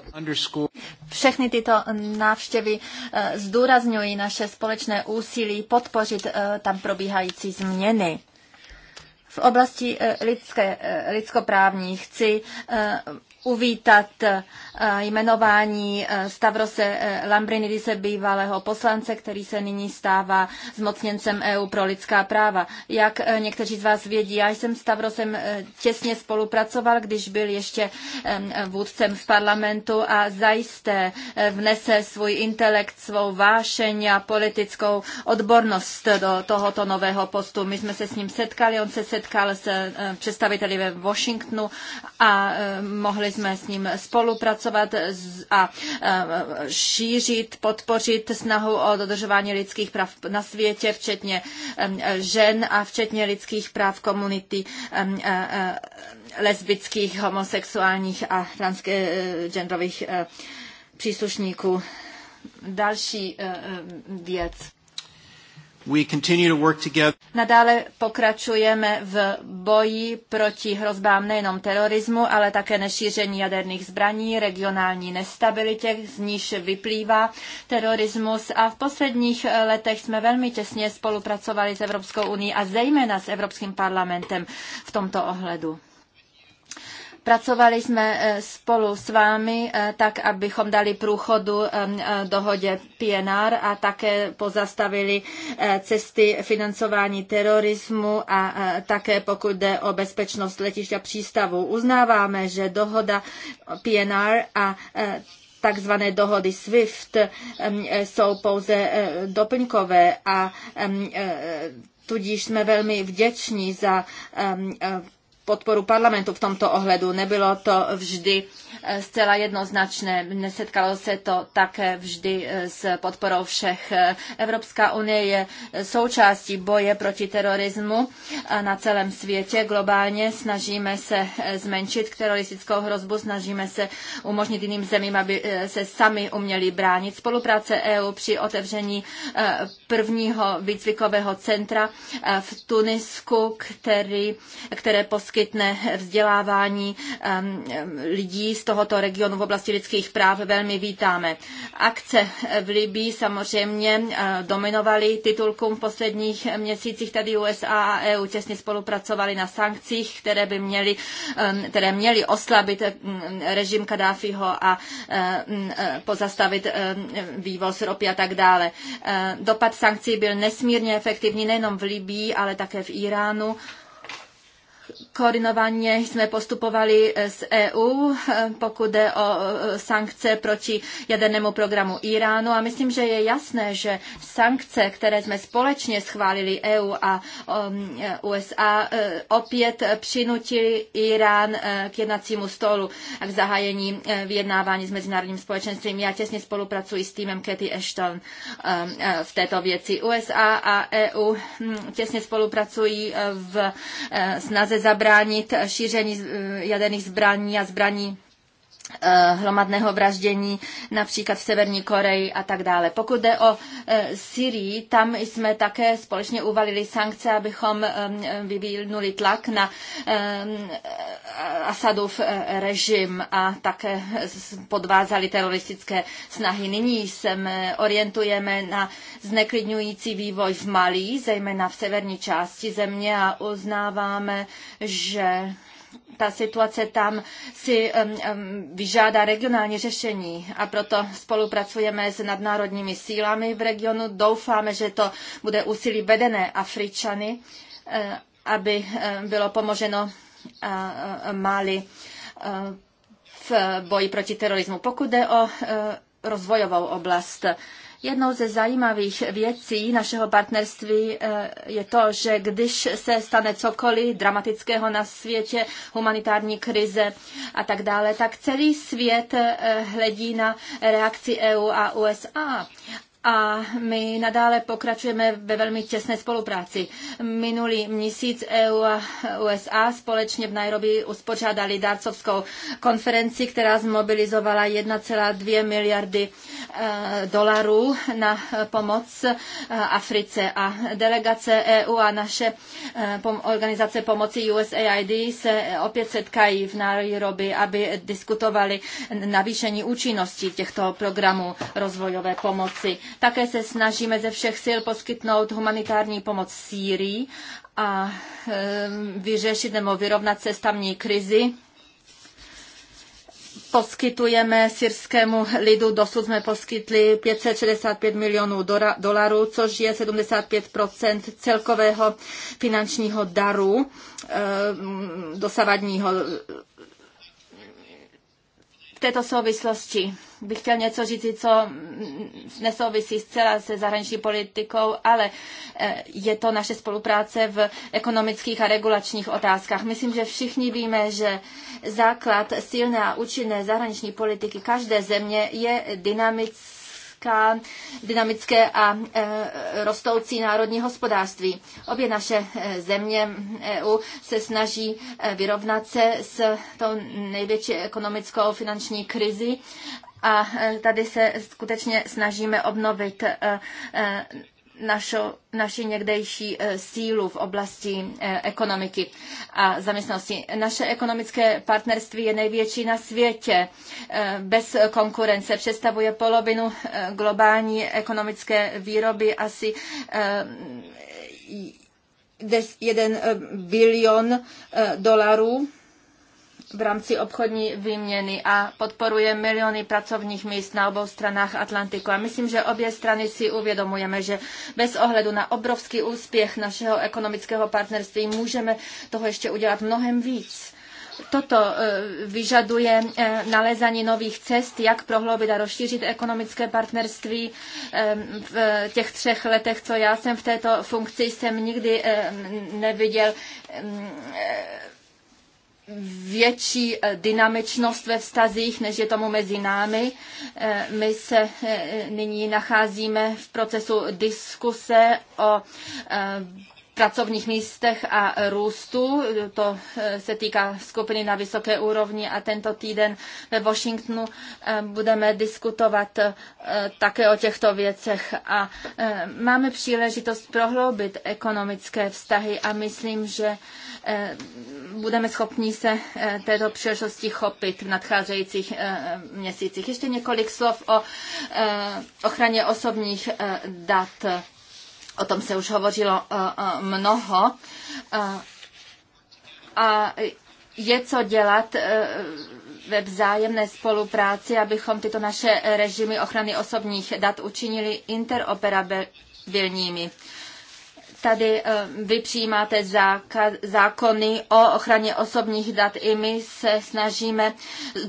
Všechny tyto návštěvy eh, zdůrazňují naše společné úsilí podpořit tam probíhající změny. V oblasti lidské, lidskoprávní chci uvítat Eh, jmenování eh, Stavrose eh, Lambrinidise, bývalého poslance, který se nyní stává zmocněncem EU pro lidská práva. Jak někteří z vás vědí, já jsem s Stavrosem těsně spolupracoval, když byl ještě vůdcem v parlamentu a zajisté vnese svůj intelekt, svou vášeň a politickou odbornost do tohoto nového postu. My jsme se s ním setkali, on se setkal s představiteli ve Washingtonu a mohli jsme s ním spolupracovat pracovat a e, šířit, podpořit snahu o dodržování lidských práv na světě, včetně žen a včetně lidských práv komunity e, e, lesbických, homosexuálních a transgenderových příslušníků. Další věc. Nadále pokračujeme v boji proti hrozbám nejenom terorismu, ale také nešíření jaderných zbraní, regionální nestabilitě, z níž vyplývá terorismus. A v posledních letech jsme velmi těsně spolupracovali s Evropskou unii a zejména s Evropským parlamentem v tomto ohledu. Pracovali jsme eh, spolu s vámi eh, tak, abychom dali průchodu eh, dohodě PNR a také pozastavili cesty financování terorismu a také pokud jde o bezpečnost letišť přístavu. Uznáváme, že dohoda PNR a takzvané dohody SWIFT jsou pouze doplňkové a tudíž jsme velmi vděční za podporu parlamentu v tomto ohledu. Nebylo to vždy zcela jednoznačné. Nesetkalo se to také vždy eh, s podporou všech. Evropská unie je eh, součástí boje proti terorismu eh, na celém světě. Globálně snažíme se zmenšit teroristickou hrozbu, snažíme se umožnit jiným zemím, aby se sami uměli bránit. Spolupráce EU při otevření prvního výcvikového centra v Tunisku, který, které poskytne vzdělávání lidí z toho, tohoto regionu v oblasti lidských práv velmi vítáme. Akce v Libii samozřejmě eh, dominovaly titulkům v posledních měsících. Tady USA a EU těsně spolupracovali na sankcích, které by měly, eh, které měly oslabit eh, režim Kadáfiho a mm, pozastavit vývoz ropy a tak dále. Dopad sankcí byl nesmírně efektivní nejenom v Libii, ale také v Iránu koordinovaně jsme postupovali eh, s EU, eh, pokud jde o eh, sankce proti jadernému programu Iránu a myslím, že je jasné, že sankce, které jsme společně schválili EU a USA, um, opět přinutili Irán k jednacímu stolu a k zahájení vyjednávání s mezinárodním společenstvím. Já těsně spolupracuji s týmem Katy Ashton v této věci. USA a EU hm, těsně spolupracují v snaze zabránit šíření eh, jaderných zbraní a zbraní Eh, hromadného vraždění, například v Severní Koreji a tak dále. Pokud jde o eh, Syrii, tam jsme také společně uvalili sankce, abychom eh, vyvinuli tlak na Asadův režim a také podvázali teroristické snahy. Nyní se orientujeme na zneklidňující vývoj v Malí, zejména v severní části země a uznáváme, že ta situace tam si vyžádá regionální řešení a proto spolupracujeme s nadnárodními sílami v regionu. Doufáme, že to bude úsilí vedené Afričany, eh, aby bylo pomoženo Mali eh, v boji proti terorismu. Pokud jde o eh, rozvojovou oblast, Jednou ze zajímavých věcí našeho partnerství eh, je to, že když se stane cokoliv dramatického na světě, humanitární krize a tak dále, tak celý svět eh, hledí na reakci EU a USA a my nadále pokračujeme ve velmi těsné spolupráci. Minulý měsíc EU a USA společně v Nairobi uspořádali dárcovskou konferenci, která zmobilizovala 1,2 miliardy eh, dolarů na eh, pomoc eh, Africe a delegace EU a naše organizace pomoci USAID se opět setkají v Nairobi, aby diskutovali navýšení účinnosti těchto programů rozvojové pomoci. Také se snažíme ze všech sil poskytnout humanitární pomoc Sýrii a ehm, vyřešit nebo vyrovnat se s tamní krizi poskytujeme syrskému lidu, dosud jsme poskytli 565 milionů dolarů, což je 75 celkového finančního daru ehm, dosavadního v této souvislosti bych chtěl něco říct, co nesouvisí zcela se zahraniční politikou, ale eh, je to naše spolupráce v ekonomických a regulačních otázkách. Myslím, že všichni víme, že základ silné a účinné zahraniční politiky každé země je dynamický dynamická, dynamické a e, rostoucí národní hospodářství. Obě naše e, země EU se snaží e, vyrovnat se s tou největší ekonomickou finanční krizi a tady se skutečně snažíme obnovit našo, naši někdejší eh, sílu v oblasti eh, ekonomiky a zaměstnanosti. Naše ekonomické partnerství je největší na světě. Eh, bez konkurence představuje polovinu globální ekonomické výroby asi jeden bilion dolarů v rámci obchodní výměny a podporuje miliony pracovních míst na obou stranách Atlantiku. A myslím, že obě strany si uvědomujeme, že bez ohledu na obrovský úspěch našeho ekonomického partnerství můžeme toho ještě udělat mnohem víc. Toto eh, vyžaduje eh, nalezání nových cest, jak prohloubit a rozšířit ekonomické partnerství. Eh, v těch třech letech, co já jsem v této funkci, jsem nikdy neviděl větší eh, dynamičnost ve vztazích, než je tomu mezi námi. Eh, my se eh, nyní nacházíme v procesu diskuse o pracovních místech a růstu. To eh, se týká skupiny na vysoké úrovni a tento týden ve Washingtonu eh, budeme diskutovat eh, také o těchto věcech. A máme příležitost prohloubit ekonomické vztahy a myslím, že budeme schopni se této příležitosti chopit v nadcházejících měsících. Ještě několik slov o ochraně osobních dat o tom se už hovořilo eh, eh, mnoho. Eh, a je co dělat ve vzájemné spolupráci, abychom tyto naše režimy ochrany osobních dat učinili interoperabilními tady eh, vy přijímáte zákony o ochraně osobních dat. I my se snažíme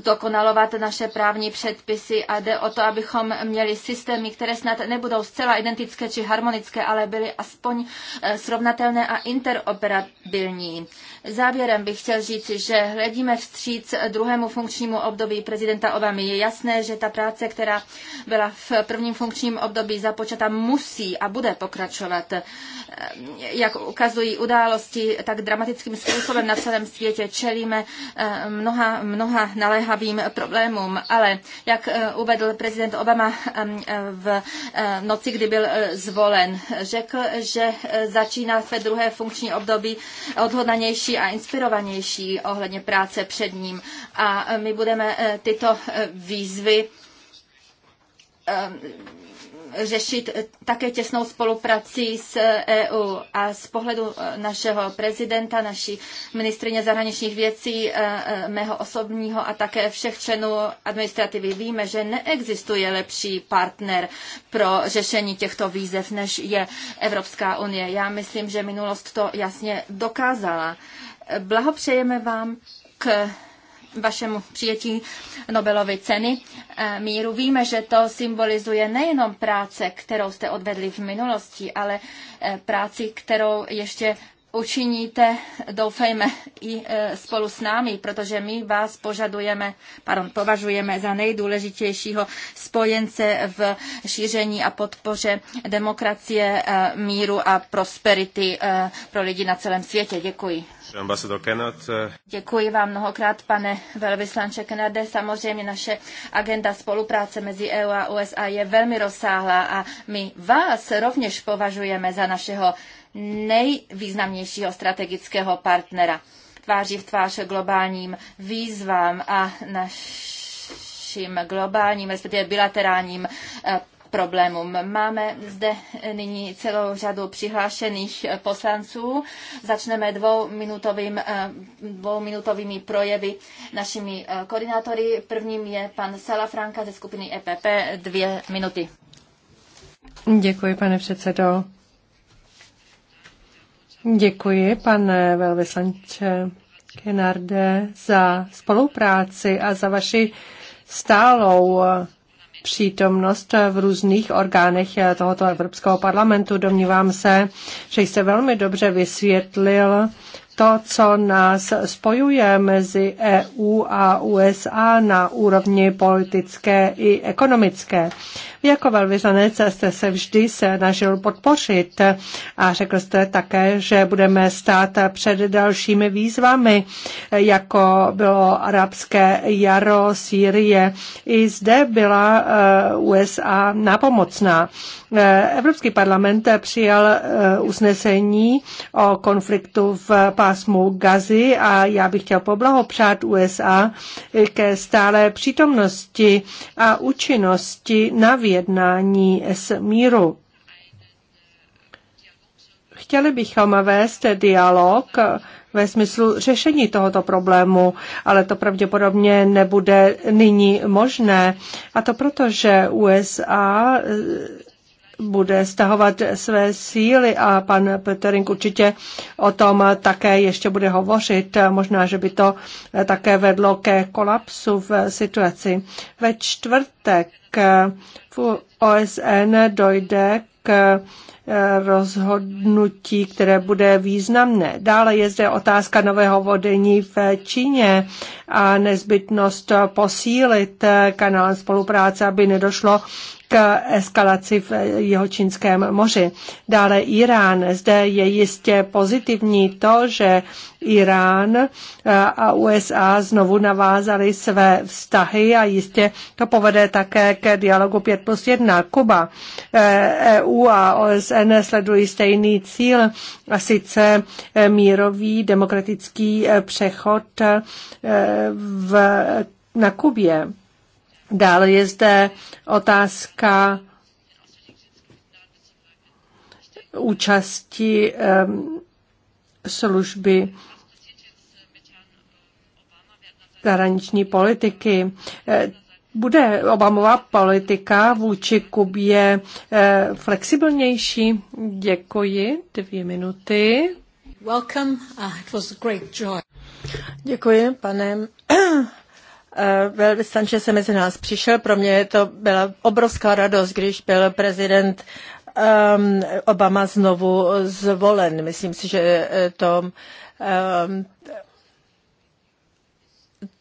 dokonalovat naše právní předpisy a jde o to, abychom měli systémy, které snad nebudou zcela identické či harmonické, ale byly aspoň eh, srovnatelné a interoperabilní. Závěrem bych chtěl říct, že hledíme vstříc druhému funkčnímu období prezidenta Obamy. Je jasné, že ta práce, která byla v prvním funkčním období započata, musí a bude pokračovat. Jak ukazují události, tak dramatickým způsobem na celém světě čelíme eh, mnoha, mnoha naléhavým problémům. Ale jak eh, uvedl prezident Obama eh, v noci, kdy byl zvolen, řekl, že začíná ve druhé funkční období odhodlanější lepší a inspirovanější ohledně práce před ním. A my budeme eh, tyto eh, výzvy eh, řešit eh, také těsnou spoluprací s EU. Eh, e a z pohledu eh, našeho prezidenta, naší ministrině zahraničních věcí, mého osobního a také všech členů administrativy víme, že neexistuje lepší partner pro řešení těchto výzev, než je Evropská unie. Já myslím, že minulost to jasně dokázala. Blahopřejeme vám k vašemu přijetí Nobelovy ceny eh, míru. Víme, že to symbolizuje nejenom práce, kterou jste odvedli v minulosti, ale eh, práci, kterou ještě učiníte, doufejme, i e, spolu s námi, protože my vás požadujeme, pardon, považujeme za nejdůležitějšího spojence v šíření a podpoře demokracie, e, míru a prosperity e, pro lidi na celém světě. Děkuji. Děkuji vám mnohokrát, pane velvyslanče Kennedy. Samozřejmě naše agenda spolupráce mezi EU a USA je velmi rozsáhlá a my vás rovněž považujeme za našeho nejvýznamnějšího strategického partnera tváří v tvář globálním výzvám a našim globálním, respektive bilaterálním eh, problémům. Máme zde nyní celou řadu přihlášených poslanců. Začneme dvouminutovým, eh, dvouminutovými projevy našimi eh, koordinátory. Prvním je pan Franka ze skupiny EPP, dvě minuty. Děkuji, pane předsedo. Děkuji, pane velvyslanče Kenarde, za spolupráci a za vaši stálou přítomnost v různých orgánech tohoto Evropského parlamentu. Domnívám se, že jste velmi dobře vysvětlil to, co nás spojuje mezi EU a USA na úrovni politické i ekonomické. Jako velvyslanec jste se vždy snažil podpořit a řekl jste také, že budeme stát před dalšími výzvami, jako bylo arabské jaro, Sýrie. I zde byla eh, USA napomocná. Eh, Evropský parlament přijal eh, usnesení o konfliktu v pásmu Gazy a já bych chtěl poblahopřát USA ke stále přítomnosti a účinnosti na jednání s míru. Chtěli bychom vést dialog ve smyslu řešení tohoto problému, ale to pravděpodobně nebude nyní možné. A to proto, že USA eh, bude stahovat své síly a pan Petering určitě o tom také ještě bude hovořit. Možná, že by to eh, také vedlo ke kolapsu v situaci. Ve čtvrtek eh, OSN dojde k eh, rozhodnutí, které bude významné. Dále je zde otázka nového vodení v Číně a nezbytnost posílit eh, kanál spolupráce, aby nedošlo k eskalaci v jeho čínském moři. Dále Irán. Zde je jistě pozitivní to, že Irán eh, a USA znovu navázali své vztahy a jistě to povede také k dialogu 5 plus 1. Kuba, EU eh, e a OSN sledují stejný cíl a sice eh, mírový demokratický přechod v, na Kubě. Dále je zde otázka účasti ehm, služby zahraniční politiky. Eh, bude Obamová politika vůči Kubě eh, flexibilnější? Děkuji. Dvě minuty. Welcome. Ah, it was great joy. Děkuji, pane Eh, velvyslanče se mezi nás přišel. Pro mě to byla obrovská radost, když byl prezident um, Obama znovu zvolen. Myslím si, že eh, to um,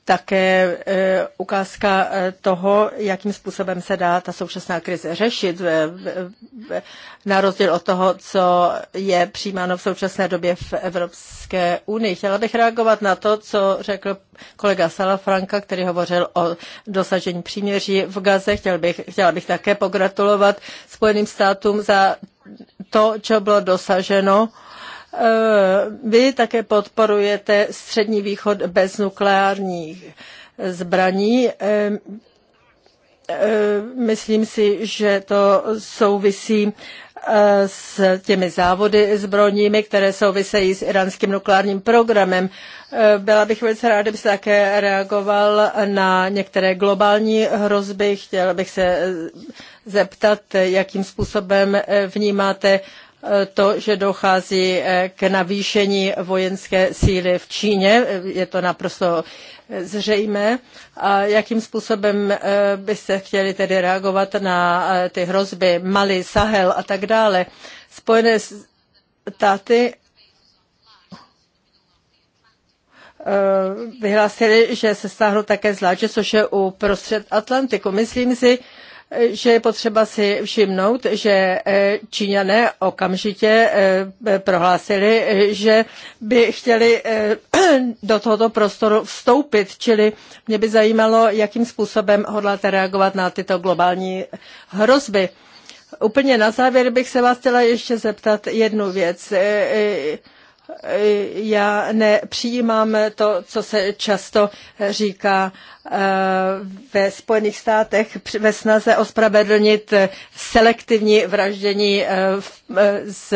také e, ukázka e, toho, jakým způsobem se dá ta současná krize řešit, e, na rozdíl od toho, co je přijímáno v současné době v Evropské unii. Chtěla bych reagovat na to, co řekl kolega Salafranka, který hovořil o dosažení příměří v Gaze. Chtěl bych, chtěla bych také pogratulovat Spojeným státům za to, co bylo dosaženo vy také podporujete Střední východ bez nukleárních zbraní. Myslím si, že to souvisí e, s těmi závody zbrojními, které souvisejí s iránským nukleárním programem. E, byla bych velice ráda, kdybyste také reagoval na některé globální hrozby. Chtěla bych se e, zeptat, jakým způsobem vnímáte to, že dochází eh, k navýšení vojenské síly v Číně. Je to naprosto eh, zřejmé. A jakým způsobem eh, byste chtěli tedy reagovat na ty hrozby Mali, Sahel a tak dále? Spojené státy vyhlásili, že se stáhnou také z Láče, což je uprostřed Atlantiku. Myslím si, že je potřeba si všimnout, že e, Číňané okamžitě e, prohlásili, že by chtěli e, do tohoto prostoru vstoupit, čili mě by zajímalo, jakým způsobem hodláte reagovat na tyto globální hrozby. Úplně na závěr bych se vás chtěla ještě zeptat jednu věc já nepřijímám to, co se často říká eh, ve Spojených státech ve snaze ospravedlnit selektivní vraždění eh, eh, z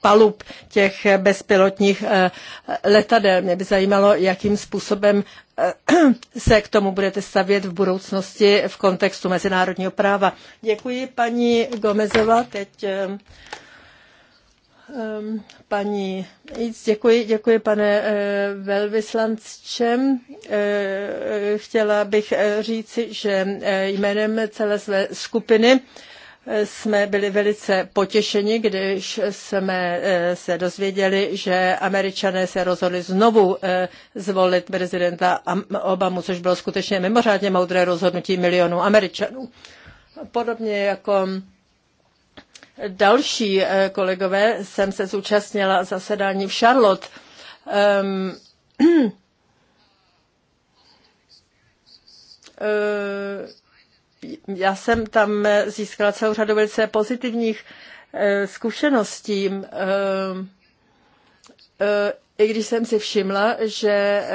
palub těch bezpilotních letadel. Mě by zajímalo, jakým způsobem se k tomu budete stavět v budoucnosti v kontextu mezinárodního práva. Děkuji paní Gomezová. Teď Ehm, paní děkuji, děkuji pane eh, velvyslanče. Eh, eh, chtěla bych říci, že jménem celé své skupiny jsme byli velice potěšeni, když jsme se dozvěděli, že američané se rozhodli znovu zvolit prezidenta Obamu, což bylo skutečně mimořádně moudré rozhodnutí milionů američanů. Podobně jako další eh, kolegové jsem se zúčastnila zasedání v Charlotte. Um, já jsem tam eh, získala celou řadu velice pozitivních zkušeností ehm, i když jsem si všimla, že e,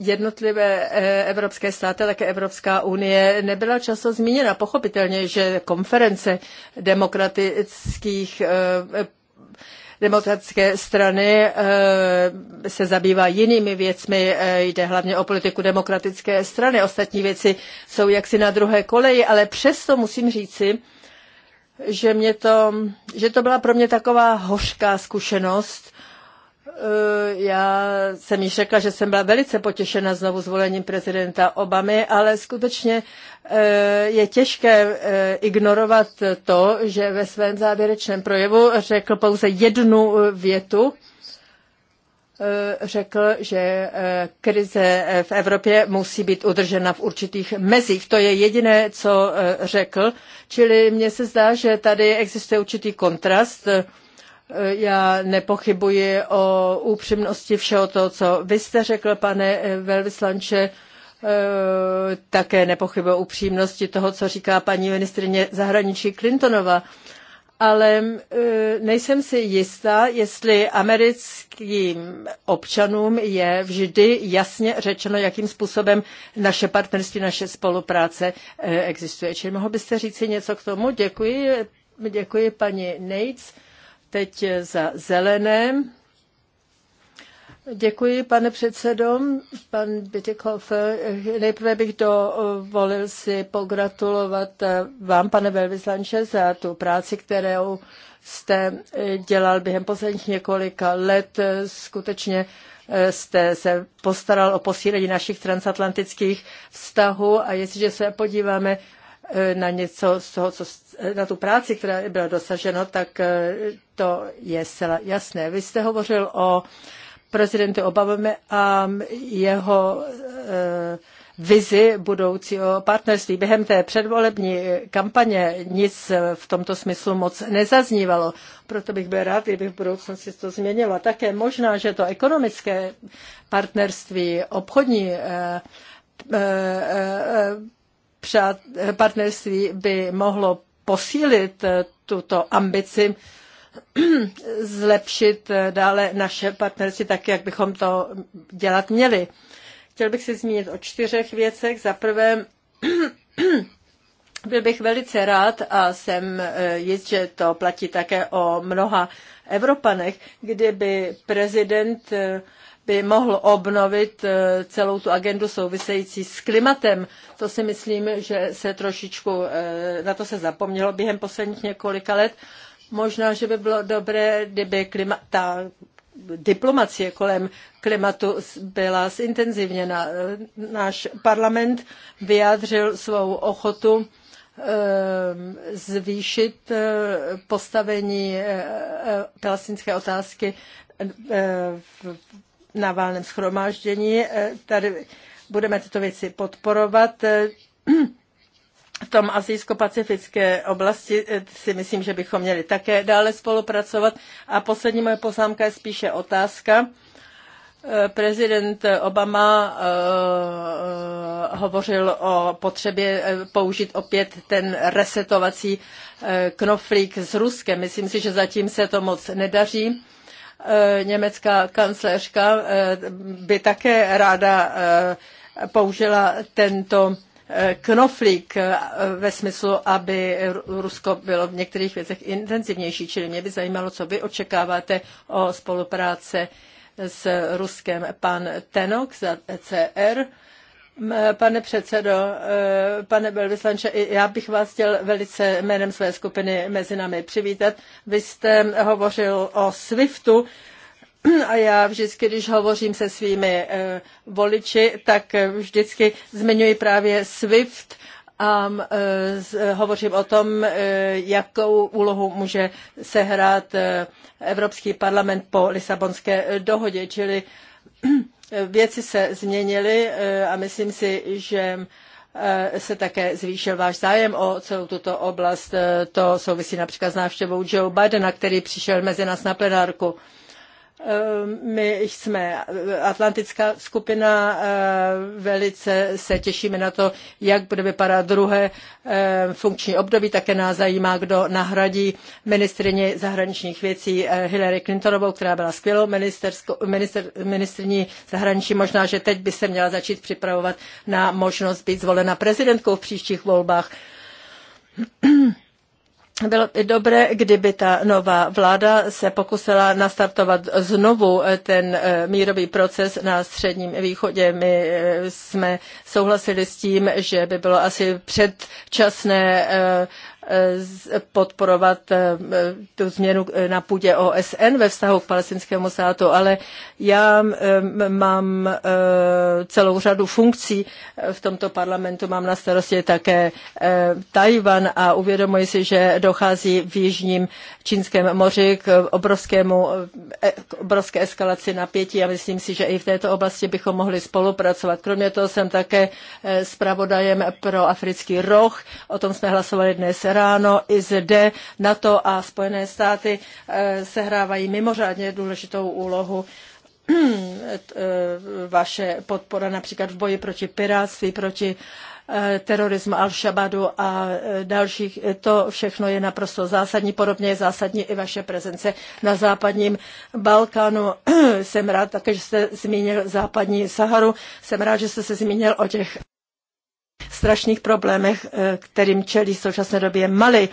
jednotlivé e, evropské státy, také Evropská unie, nebyla často zmíněna. Pochopitelně, že konference demokratických e, demokratické strany se zabývá jinými věcmi, jde hlavně o politiku demokratické strany, ostatní věci jsou jaksi na druhé koleji, ale přesto musím říci, že, mě to, že to byla pro mě taková hořká zkušenost, Eh, já jsem již řekla, že jsem byla velice potěšena znovu zvolením prezidenta Obamy, ale skutečně eh, je těžké eh, ignorovat to, že ve svém závěrečném projevu řekl pouze jednu větu. Řekl, že krize v Evropě musí být udržena v určitých mezích. To je jediné, co řekl. Čili mně se zdá, že tady existuje určitý kontrast Eh, já nepochybuji o upřímnosti všeho toho, co vy jste řekl, pane eh, velvyslanče. Eh, také nepochybuji o upřímnosti toho, co říká paní ministrině zahraničí Clintonova. Ale nejsem si jistá, jestli americkým občanům je vždy jasně řečeno, jakým způsobem naše partnerství, naše spolupráce existuje. Čili mohl byste říci něco k tomu? Děkuji, děkuji paní Nates teď za zelené. Děkuji, pane předsedo. Pan Bitikov, nejprve bych dovolil si pogratulovat vám, pane velvyslanče, za tu práci, kterou jste dělal během posledních několika let. Skutečně jste se postaral o posílení našich transatlantických vztahů a jestliže se podíváme Eh, na něco z toho, co, eh, na tu práci, která byla dosaženo, tak eh, to je zcela jasné. Vy jste hovořil o prezidentu Obavami a jeho vizi budoucího partnerství. Během té předvolební kampaně nic v tomto smyslu moc nezaznívalo, proto bych byl rád, kdyby v budoucnosti to změnilo. Také možná, že to ekonomické partnerství, obchodní přát, partnerství by mohlo posílit eh, tuto ambici, zlepšit eh, dále naše partnerství tak, jak bychom to dělat měli. Chtěl bych si zmínit o čtyřech věcech. Za prvé, byl bych velice rád a jsem eh, jist, že to platí také o mnoha Evropanech, kdyby prezident by mohl obnovit eh, celou tu agendu související s klimatem. To si myslím, že se trošičku eh, na to se zapomnělo během posledních několika let. Možná, že by bylo dobré, kdyby klima, ta diplomacie kolem klimatu byla zintenzivněna. Eh, náš parlament vyjádřil svou ochotu zvýšit postavení palestinské otázky na válném schromáždění. E, tady budeme tyto věci podporovat. E, v tom azijsko-pacifické oblasti e, si myslím, že bychom měli také dále spolupracovat. A poslední moje poznámka je spíše otázka. Prezident Obama hovořil o potřebě použít opět ten resetovací knoflík s Ruskem. Myslím si, že zatím se to moc nedaří. Eh, německá kancléřka eh, by také ráda eh, použila tento knoflík ve smyslu, aby Rusko bylo v některých věcech intenzivnější. Čili mě by zajímalo, co vy očekáváte o spolupráce s Ruskem. Pan Tenok za ECR. Pane předsedo, eh, pane velvyslanče, já bych vás chtěl velice jménem své skupiny mezi námi přivítat. Vy jste hovořil o SWIFTu a já vždycky, když hovořím se svými eh, voliči, tak vždycky zmiňuji právě SWIFT a eh, hovořím o tom, jakou úlohu může sehrát Evropský parlament po Lisabonské dohodě, čili Věci se změnily eh, a myslím si, že eh, se také zvýšil váš zájem o celou tuto oblast. Eh, to souvisí například s návštěvou Joe Bidena, který přišel mezi nás na plenárku. Ehm, my jsme eh, Atlantická skupina, eh, velice se těšíme na to, jak bude vypadat druhé eh, funkční období. Také nás zajímá, kdo nahradí ministrině zahraničních věcí Hillary Clintonovou, která byla skvělou minister, ministrní zahraničí. Možná, že teď by se měla začít připravovat na možnost být zvolena prezidentkou v příštích volbách. bylo by dobré, kdyby ta nová vláda se pokusila nastartovat znovu ten eh, mírový proces na Středním východě. My eh, jsme souhlasili s tím, že by bylo asi předčasné eh, podporovat eh, tu změnu eh, na půdě OSN ve vztahu k palestinskému státu, ale já eh, mám celou řadu funkcí v tomto parlamentu, mám na starosti také Tajvan a uvědomuji si, že dochází v Jižním Čínském moři k, obrovskému, k obrovské eskalaci napětí a myslím si, že i v této oblasti bychom mohli spolupracovat. Kromě toho jsem také zpravodajem pro africký roh, o tom jsme hlasovali dnes ráno hráno i zde. NATO a Spojené státy eh, sehrávají mimořádně důležitou úlohu eh, vaše podpora například v boji proti piráctví, proti eh, terorismu Al-Shabadu a dalších. To všechno je naprosto zásadní. Podobně je zásadní i vaše prezence na západním Balkánu. Jsem rád také, že jste zmínil západní Saharu. Jsem rád, že jste se zmínil o těch strašných problémech, eh, kterým čelí v současné době Mali.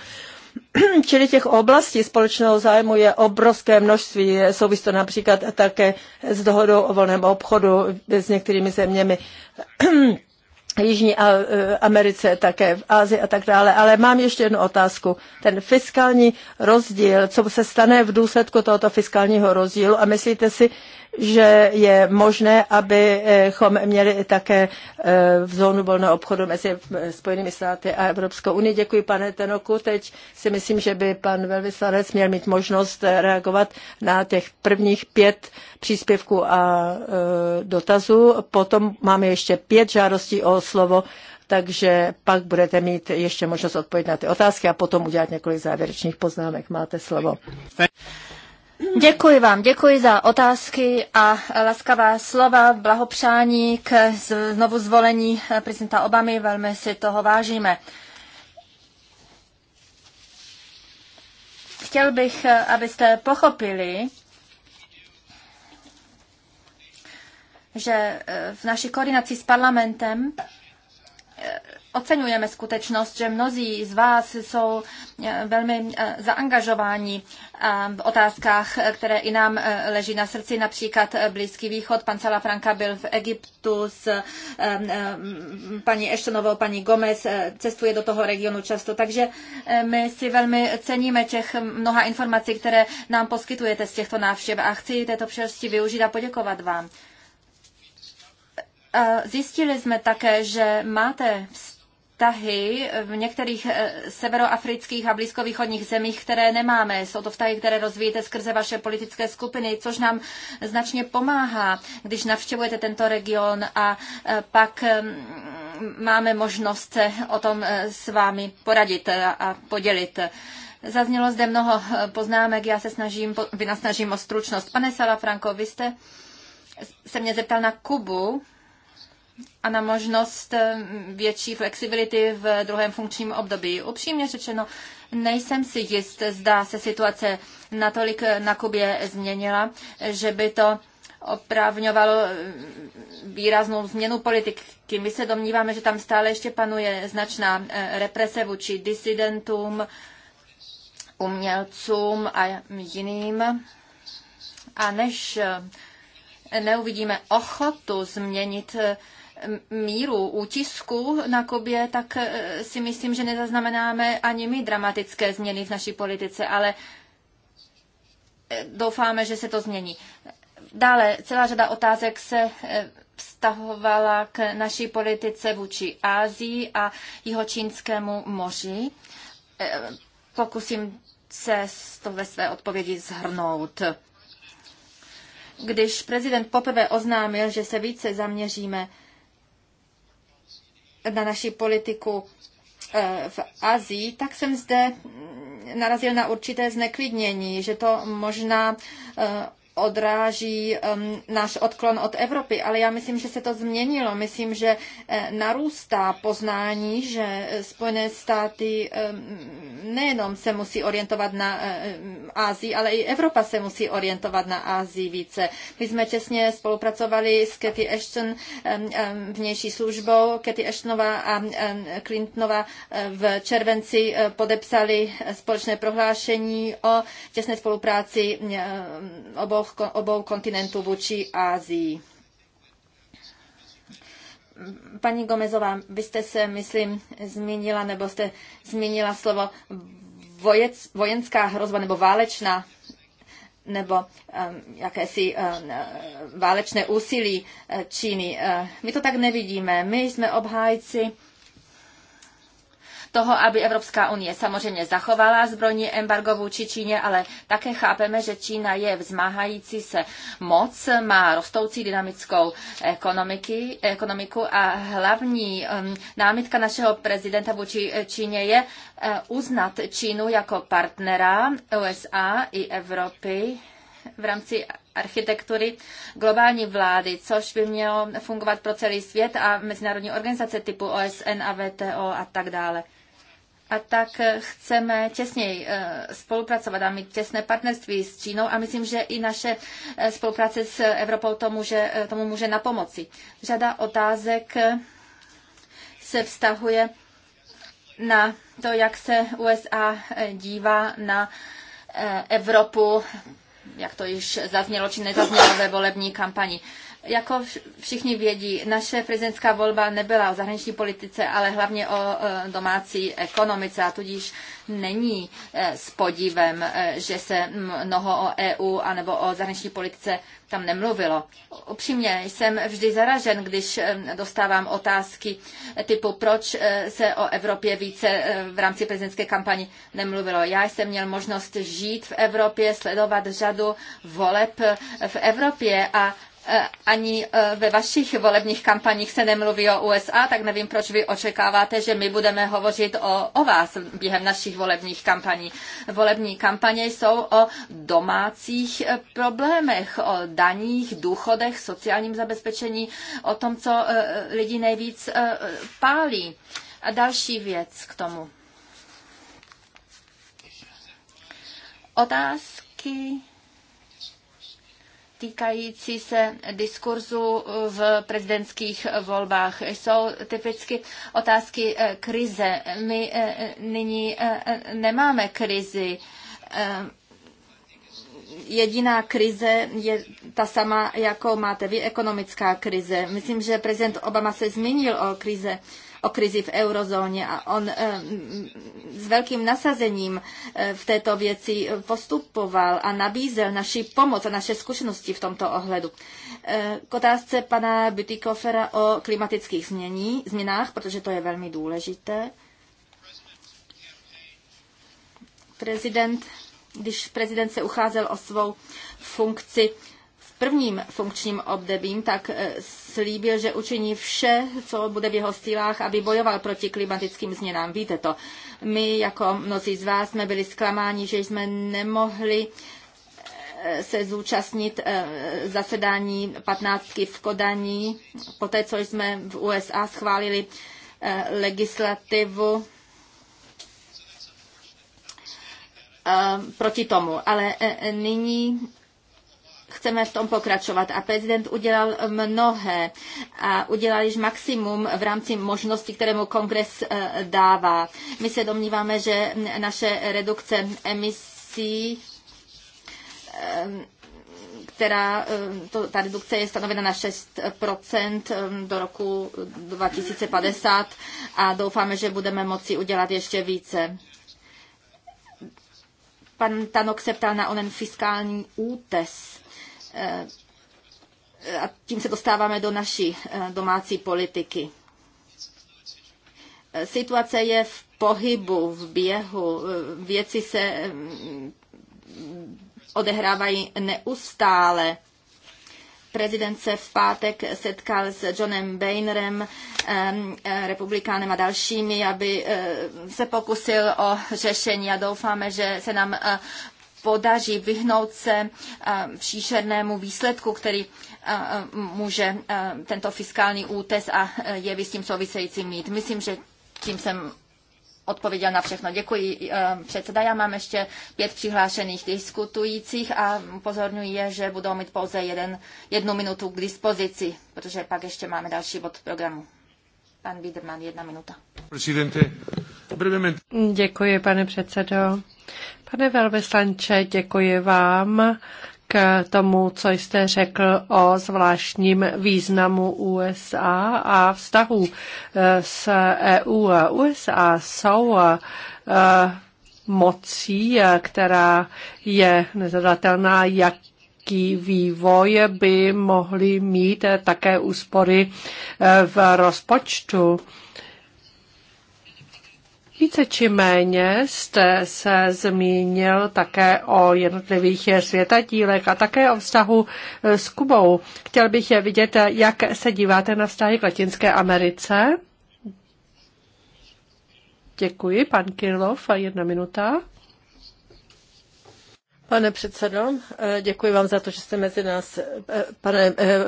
Čili těch oblastí společného zájmu je obrovské množství. Souvisí to například také s dohodou o volném obchodu s některými zeměmi. Jižní eh, Americe, také v Ázii a tak dále. Ale mám ještě jednu otázku. Ten fiskální rozdíl, co se stane v důsledku tohoto fiskálního rozdílu a myslíte si, že je možné, abychom měli také eh, v zónu volného obchodu mezi eh, Spojenými státy a Evropskou unii. Děkuji, pane Tenoku. Teď si myslím, že by pan velvyslanec měl mít možnost eh, reagovat na těch prvních pět příspěvků a dotazů. Potom máme ještě pět žádostí o slovo takže pak budete mít ještě možnost odpovědět na ty otázky a potom udělat několik závěrečných poznámek. Máte slovo. Děkuji vám, děkuji za otázky a laskavá slova, blahopřání k znovu zvolení prezidenta Obamy, velmi si toho vážíme. Chtěl bych, abyste pochopili, že v naší koordinaci s parlamentem oceňujeme skutečnost, že mnozí z vás jsou eh, velmi eh, zaangažováni eh, v otázkách, které i nám leží na srdci, například Blízký východ. Pan Salafranka byl v Egyptu s paní Eštonovou, paní Gomez, cestuje do toho regionu často. Takže my si velmi ceníme těch mnoha informací, které nám poskytujete z těchto návštěv a chci této příležitosti využít a poděkovat vám. Zjistili jsme také, že máte vztah vztahy v některých eh, severoafrických a blízkovýchodních zemích, které nemáme. Jsou to vztahy, které rozvíjíte skrze vaše politické skupiny, což nám značně pomáhá, když navštěvujete tento region a eh, pak mm, máme možnost se o tom eh, s vámi poradit a podělit. Zaznělo zde mnoho poznámek, já se snažím, vynasnažím o stručnost. Pane Salafranko, vy jste se mě zeptal na Kubu, a na možnost eh, větší flexibility v druhém funkčním období. Upřímně řečeno, nejsem si jist, zda se situace natolik na Kubě změnila, že by to opravňovalo eh, výraznou změnu politiky. My se domníváme, že tam stále ještě panuje značná eh, represe vůči disidentům, umělcům a jiným. A než neuvidíme ochotu změnit míru útisku na Kubě, tak eh, si myslím, že nezaznamenáme ani my dramatické změny v naší politice, ale eh, doufáme, že se to změní. Dále celá řada otázek se eh, vztahovala k naší politice vůči Ázii a jihočínskému moři. Pokusím se to ve své odpovědi zhrnout. Když prezident poprvé oznámil, že se více zaměříme na naši politiku eh, v Azii, tak jsem zde narazil na určité zneklidnění, že to možná eh, odráží um, náš odklon od Evropy, ale já myslím, že se to změnilo. Myslím, že eh, narůstá poznání, že eh, Spojené státy um, nejenom se musí orientovat na Asii, eh, Ázii, ale i Evropa se musí orientovat na Ázii více. My jsme těsně spolupracovali s Cathy Ashton, um, um, vnější službou. Cathy Ashtonová a um, Clintonová v červenci podepsali společné prohlášení o těsné spolupráci obou obou kontinentů vůči Ázii. Paní Gomezová, vy jste se, myslím, zmínila, nebo jste zmínila slovo vojec, vojenská hrozba nebo válečná nebo um, jakési um, válečné úsilí eh, Číny. Eh, my to tak nevidíme. My jsme obhájci toho, aby Evropská unie samozřejmě zachovala zbrojní embargo vůči Číně, ale také chápeme, že Čína je vzmáhající se moc, má rostoucí dynamickou ekonomiky, ekonomiku a hlavní um, námitka našeho prezidenta vůči Číně je uh, uznat Čínu jako partnera USA i Evropy v rámci architektury globální vlády, což by mělo fungovat pro celý svět a mezinárodní organizace typu OSN a VTO a tak dále a tak chceme těsněji eh, spolupracovat a mít těsné partnerství s Čínou a myslím, že i naše eh, spolupráce s Evropou tomu může, eh, tomu může napomoci. Řada otázek se vztahuje na to, jak se USA dívá na Evropu, jak to již zaznělo či nezaznělo ve volební kampani. Jako všichni vědí, naše prezidentská volba nebyla o zahraniční politice, ale hlavně o e, domácí ekonomice a tudíž není e, s podívem, e, že se mnoho o EU anebo o zahraniční politice tam nemluvilo. Upřímně jsem vždy zaražen, když dostávám otázky typu, proč se o Evropě více v rámci prezidentské kampani nemluvilo. Já jsem měl možnost žít v Evropě, sledovat řadu voleb v Evropě a Eh, ani eh, ve vašich volebních kampaních se nemluví o USA, tak nevím, proč vy očekáváte, že my budeme hovořit o, o vás během našich volebních kampaní. Volební kampaně jsou o domácích eh, problémech, o daních, důchodech, sociálním zabezpečení, o tom, co lidi nejvíc pálí. A další věc k tomu. Otázky týkající se diskurzu v prezidentských volbách. Jsou typicky otázky eh, krize. My eh, eh, nyní nemáme krizi. Jediná krize je ta sama, jakou máte vy, ekonomická krize. Myslím, že prezident Obama se zmínil o krize o krizi v eurozóně a on eh, s velkým nasazením eh, v této věci postupoval a nabízel naši pomoc a naše zkušenosti v tomto ohledu. Eh, k otázce pana Butikofera o klimatických změní, změnách, protože to je velmi důležité. Prezident, když prezident se ucházel o svou funkci v prvním funkčním obdobím, tak slíbil, že učiní vše, co bude v jeho silách, aby bojoval proti klimatickým změnám. Víte to. My, jako mnozí z vás, jsme byli zklamáni, že jsme nemohli eh, se zúčastnit eh, zasedání 15 v Kodaní, poté co jsme v USA schválili eh, legislativu proti tomu. Ale nyní chceme v tom pokračovat. A prezident udělal mnohé a udělal již maximum v rámci možností, které mu kongres eh, dává. My se domníváme, že naše redukce emisí eh, která, eh, to, ta redukce je stanovena na 6% do roku 2050 a doufáme, že budeme moci udělat ještě více. Pan Tanok se ptal na onen fiskální útes Eh, a tím se dostáváme do naší eh, domácí politiky. Eh, situace je v pohybu, v běhu, věci se odehrávají neustále. Prezident se v pátek setkal s Johnem Boehnerem, republikánem a dalšími, aby se pokusil o řešení a doufáme, že se nám podaří vyhnout se eh, příšernému výsledku, který eh, eh, může tento fiskální útes a jevy s tím související mít. Myslím, že tím jsem odpověděl na všechno. Děkuji předseda. Já mám ještě pět přihlášených diskutujících a pozorňuji je, že budou mít pouze jeden, jednu minutu k dispozici, protože pak ještě máme další bod programu. Pan Biederman, jedna minuta. Děkuji, pane předsedo. Pane velvyslanče, děkuji vám k tomu, co jste řekl o zvláštním významu USA a vztahu eh, s EU. USA jsou eh, mocí, eh, která je nezadatelná, jak jaký vývoj by mohly mít také úspory v rozpočtu. Více či méně jste se zmínil také o jednotlivých světadílech a také o vztahu eh, s Kubou. Chtěl bych je vidět, eh, jak se díváte na vztahy k Latinské Americe. Děkuji, pan Kirlov, jedna minuta. Pane předsedo, eh, děkuji vám za to, že jste mezi nás, eh, pane, eh,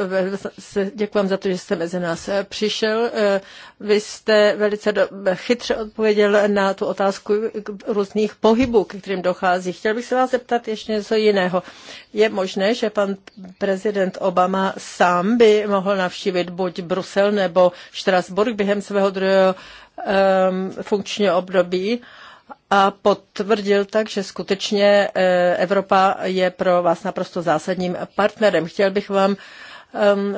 děkuji vám za to, že jste mezi nás přišel. Vy jste velice chytře odpověděl na tu otázku různých pohybů, k kterým dochází. Chtěl bych se vás zeptat ještě něco jiného. Je možné, že pan prezident Obama sám by mohl navštívit buď Brusel nebo Štrasburg během svého druhého um, funkčního období? a potvrdil tak, že skutečně e, Evropa je pro vás naprosto zásadním partnerem. Chtěl bych vám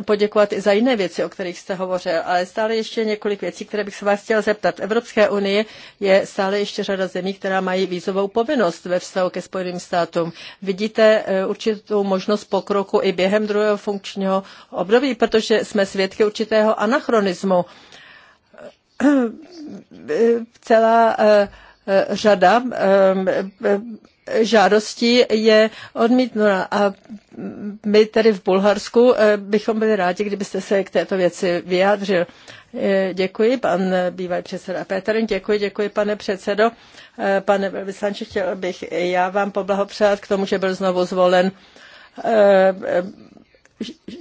poděkovat i za jiné věci, o kterých jste hovořil, ale stále ještě několik věcí, které bych se vás chtěl zeptat. V Evropské unii je stále ještě řada zemí, která mají vízovou povinnost ve vztahu ke Spojeným státům. Vidíte e, určitou možnost pokroku i během druhého funkčního období, protože jsme svědky určitého anachronismu. Celá e, Eh, řada eh, žádostí je odmítnuta. A my tedy v Bulharsku eh, bychom byli rádi, kdybyste se k této věci vyjádřil. Děkuji, pan bývalý předseda Petr. Děkuji, děkuji, pane předsedo. Pane vyslanče, chtěl bych já vám poblahopřát k tomu, že byl znovu zvolen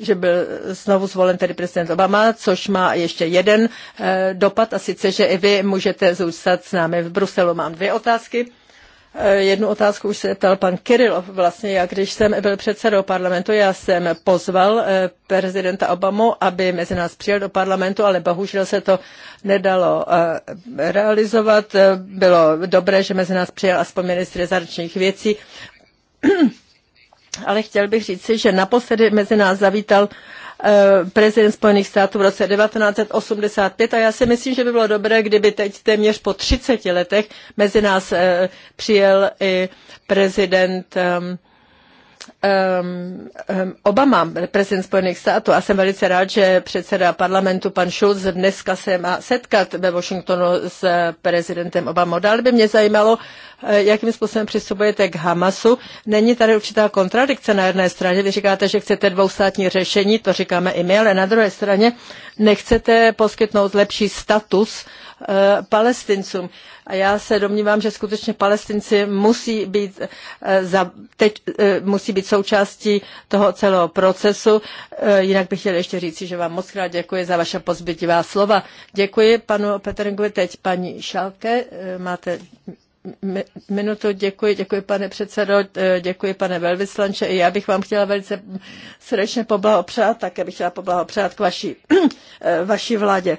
že byl znovu zvolen tedy prezident Obama, což má ještě jeden eh, dopad a sice, že i vy můžete zůstat s námi v Bruselu. Mám dvě otázky. Eh, jednu otázku už se ptal pan Kirilov. Vlastně já, když jsem byl předsedou parlamentu, já jsem pozval eh, prezidenta Obamu, aby mezi nás přijel do parlamentu, ale bohužel se to nedalo realizovat. Bylo dobré, že mezi nás přijel aspoň ministr zahraničních věcí ale chtěl bych říci, že naposledy mezi nás zavítal eh, prezident Spojených států v roce 1985 a já si myslím, že by bylo dobré, kdyby teď téměř po 30 letech mezi nás eh, přijel i prezident ehm, ehm, ehm, Obama, prezident Spojených států, a jsem velice rád, že předseda parlamentu pan Schulz dneska se má setkat ve Washingtonu s prezidentem Obamou. Dále by mě zajímalo, Eh, jakým způsobem přistupujete k Hamasu. Není tady určitá kontradikce na jedné straně. Vy říkáte, že chcete dvoustátní řešení, to říkáme i my, ale na druhé straně nechcete poskytnout lepší status eh, palestincům. A já se domnívám, že skutečně palestinci musí být, eh, za, teď, musí být součástí toho celého procesu. Jinak bych chtěl ještě říci, že vám moc krát děkuji za vaše pozbytivá slova. Děkuji panu Petringovi, teď paní Šalke, máte Minutu děkuji, děkuji pane předsedo, eh, děkuji pane velvyslanče. I já bych vám chtěla velice srdečně poblahopřát, také bych chtěla poblahopřát k vaší, eh, vaší vládě.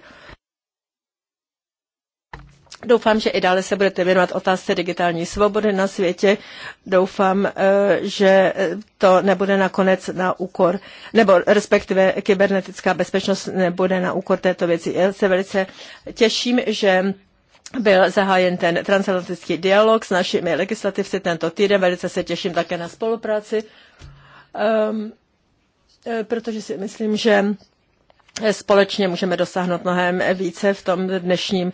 Doufám, že i dále se budete věnovat otázce digitální svobody na světě. Doufám, eh, že to nebude nakonec na úkor, nebo respektive kybernetická bezpečnost nebude na úkor této věci. Já se velice těším, že byl zahájen ten transatlantický dialog s našimi legislativci tento týden. Velice se těším také na spolupráci, um, protože si myslím, že společně můžeme dosáhnout mnohem více v tom dnešním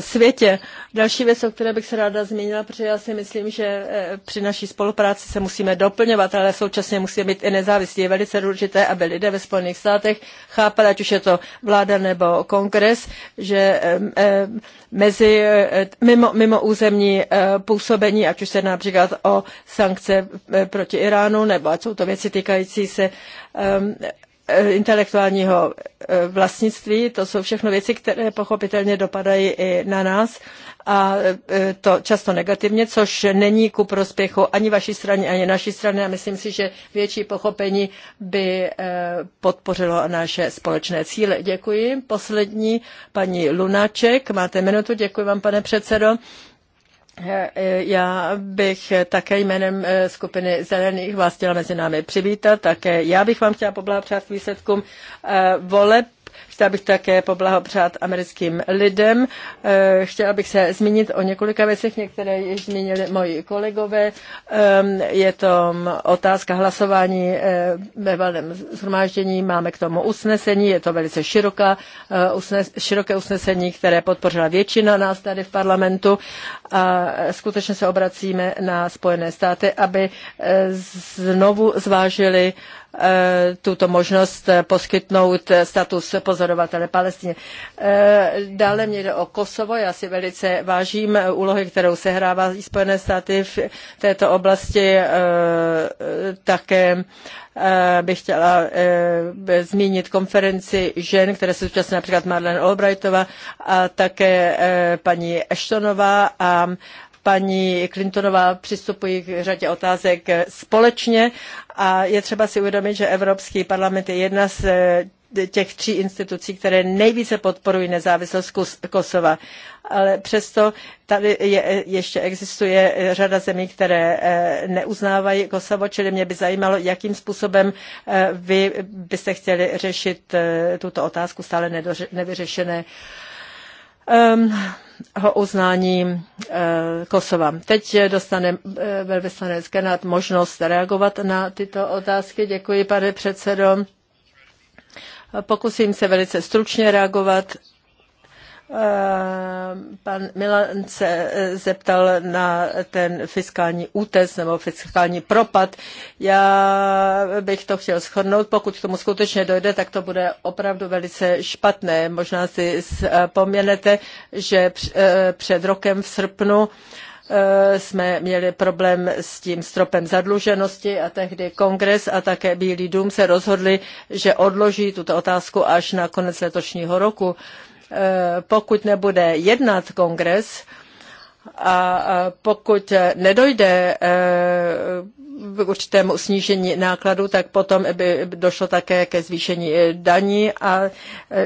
světě. Další věc, o které bych se ráda zmínila, protože já si myslím, že eh, při naší spolupráci se musíme doplňovat, ale současně musíme být i nezávislí. Je velice důležité, aby lidé ve Spojených státech chápali, ať už je to vláda nebo kongres, že mezi, eh, mimo, mimo územní eh, působení, ať už se jedná například o sankce proti Iránu, nebo ať jsou to věci týkající se Eh, intelektuálního eh, vlastnictví. To jsou všechno věci, které pochopitelně dopadají i na nás a eh, to často negativně, což není ku prospěchu ani vaší strany, ani naší strany a myslím si, že větší pochopení by podpořilo naše společné cíle. Děkuji. Poslední paní Lunaček, máte minutu, děkuji vám, pane předsedo. Já bych také jménem eh, skupiny Zelených vás chtěla mezi námi přivítat. Také já bych vám chtěla poblahopřát k výsledkům eh, voleb Chtěla bych také poblahopřát americkým lidem. Eh, chtěla bych se zmínit o několika věcech, některé již zmínili moji kolegové. Ehm, je to mm, otázka hlasování eh, ve valném zhromáždění, máme k tomu usnesení, je to velice široká, eh, široké usnesení, které podpořila většina nás tady v parlamentu a skutečně se obracíme na Spojené státy, aby znovu zvážili Eh, tuto možnost poskytnout status pozorovatele Palestině. Eh, dále mě jde o Kosovo. Já si velice vážím úlohy, kterou sehrává Spojené státy v této oblasti. Eh, také bych chtěla zmínit konferenci žen, které se zúčastnila například Marlene Albrightová, a také paní Eštonová a paní Clintonová přistupují k řadě otázek společně a je třeba si uvědomit, že Evropský parlament je jedna z eh, těch tří institucí, které nejvíce podporují nezávislost Kosova. Ale přesto tady je, eh, ještě existuje eh, řada zemí, které neuznávají Kosovo, čili mě by zajímalo, jakým způsobem vy byste chtěli řešit tuto otázku stále nedoře- nevyřešené. Um, o uznání eh, Kosova. Teď dostane eh, velvyslanec Kenát možnost reagovat na tyto otázky. Děkuji, pane předsedo. Pokusím se velice stručně reagovat Eh, pan Milan se eh, zeptal na ten fiskální útes nebo fiskální propad. Já bych to chtěl shrnout. Pokud k tomu skutečně dojde, tak to bude opravdu velice špatné. Možná si vzpomenete, že eh, před rokem v srpnu jsme měli problém s tím stropem zadluženosti a tehdy kongres a také Bílý dům se rozhodli, že odloží tuto otázku až na konec letošního roku. Eh, pokud nebude jednat kongres a pokud nedojde eh, k určitému snížení nákladů, tak potom by došlo také ke zvýšení eh, daní a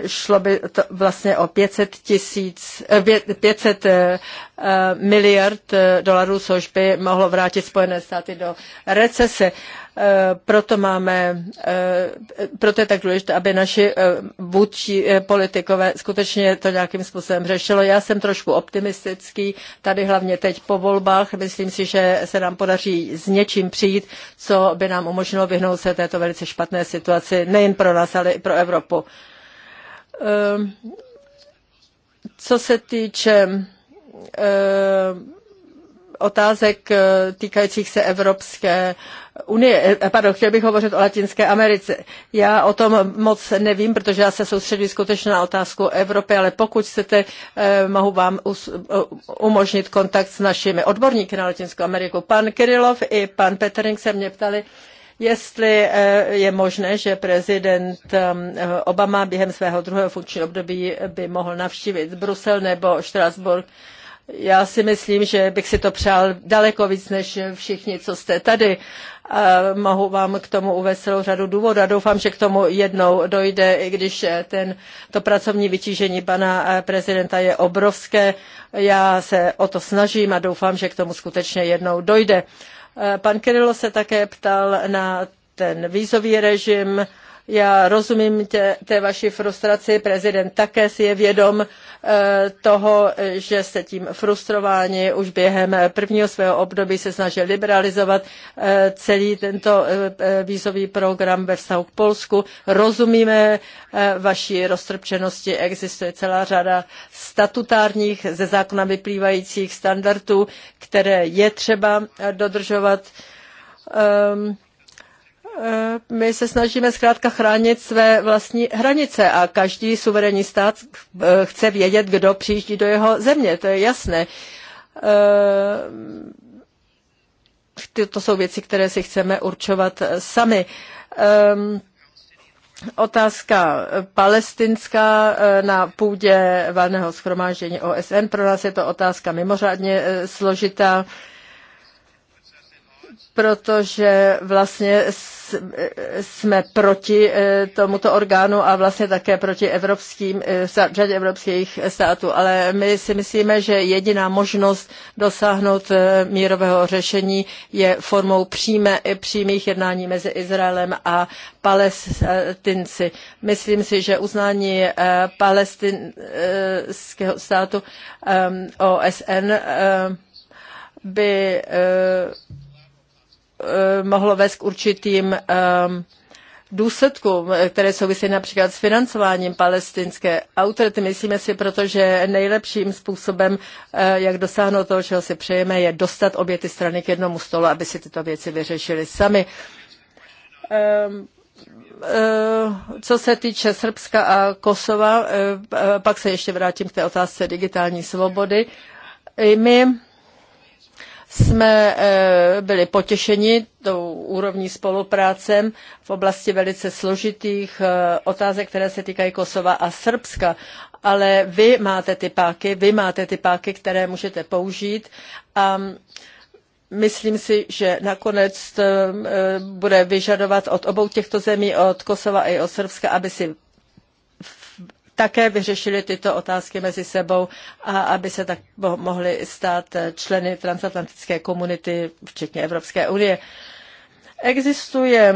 šlo by to vlastně o 500, tisíc, 500 miliard dolarů, což by mohlo vrátit Spojené státy do recese. Eh, proto máme, eh, proto je tak důležité, aby naši eh, vůdčí politikové skutečně to nějakým způsobem řešilo. Já jsem trošku optimistický, tady hlavně teď po volbách. Myslím si, že se nám podaří s něčím přijít, co by nám umožnilo vyhnout se této velice špatné situaci, nejen pro nás, ale i pro Evropu. Co se týče otázek eh, týkajících se Evropské unie. Eh, eh, pardon, chtěl bych hovořit o Latinské Americe. Já o tom moc nevím, protože já se soustředím skutečně na otázku Evropy, ale pokud chcete, mohu vám umožnit kontakt s našimi odborníky na Latinskou Ameriku. Pan Kirilov i pan Petering se mě ptali, jestli je možné, že prezident Obama během svého druhého funkčního období by mohl navštívit Brusel nebo Štrasburg já si myslím, že bych si to přál daleko víc než všichni, co jste tady. A mohu vám k tomu uvést celou řadu důvodů a doufám, že k tomu jednou dojde, i když eh, ten, to pracovní vytížení pana eh, prezidenta je obrovské. Já se o to snažím a doufám, že k tomu skutečně jednou dojde. Eh, pan Kirilo se také ptal na ten vízový režim já rozumím tě, té vaší frustraci, prezident také si je vědom eh, toho, že se tím frustrováni už během prvního svého období se snažil liberalizovat eh, celý tento eh, vízový program ve vztahu k Polsku. Rozumíme vaší roztrpčenosti, existuje celá řada statutárních ze zákona vyplývajících standardů, které je třeba dodržovat. Um, Eh, my se snažíme zkrátka chránit své vlastní hranice a každý suverénní stát eh, chce vědět, kdo přijíždí do jeho země, to je jasné. Eh, to jsou věci, které si chceme určovat sami. Ehm, otázka palestinská na půdě valného schromáždění OSN. Pro nás je to otázka mimořádně složitá protože vlastně jsme proti eh, tomuto orgánu a vlastně také proti evropským, eh, řadě evropských států. Ale my si myslíme, že jediná možnost dosáhnout eh, mírového řešení je formou přímé, přímých jednání mezi Izraelem a Palestinci. Myslím si, že uznání palestinského státu OSN by Eh, mohlo vést k určitým eh, důsledkům, které souvisí například s financováním palestinské autority. Myslíme si proto, že nejlepším způsobem, eh, jak dosáhnout toho, čeho si přejeme, je dostat obě ty strany k jednomu stolu, aby si tyto věci vyřešili sami. Co se týče Srbska a Kosova, pak se ještě vrátím k té otázce digitální svobody. My jsme eh, byli potěšeni tou úrovní spolupráce v oblasti velice složitých eh, otázek, které se týkají Kosova a Srbska. Ale vy máte ty páky, vy máte ty páky, které můžete použít a Myslím si, že nakonec eh, bude vyžadovat od obou těchto zemí, od Kosova i od Srbska, aby si také vyřešili tyto otázky mezi sebou a aby se tak mohli stát eh, členy transatlantické komunity, včetně Evropské unie. Existuje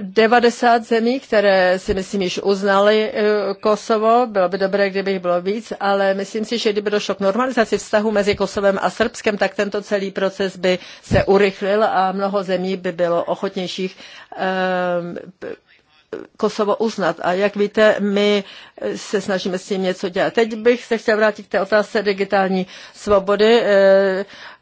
90 eh, zemí, které si myslím již uznali eh, Kosovo. Bylo by dobré, kdyby bylo víc, ale myslím si, že kdyby došlo k normalizaci vztahu mezi Kosovem a Srbskem, tak tento celý proces by se urychlil a mnoho zemí by bylo ochotnějších Kosovo uznat. A jak víte, my se snažíme s tím něco dělat. Teď bych se chtěl vrátit k té otázce digitální svobody. Eh,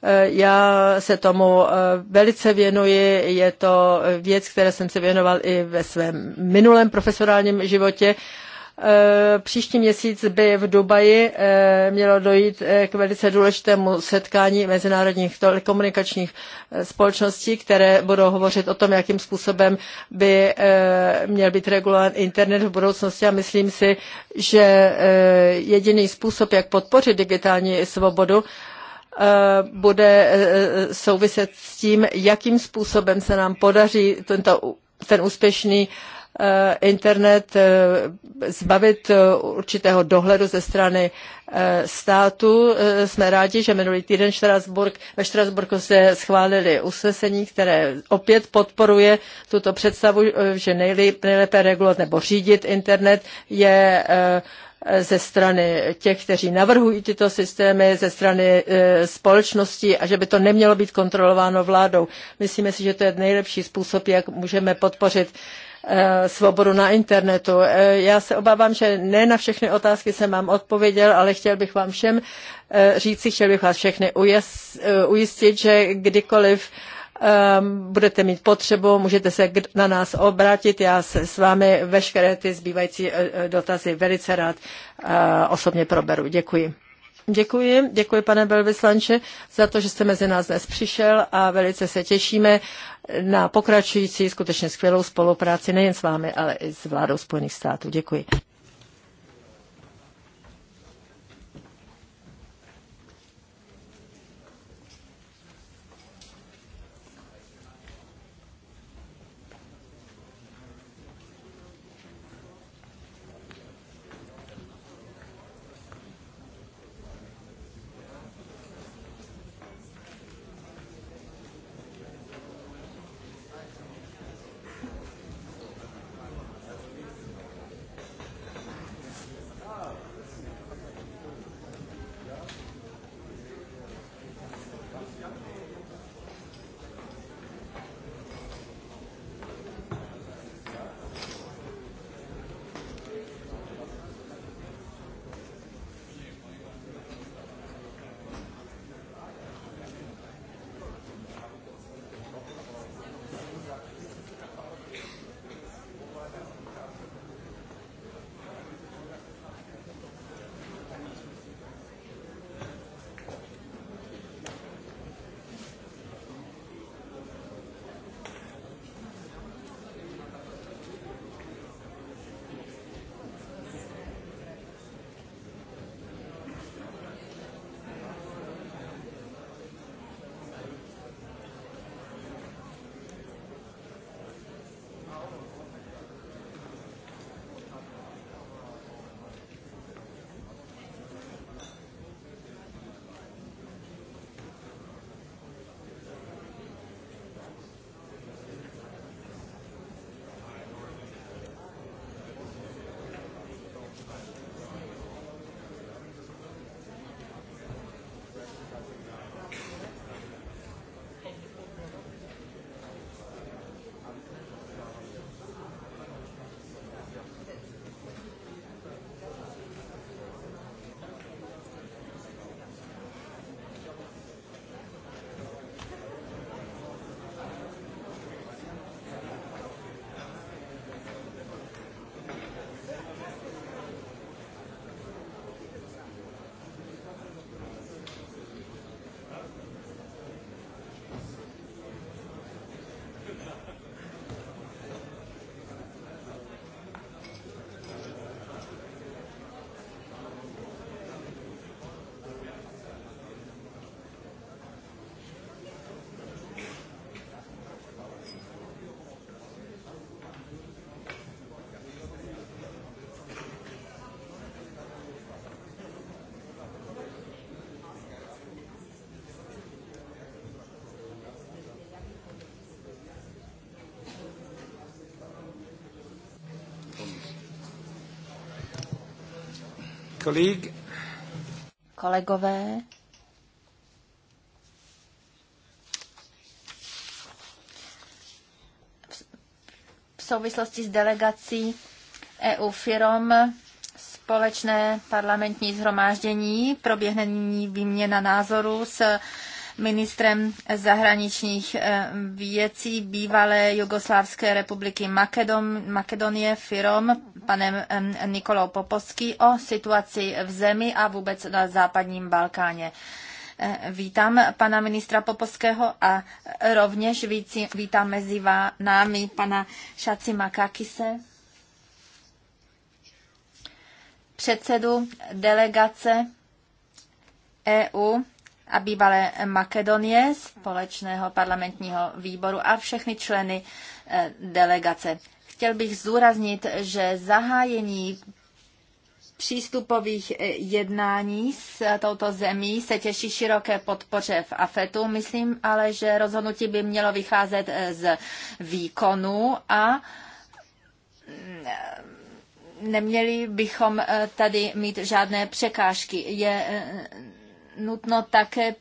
eh, já se tomu eh, velice věnuji. Je to věc, které jsem se věnoval i ve svém minulém profesionálním životě. Eh, příští měsíc by v Dubaji eh, mělo dojít eh, k velice důležitému setkání mezinárodních telekomunikačních společností, které budou hovořit o tom, jakým způsobem by měl být regulován internet v budoucnosti. A myslím si, že jediný způsob, jak podpořit digitální svobodu, bude souviset s tím, jakým způsobem se nám podaří tento, ten úspěšný Eh, internet eh, zbavit eh, určitého dohledu ze strany státu. Jsme rádi, že minulý týden Štrasburg, ve Štrasburku se schválili usnesení, které opět podporuje tuto představu, že nejlépe, nejlépe regulovat nebo řídit internet je ze strany těch, kteří navrhují tyto systémy, ze strany e, společnosti a že by to nemělo být kontrolováno vládou. Myslíme si, že to je nejlepší způsob, jak můžeme podpořit e, Eh, svobodu na internetu. Eh, já se obávám, že ne na všechny otázky jsem vám odpověděl, ale chtěl bych vám všem eh, říci, chtěl bych vás všechny ujistit, že kdykoliv ehm, budete mít potřebu, můžete se na nás obrátit. Já se s vámi veškeré ty zbývající dotazy velice rád osobně proberu. Děkuji. Děkuji, děkuji pane velvyslanče za to, že jste mezi nás dnes přišel a velice se těšíme na pokračující skutečně skvělou spolupráci nejen s vámi, ale i s vládou Spojených států. Děkuji. Kolegové. V souvislosti s delegací EU firm společné parlamentní zhromáždění proběhne nyní výměna názorů s ministrem zahraničních eh, věcí bývalé Jugoslávské republiky Makedon, Makedonie Firom panem Nikolou Popovský o situaci v zemi a vůbec na západním Balkáně. E, vítám pana ministra Popovského a rovněž vítám mezi námi pana Šaci Makakise, předsedu delegace EU a bývalé Makedonie, společného parlamentního výboru a všechny členy e, delegace. Chtěl bych zúraznit, že zahájení přístupových eh, jednání s touto zemí se těší široké podpoře v AFETu. Myslím ale, že rozhodnutí by mělo vycházet eh, z výkonu a mm, neměli bychom eh, tady mít žádné překážky. Je nutno také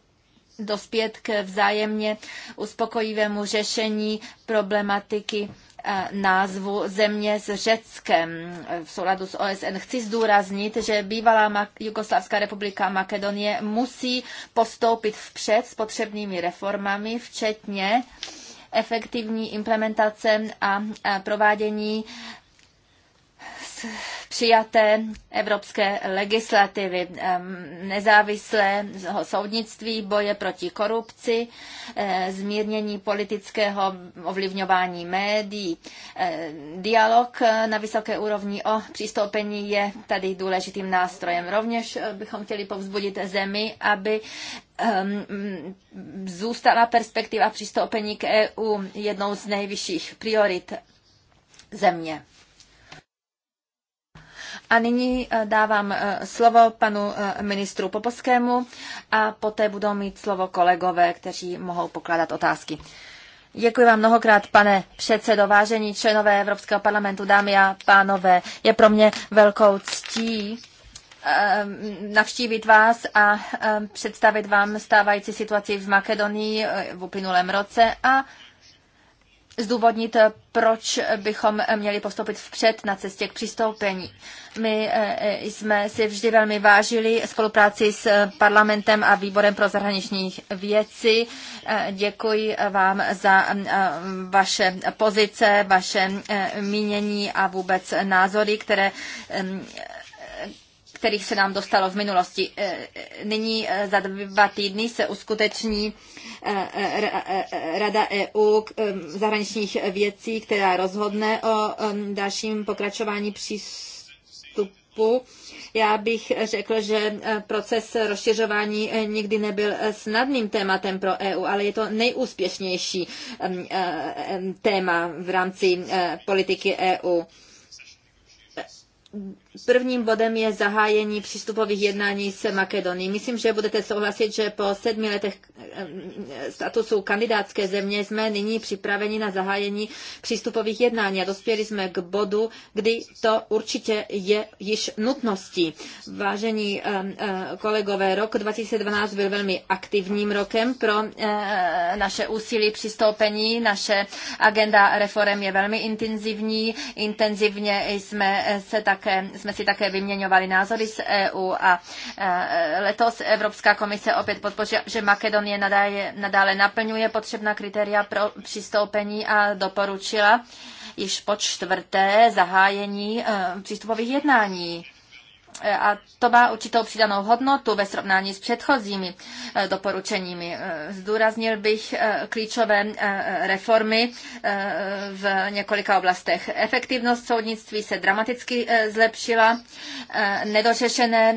dospět k vzájemně uspokojivému řešení problematiky Eh, názvu země s Řeckem v souladu s OSN. Chci zdůraznit, že bývalá Jugoslavská republika Makedonie musí postoupit vpřed s potřebnými reformami, včetně efektivní implementace a provádění přijaté evropské legislativy, nezávislé soudnictví, boje proti korupci, eh, zmírnění politického ovlivňování médií. Eh, dialog eh, na vysoké úrovni o přistoupení je tady důležitým nástrojem. Rovněž bychom chtěli povzbudit zemi, aby zůstala perspektiva přistoupení k EU jednou z nejvyšších priorit země. A nyní eh, dávám eh, slovo panu eh, ministru Popovskému a poté budou mít slovo kolegové, kteří mohou pokládat otázky. Děkuji vám mnohokrát, pane předsedo, vážení členové Evropského parlamentu, dámy a pánové. Je pro mě velkou ctí navštívit vás a představit vám stávající situaci v Makedonii v uplynulém roce a zdůvodnit, proč bychom měli postoupit vpřed na cestě k přistoupení. My eh, eh, jsme si vždy velmi vážili spolupráci s parlamentem a výborem pro zahraniční věci. Eh, děkuji vám za vaše pozice, vaše mínění a vůbec názory, které kterých se nám dostalo v minulosti. Eh, eh, nyní eh, za dva týdny se uskuteční Rada EU k zahraničních věcí, která rozhodne o dalším pokračování přístupu. Já bych řekl, že proces rozšiřování nikdy nebyl snadným tématem pro EU, ale je to nejúspěšnější mm, téma v rámci politiky EU Prvním bodem je zahájení přístupových jednání se Makedonií. Myslím, že budete souhlasit, že po sedmi letech eh, statusu kandidátské země jsme nyní připraveni na zahájení přístupových jednání a dospěli jsme k bodu, kdy to určitě je již nutností. Vážení eh, eh, kolegové, rok 2012 byl velmi aktivním rokem pro naše úsilí přistoupení. Naše agenda reform je velmi intenzivní. Intenzivně jsme se také jsme si také vyměňovali názory s EU a e, letos Evropská komise opět podpořila, že Makedonie nadále, nadále naplňuje potřebná kritéria pro přistoupení a doporučila již po čtvrté zahájení e, přístupových jednání a to má určitou přidanou hodnotu ve srovnání s předchozími eh, doporučeními. Eh, zdůraznil bych eh, klíčové reformy v několika oblastech. Efektivnost soudnictví se dramaticky zlepšila, nedořešené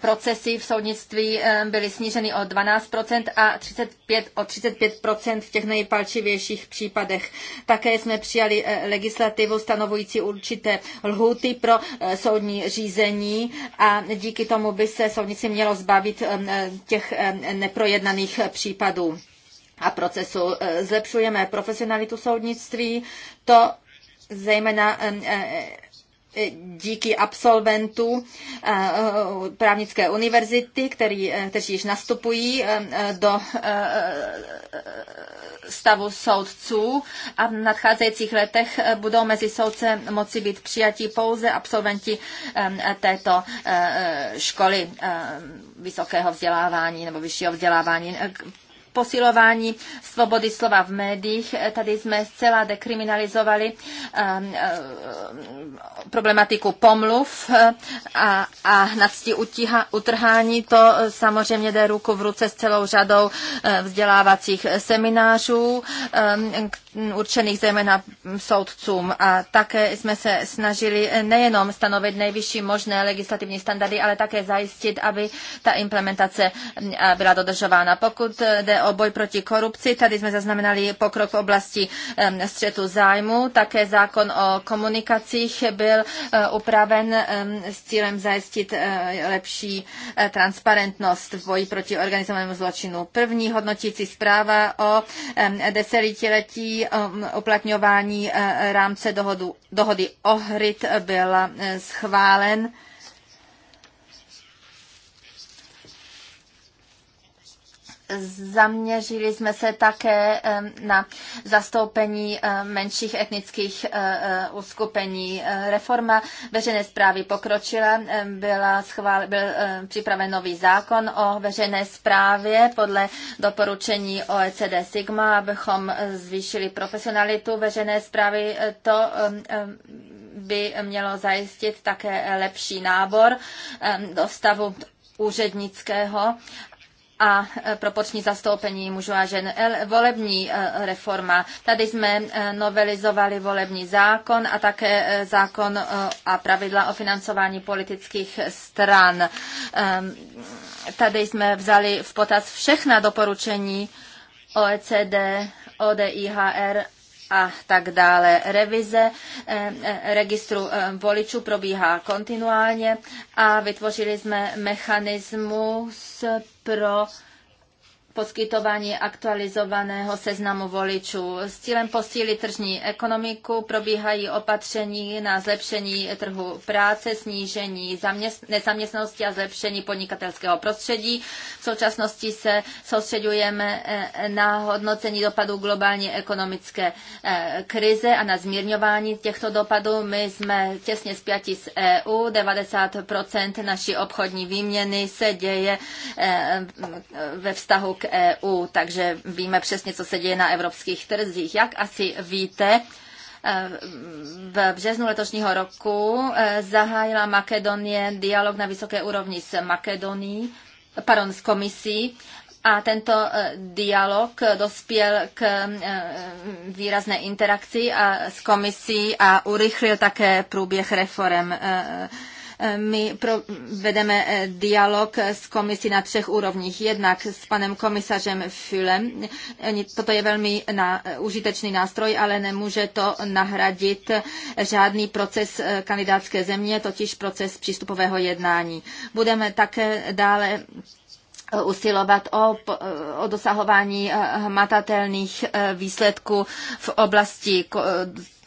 procesy v soudnictví byly sníženy o 12% a 35, o 35% v těch nejpalčivějších případech. Také jsme přijali legislativu stanovující určité lhuty pro soudní řízení a díky tomu by se soudnici mělo zbavit e, těch neprojednaných případů a procesu. E, zlepšujeme profesionalitu soudnictví, to zejména e, díky absolventů eh, právnické univerzity, který, eh, kteří již nastupují eh, do stavu soudců a v nadcházejících letech budou mezi soudce moci být přijatí pouze absolventi této školy vysokého vzdělávání nebo vyššího vzdělávání posilování svobody slova v médiích. Tady jsme zcela dekriminalizovali um, um, problematiku pomluv uh, a, a nadstí utíha, utrhání. To samozřejmě jde ruku v ruce s celou řadou uh, vzdělávacích seminářů, um, určených zejména soudcům. A také jsme se snažili eh, nejenom stanovit nejvyšší možné legislativní standardy, ale také zajistit, aby ta implementace mm, byla dodržována. Pokud eh, jde o boj proti korupci. Tady jsme zaznamenali pokrok v oblasti střetu zájmu. Také zákon o komunikacích byl e, upraven s cílem zajistit e, lepší e, transparentnost v boji proti organizovanému zločinu. První hodnotící zpráva o desetiletí uplatňování rámce dohodu, dohody OHRID byla schválen. Zaměřili jsme se také na zastoupení menších etnických e, e, uskupení. E, reforma veřejné zprávy pokročila, byla schvál, byl připraven nový zákon o veřejné zprávě podle doporučení OECD Sigma, abychom zvýšili profesionalitu veřejné zprávy. To by mělo zajistit také lepší nábor do stavu úřednického a e, proporční zastoupení mužů a žen. E, volební e, reforma. Tady jsme novelizovali volební zákon a také zákon a pravidla o financování politických stran. Ehm, tady jsme vzali v potaz všechna doporučení OECD, ODIHR a tak dále. Revize eh, eh, registru eh, voličů probíhá kontinuálně a vytvořili jsme mechanismus pro poskytování aktualizovaného seznamu voličů. S cílem posílit tržní ekonomiku probíhají opatření na zlepšení trhu práce, snížení nezaměstnosti a zlepšení podnikatelského prostředí. V současnosti se soustředujeme eh, na hodnocení dopadů globální ekonomické eh, krize a na zmírňování těchto dopadů. My jsme těsně zpěti s EU. 90 naší obchodní výměny se děje eh, ve vztahu k EU, takže víme přesně, co se děje na evropských trzích. Jak asi víte, e, v březnu letošního roku e, zahájila Makedonie dialog na vysoké úrovni s Makedonií, pardon, s komisí a tento e, dialog dospěl k výrazné interakci a s komisí a urychlil také průběh reform my vedeme eh, dialog s komisí na třech úrovních. Jednak s panem komisařem Fülem. Toto je velmi na, eh, užitečný nástroj, ale nemůže to nahradit žádný proces eh, kandidátské země, totiž proces přístupového jednání. Budeme také dále usilovat o, o dosahování hmatatelných výsledků v oblasti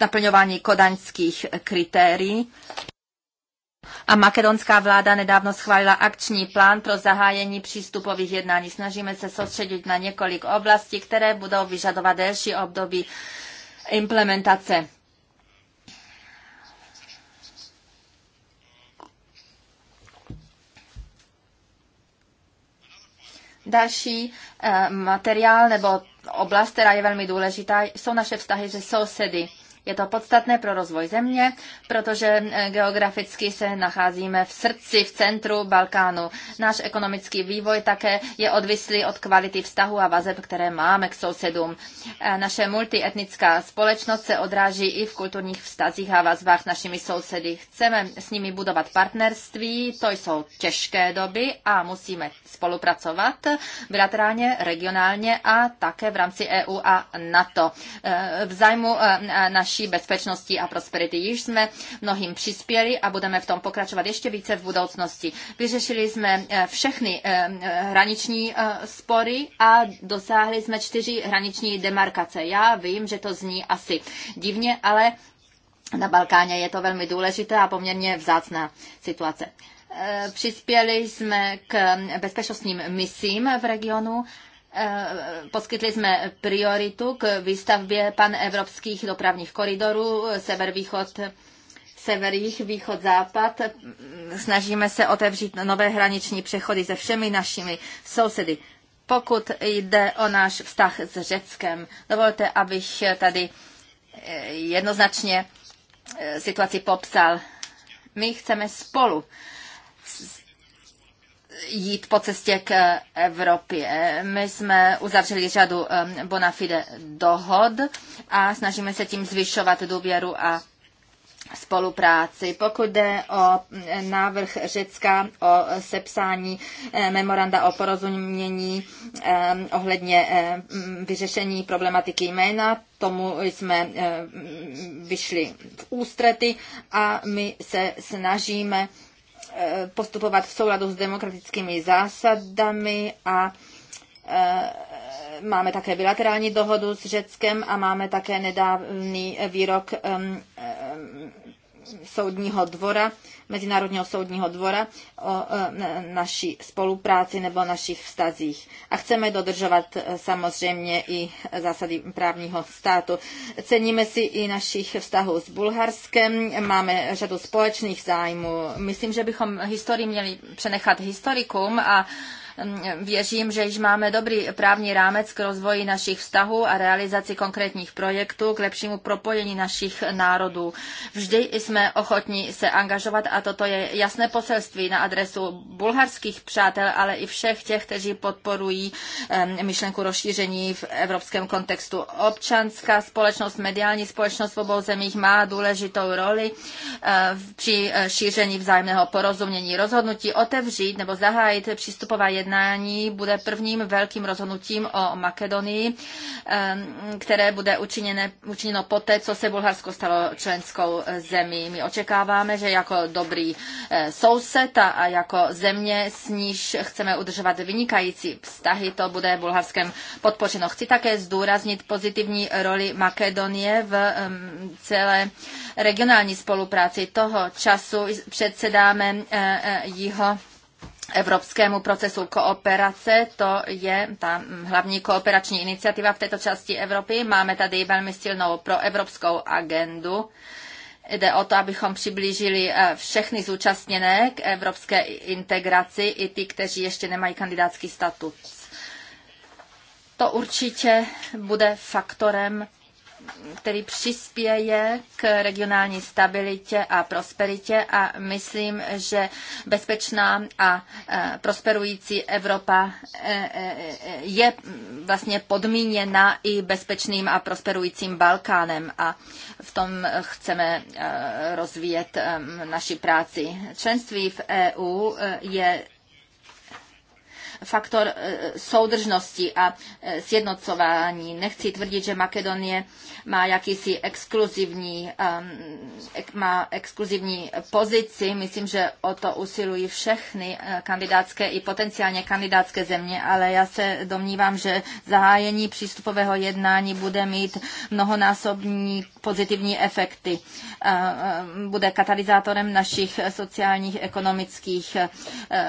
naplňování kodaňských kritérií. A makedonská vláda nedávno schválila akční plán pro zahájení přístupových jednání. Snažíme se soustředit na několik oblastí, které budou vyžadovat delší období implementace. Další eh, materiál nebo oblast, která je velmi důležitá, jsou naše vztahy se sousedy. Je to podstatné pro rozvoj země, protože eh, geograficky se nacházíme v srdci, v centru Balkánu. Náš ekonomický vývoj také je odvislý od kvality vztahu a vazeb, které máme k sousedům. Eh, naše multietnická společnost se odráží i v kulturních vztazích a vazbách našimi sousedy. Chceme s nimi budovat partnerství, to jsou těžké doby a musíme spolupracovat bilaterálně, regionálně a také v rámci EU a NATO. Eh, v zájmu naší lepší bezpečnosti a prosperity. Již jsme mnohým přispěli a budeme v tom pokračovat ještě více v budoucnosti. Vyřešili jsme eh, všechny eh, eh, hraniční spory a dosáhli jsme čtyři hraniční demarkace. Já vím, že to zní asi divně, ale na Balkáně je to velmi důležité a poměrně vzácná situace. Přispěli jsme k bezpečnostním misím v regionu Eh, poskytli jsme prioritu k výstavbě panevropských dopravních koridorů sever-východ sever, jich, východ, západ. Snažíme se otevřít nové hraniční přechody se všemi našimi sousedy. Pokud jde o náš vztah s Řeckem, dovolte, abych tady eh, jednoznačně eh, situaci popsal. My chceme spolu jít po cestě k Evropě. My jsme uzavřeli řadu bona fide dohod a snažíme se tím zvyšovat důvěru a spolupráci. Pokud jde o návrh Řecka o sepsání memoranda o porozumění ohledně vyřešení problematiky jména, tomu jsme vyšli v ústrety a my se snažíme postupovat v souladu s demokratickými zásadami a e, máme také bilaterální dohodu s Řeckem a máme také nedávný výrok soudního dvora, Mezinárodního soudního dvora o e, naší spolupráci nebo našich vztazích. A chceme dodržovat e, samozřejmě i zásady právního státu. Ceníme si i našich vztahů s Bulharskem, máme řadu společných zájmů. Myslím, že bychom historii měli přenechat historikům a Věřím, že již máme dobrý právní rámec k rozvoji našich vztahů a realizaci konkrétních projektů k lepšímu propojení našich národů. Vždy jsme ochotní se angažovat a toto je jasné poselství na adresu bulharských přátel, ale i všech těch, kteří podporují myšlenku rozšíření v evropském kontextu. Občanská společnost, mediální společnost v obou zemích má důležitou roli eh, při eh, šíření vzájemného porozumění rozhodnutí otevřít nebo zahájit přístupová jednání jednání bude prvním velkým rozhodnutím o Makedonii, které bude učiněné, učiněno poté, co se Bulharsko stalo členskou zemí. My očekáváme, že jako dobrý eh, soused a jako země, s níž chceme udržovat vynikající vztahy, to bude Bulharskem podpořeno. Chci také zdůraznit pozitivní roli Makedonie v celé regionální spolupráci. Toho času předsedáme eh, eh, jeho evropskému procesu kooperace. To je ta hlavní kooperační iniciativa v této části Evropy. Máme tady velmi silnou proevropskou agendu. Jde o to, abychom přiblížili eh, všechny zúčastněné k evropské integraci, i ty, kteří ještě nemají kandidátský statut. To určitě bude faktorem který přispěje k regionální stabilitě a prosperitě a myslím, že bezpečná a e, prosperující Evropa e, e, je vlastně podmíněna i bezpečným a prosperujícím Balkánem a v tom chceme rozvíjet naši práci. Členství v EU je faktor e, soudržnosti a e, sjednocování. Nechci tvrdit, že Makedonie má jakýsi exkluzivní, má exkluzivní pozici. Myslím, že o to usilují všechny e, kandidátské i potenciálně kandidátské země, ale já se domnívám, že zahájení přístupového jednání bude mít mnohonásobní pozitivní efekty. Bude katalyzátorem našich sociálních, ekonomických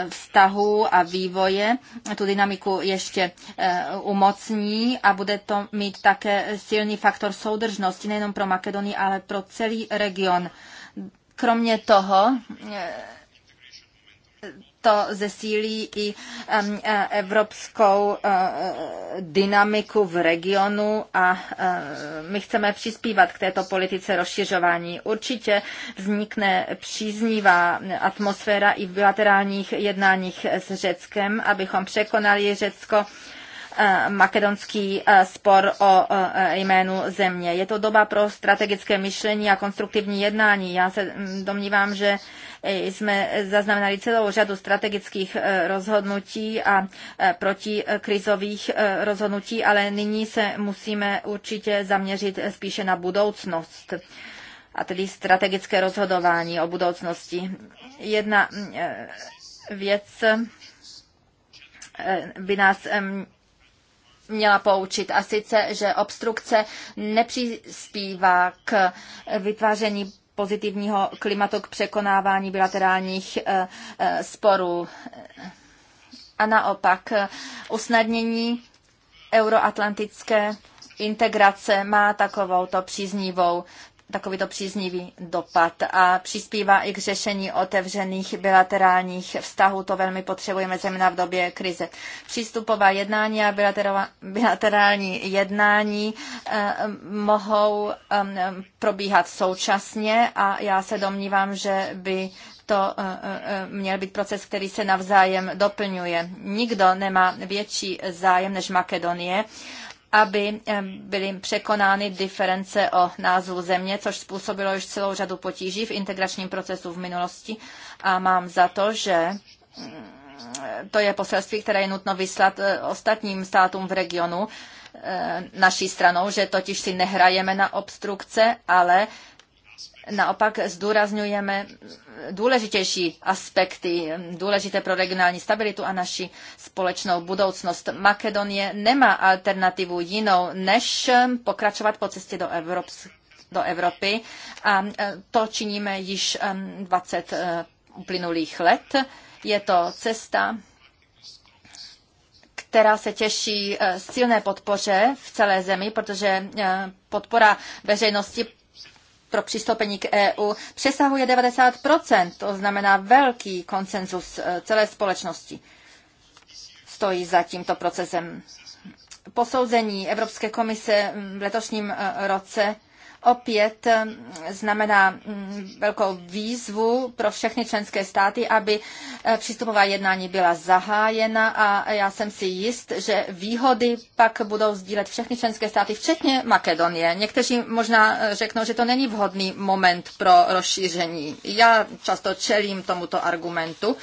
vztahů a vývoje tu dynamiku ještě eh, umocní a bude to mít také silný faktor soudržnosti nejenom pro Makedonii, ale pro celý region. Kromě toho eh, to zesílí i e, evropskou e, dynamiku v regionu a e, my chceme přispívat k této politice rozšiřování. Určitě vznikne příznivá atmosféra i v bilaterálních jednáních s Řeckem, abychom překonali Řecko Eh, makedonský eh, spor o eh, jménu země. Je to doba pro strategické myšlení a konstruktivní jednání. Já se mm, domnívám, že jsme zaznamenali celou řadu strategických rozhodnutí a protikrizových rozhodnutí, ale nyní se musíme určitě zaměřit spíše na budoucnost a tedy strategické rozhodování o budoucnosti. Jedna mm, věc by nás mm, měla poučit. A sice, že obstrukce nepřispívá k vytváření pozitivního klimatu k překonávání bilaterálních eh, eh, sporů. A naopak, eh, usnadnění euroatlantické integrace má takovouto příznivou takovýto příznivý dopad a přispívá i k řešení otevřených bilaterálních vztahů. To velmi potřebujeme zejména v době krize. Přístupová jednání a bilaterální jednání eh, mohou eh, probíhat současně a já se domnívám, že by to eh, měl být proces, který se navzájem doplňuje. Nikdo nemá větší zájem než Makedonie aby byly překonány diference o názvu země, což způsobilo již celou řadu potíží v integračním procesu v minulosti. A mám za to, že mm, to je poselství, které je nutno vyslat e, ostatním státům v regionu e, naší stranou, že totiž si nehrajeme na obstrukce, ale naopak zdůrazňujeme důležitější aspekty, důležité pro regionální stabilitu a naši společnou budoucnost. Makedonie nemá alternativu jinou, než pokračovat po cestě do Evropské do Evropy a e, to činíme již 20 e, uplynulých let. Je to cesta, která se těší e, silné podpoře v celé zemi, protože podpora veřejnosti pro přistoupení k EU přesahuje 90%, to znamená velký konsenzus e, celé společnosti stojí za tímto procesem. Posouzení Evropské komise v letošním e, roce opět mm, znamená mm, velkou výzvu pro všechny členské státy, aby e, přístupová jednání byla zahájena a já jsem si jist, že výhody pak budou sdílet všechny členské státy, včetně Makedonie. Někteří možná e, řeknou, že to není vhodný moment pro rozšíření. Já často čelím tomuto argumentu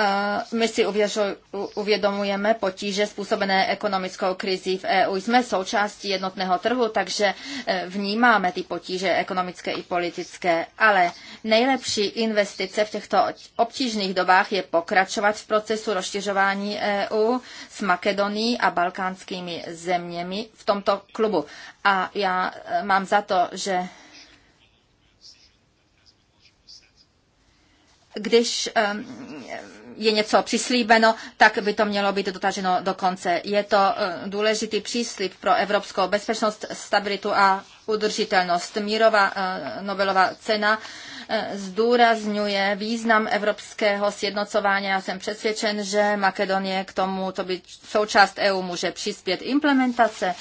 Eh, my si uvědomujeme potíže způsobené ekonomickou krizí v EU. Jsme součástí jednotného trhu, takže eh, vnímáme ty potíže ekonomické i politické. Ale nejlepší investice v těchto obtížných dobách je pokračovat v procesu rozšiřování EU s Makedonií a balkánskými zeměmi v tomto klubu. A já eh, mám za to, že když je něco přislíbeno, tak by to mělo být dotaženo do konce. Je to eh, důležitý příslip pro evropskou bezpečnost, stabilitu a udržitelnost. Mírová eh, Nobelová cena eh, zdůrazňuje význam evropského sjednocování. Já jsem přesvědčen, že Makedonie k tomu, to by součást EU může přispět. Implementace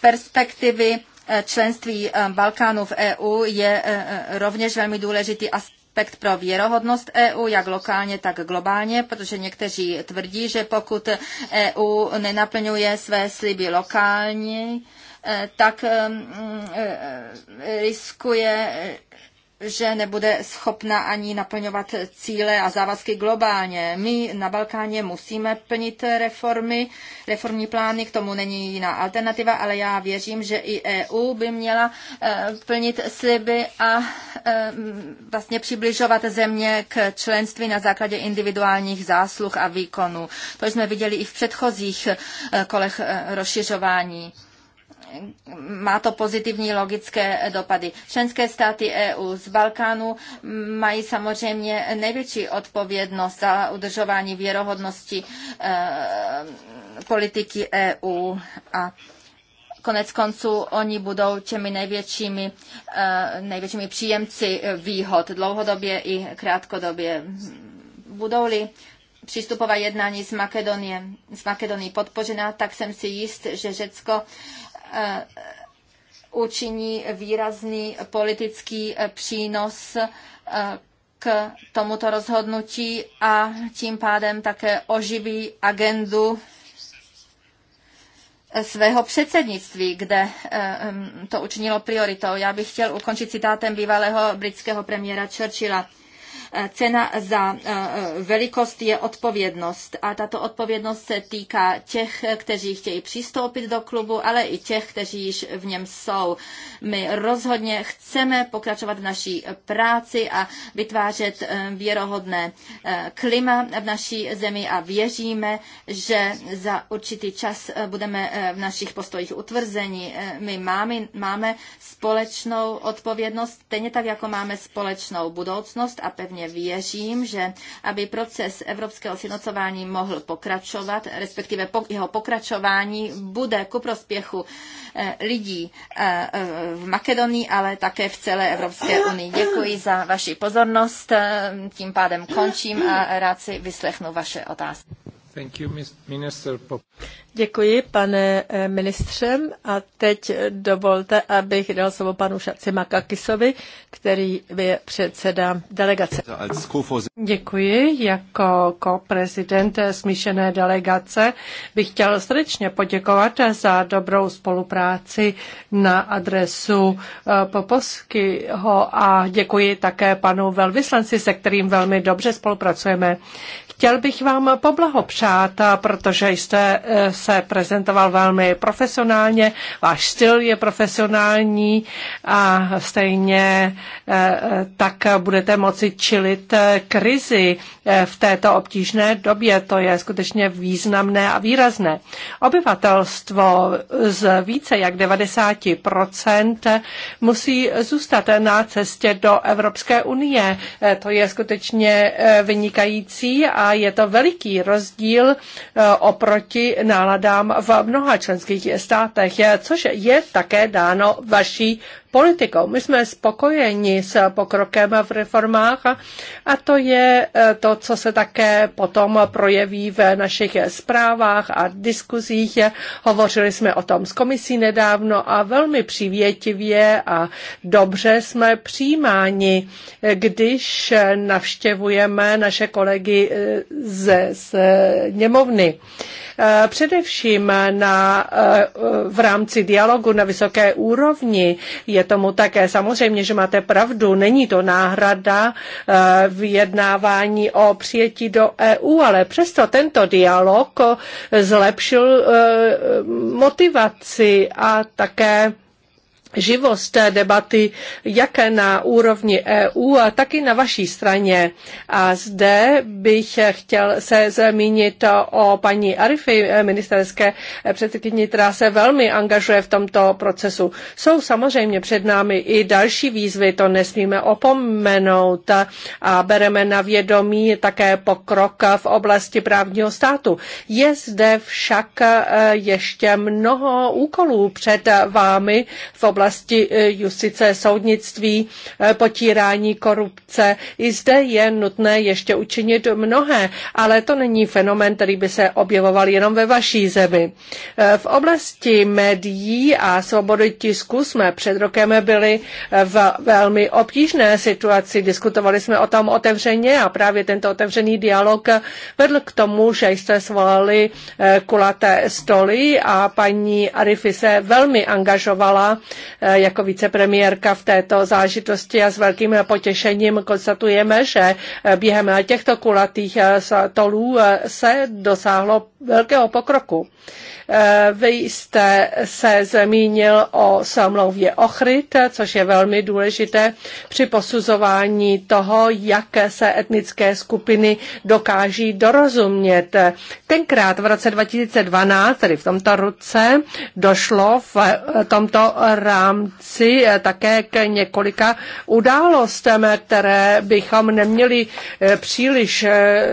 perspektivy členství Balkánu v EU je rovněž velmi důležitý aspekt respekt pro věrohodnost EU, jak lokálně, tak globálně, protože někteří tvrdí, že pokud EU nenaplňuje své sliby lokálně, eh, tak eh, mm, eh, riskuje že nebude schopna ani naplňovat cíle a závazky globálně. My na Balkáně musíme plnit reformy, reformní plány, k tomu není jiná alternativa, ale já věřím, že i EU by měla eh, plnit sliby a eh, vlastně přibližovat země k členství na základě individuálních zásluh a výkonů. To jsme viděli i v předchozích eh, kolech rozšiřování má to pozitivní logické dopady. Členské státy EU z Balkánu mají samozřejmě největší odpovědnost za udržování věrohodnosti e, politiky EU a konec konců oni budou těmi největšími, e, největšími příjemci výhod dlouhodobě i krátkodobě. Budou-li přístupová jednání s, Makedonie, s Makedonii podpořena, tak jsem si jist, že Řecko Eh, učiní výrazný politický eh, přínos eh, k tomuto rozhodnutí a tím pádem také oživí agendu svého předsednictví, kde to učinilo prioritou. Já bych chtěl ukončit citátem bývalého britského premiéra Churchilla. Eh, cena za eh, eh, velikost je odpovědnost a tato odpovědnost se týká těch, kteří chtějí přistoupit do klubu, ale i těch, kteří již v něm jsou. My rozhodně chceme pokračovat v naší práci a vytvářet věrohodné klima v naší zemi a věříme, že za určitý čas budeme v našich postojích utvrzeni. My máme, máme společnou odpovědnost, stejně tak, jako máme společnou budoucnost a pevně pevně věřím, že aby proces evropského sjednocování mohl pokračovat, respektive jeho pokračování bude ku prospěchu eh, lidí eh, eh, v Makedonii, ale také v celé Evropské unii. Děkuji za vaši pozornost, tím pádem končím a rád si vyslechnu vaše otázky. Děkuji, pane eh, ministře. A teď dovolte, abych dal slovo panu Šaci Makakisovi, který je předseda delegace. Děkuji. Jako ko smíšené delegace bych chtěl srdečně poděkovat za dobrou spolupráci na adresu eh, Poposkyho a děkuji také panu velvyslanci, se kterým velmi dobře spolupracujeme. Chtěl bych vám poblahopřát přát, protože jste eh, se prezentoval velmi profesionálně, váš styl je profesionální a stejně eh, eh, tak budete moci čilit krizi v této obtížné době. To je skutečně významné a výrazné. Obyvatelstvo z více jak 90% musí zůstat na cestě do Evropské unie. To je skutečně vynikající a je to veliký rozdíl rozdíl eh, oproti náladám v mnoha členských státech, což je také dáno vaší politikou. My jsme spokojeni s pokrokem v reformách a to je e, to, co se také potom projeví v našich zprávách a diskuzích. Hovořili jsme o tom s komisí nedávno a velmi přivětivě a dobře jsme přijímáni, když navštěvujeme naše kolegy z, e, z Němovny. E, především na, v rámci dialogu na vysoké úrovni je je tomu také. Samozřejmě, že máte pravdu, není to náhrada eh, vyjednávání o přijetí do EU, ale přesto tento dialog eh, zlepšil eh, motivaci a také živost debaty jak na úrovni EU, tak i na vaší straně. A zde bych chtěl se zmínit o paní Arify, ministerské předsedkyni, která se velmi angažuje v tomto procesu. Jsou samozřejmě před námi i další výzvy, to nesmíme opomenout a bereme na vědomí také pokrok v oblasti právního státu. Je zde však eh, ještě mnoho úkolů před vámi v oblasti oblasti eh, justice, soudnictví, eh, potírání korupce. I zde je nutné ještě učinit mnohé, ale to není fenomen, který by se objevoval jenom ve vaší zemi. Eh, v oblasti médií a svobody tisku jsme před rokem byli v velmi obtížné situaci. Diskutovali jsme o tom otevřeně a právě tento otevřený dialog vedl k tomu, že jste svolali kulaté stoly a paní Arifi se velmi angažovala Eh, jako vicepremiérka v této zážitosti a s velkým potěšením konstatujeme, že eh, během eh, těchto kulatých stolů se dosáhlo velkého pokroku. Eh, vy jste se zmínil o samlouvě Ochryt, což je velmi důležité při posuzování toho, jak se etnické skupiny dokáží dorozumět. Tenkrát v roce 2012, tedy v tomto roce, došlo v eh, tomto rámci eh, také k několika událostem, které bychom neměli příliš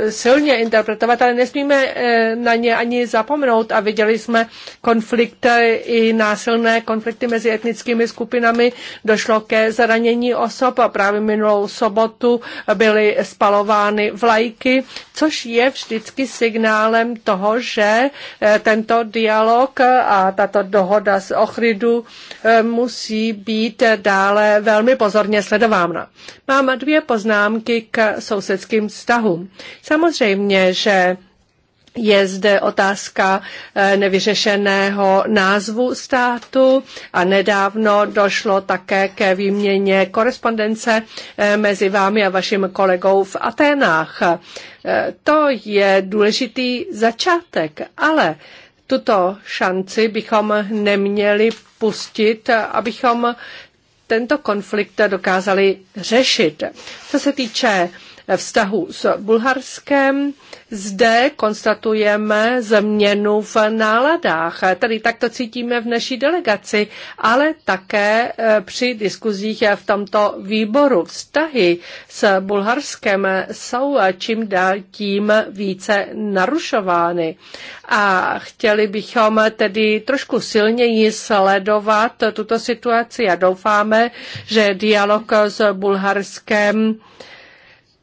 silně interpretovat, ale nesmíme na ně ani zapomenout a viděli jsme konflikty eh, i násilné konflikty mezi etnickými skupinami. Došlo ke zranění osob a právě minulou sobotu byly spalovány vlajky, což je vždycky signálem toho, že eh, tento dialog a tato dohoda z Ochridu eh, musí být dále velmi pozorně sledována. Mám dvě poznámky k sousedským vztahům. Samozřejmě, že je zde otázka eh, nevyřešeného názvu státu a nedávno došlo také ke výměně korespondence eh, mezi vámi a vaším kolegou v Aténách. Eh, to je důležitý začátek, ale tuto šanci bychom neměli pustit, abychom tento konflikt dokázali řešit. Co se týče vztahu s Bulharskem. Zde konstatujeme změnu v náladách. Tady takto cítíme v naší delegaci, ale také eh, při diskuzích v tomto výboru. Vztahy s Bulharskem jsou eh, čím dál tím více narušovány. A chtěli bychom tedy trošku silněji sledovat tuto situaci a doufáme, že dialog s Bulharskem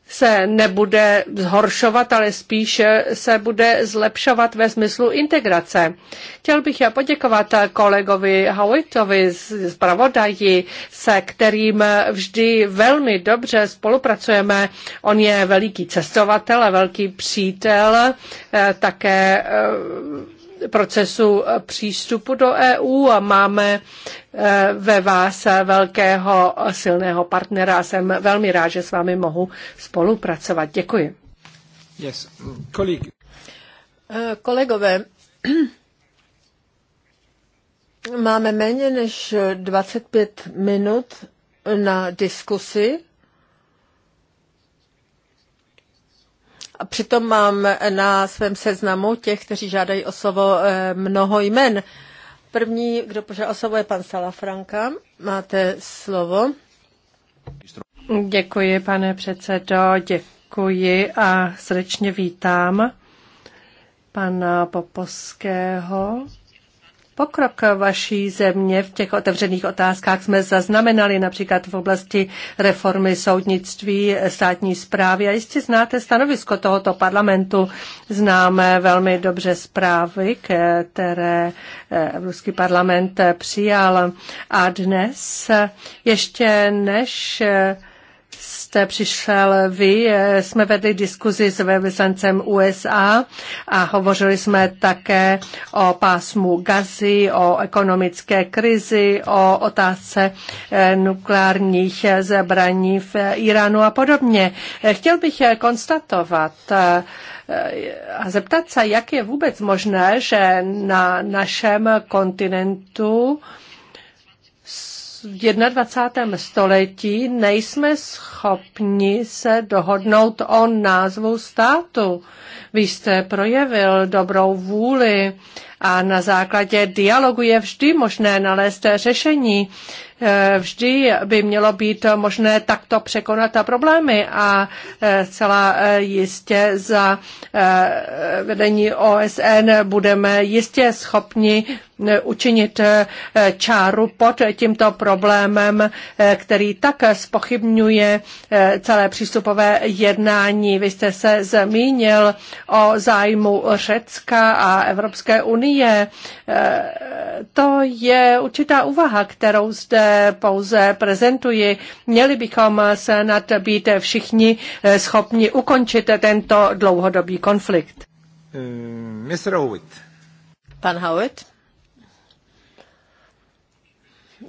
se nebude zhoršovat, ale spíše se bude zlepšovat ve smyslu integrace. Chtěl bych já poděkovat kolegovi Howitovi z Pravodají, se kterým vždy velmi dobře spolupracujeme. On je veliký cestovatel a velký přítel, eh, také eh, procesu přístupu do EU a máme eh, ve vás velkého silného partnera jsem velmi rád, že s vámi mohu spolupracovat. Děkuji. Yes. Kolik. Eh, kolegové, máme méně než 25 minut na diskusi. A přitom mám na svém seznamu těch, kteří žádají o slovo eh, mnoho jmen. První, kdo požádal o slovo, je pan Salafranka. Máte slovo. Děkuji, pane předsedo, děkuji a srdečně vítám pana Popoského Pokrok vaší země v těch otevřených otázkách jsme zaznamenali například v oblasti reformy soudnictví, státní zprávy a jistě znáte stanovisko tohoto parlamentu. Známe velmi dobře zprávy, které eh, Evropský parlament přijal a dnes ještě než eh, jste přišel vy, jsme vedli diskuzi s velvyslancem USA a hovořili jsme také o pásmu gazy, o ekonomické krizi, o otázce eh, nukleárních zbraní v Iránu a podobně. Chtěl bych eh, konstatovat, eh, a zeptat se, jak je vůbec možné, že na našem kontinentu 21. století nejsme schopni se dohodnout o názvu státu. Vy jste projevil dobrou vůli a na základě dialogu je vždy možné nalézt řešení. Eh, vždy by mělo být možné takto překonat problémy a eh, celá eh, jistě za vedení OSN budeme jistě schopni učinit čáru pod tímto problémem, který tak spochybňuje celé přístupové jednání. Vy jste se zmínil o zájmu Řecka a Evropské unie. To je určitá úvaha, kterou zde pouze prezentuji. Měli bychom se nad být všichni eh, schopni ukončit tento dlouhodobý konflikt. Eh, Mr. Howitt. Pan Howitt.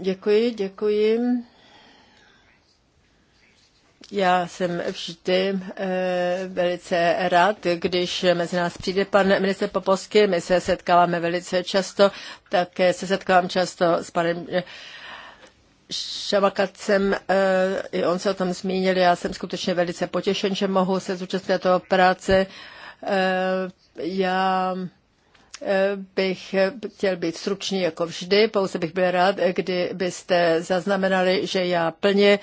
Děkuji, děkuji. Já jsem vždy eh, velice rád, když mezi nás přijde pan minister Poposky. My se setkáváme velice často, také se setkávám často s panem jsem, eh, i on se o tom zmínil, já jsem skutečně velice potěšen, že mohu se zúčastnit této práce. Eh, já eh, bych chtěl být stručný jako vždy, pouze bych byl rád, kdybyste zaznamenali, že já plně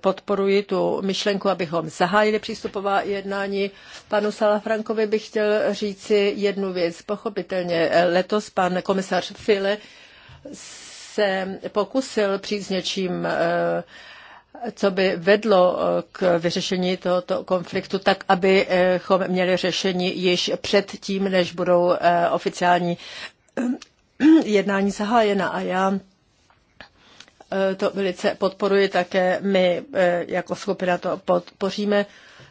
podporuji tu myšlenku, abychom zahájili přístupová jednání. Panu Salafrankovi bych chtěl říci jednu věc. Pochopitelně letos pan komisař File se pokusil přijít s něčím, eh, co by vedlo eh, k vyřešení tohoto konfliktu, tak abychom měli řešení již před tím, než budou eh, oficiální jednání zahájena. A já to velice podporuji také. My jako skupina to podpoříme.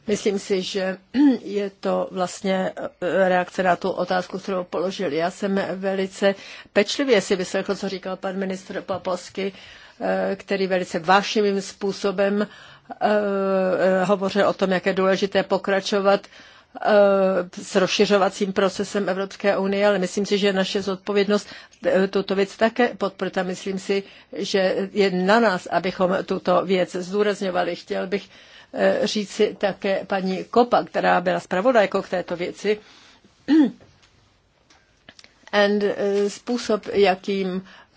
Myslím si, že je to vlastně eh, reakce na tu otázku, kterou položil. Já jsem velice pečlivě si vyslechl, co říkal pan ministr Paposky, eh, který velice vášnivým způsobem eh, hovořil o tom, jak je důležité pokračovat s rozšiřovacím procesem Evropské unie, ale myslím si, že naše zodpovědnost tuto věc také podprta. Myslím si, že je na nás, abychom tuto věc zdůrazňovali. Chtěl bych Eh, říci také paní Kopa, která byla zpravodajkou k této věci. And eh, způsob, jakým eh,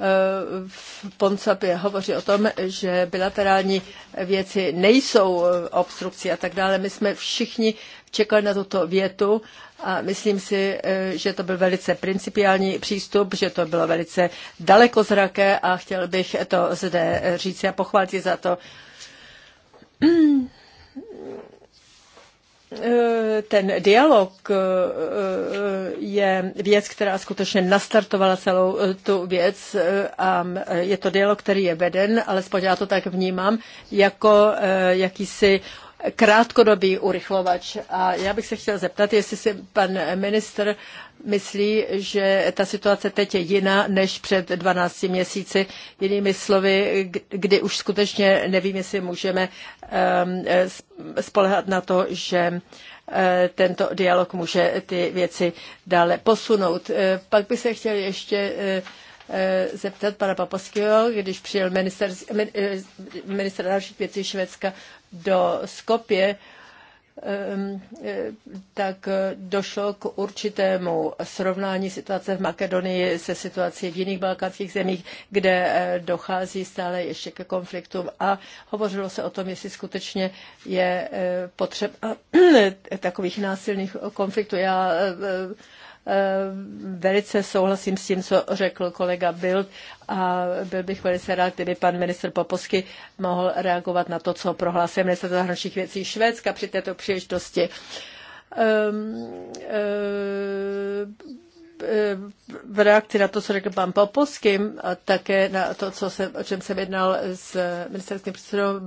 v Poncapě hovoří o tom, že bilaterální věci nejsou obstrukcí a tak dále. My jsme všichni čekali na tuto větu a myslím si, že to byl velice principiální přístup, že to bylo velice dalekozraké a chtěl bych to zde říct a pochválit za to Eh, ten dialog eh, eh, je věc, která skutečně nastartovala celou tu věc a je to dialog, který je veden, alespoň já to tak vnímám, jako jakýsi krátkodobý urychlovač. A já bych se chtěla zeptat, jestli si pan minister myslí, že ta situace teď je jiná než před 12 měsíci. Jinými slovy, kdy už skutečně nevím, jestli můžeme ehm, spolehat na to, že eh, tento dialog může ty věci dále posunout. Eh, pak bych se chtěl ještě eh, zeptat pana Papaského, když přijel minister, minister dalších věcí Švédska do Skopje, Ehm, eh, tak došlo k určitému srovnání situace v Makedonii se situací v jiných balkánských zemích, kde eh, dochází stále ještě ke konfliktům a hovořilo se o tom, jestli skutečně je eh, potřeba takových násilných konfliktů. Já Eh, velice souhlasím s tím, co řekl kolega Bild a byl bych velice rád, kdyby pan minister Poposky mohl reagovat na to, co prohlásil minister zahraničních věcí Švédska při této příležitosti. Ehm, eh, v reakci na to, co řekl pan Popovský, a také na to, co se, o čem jsem jednal s ministerským předsedou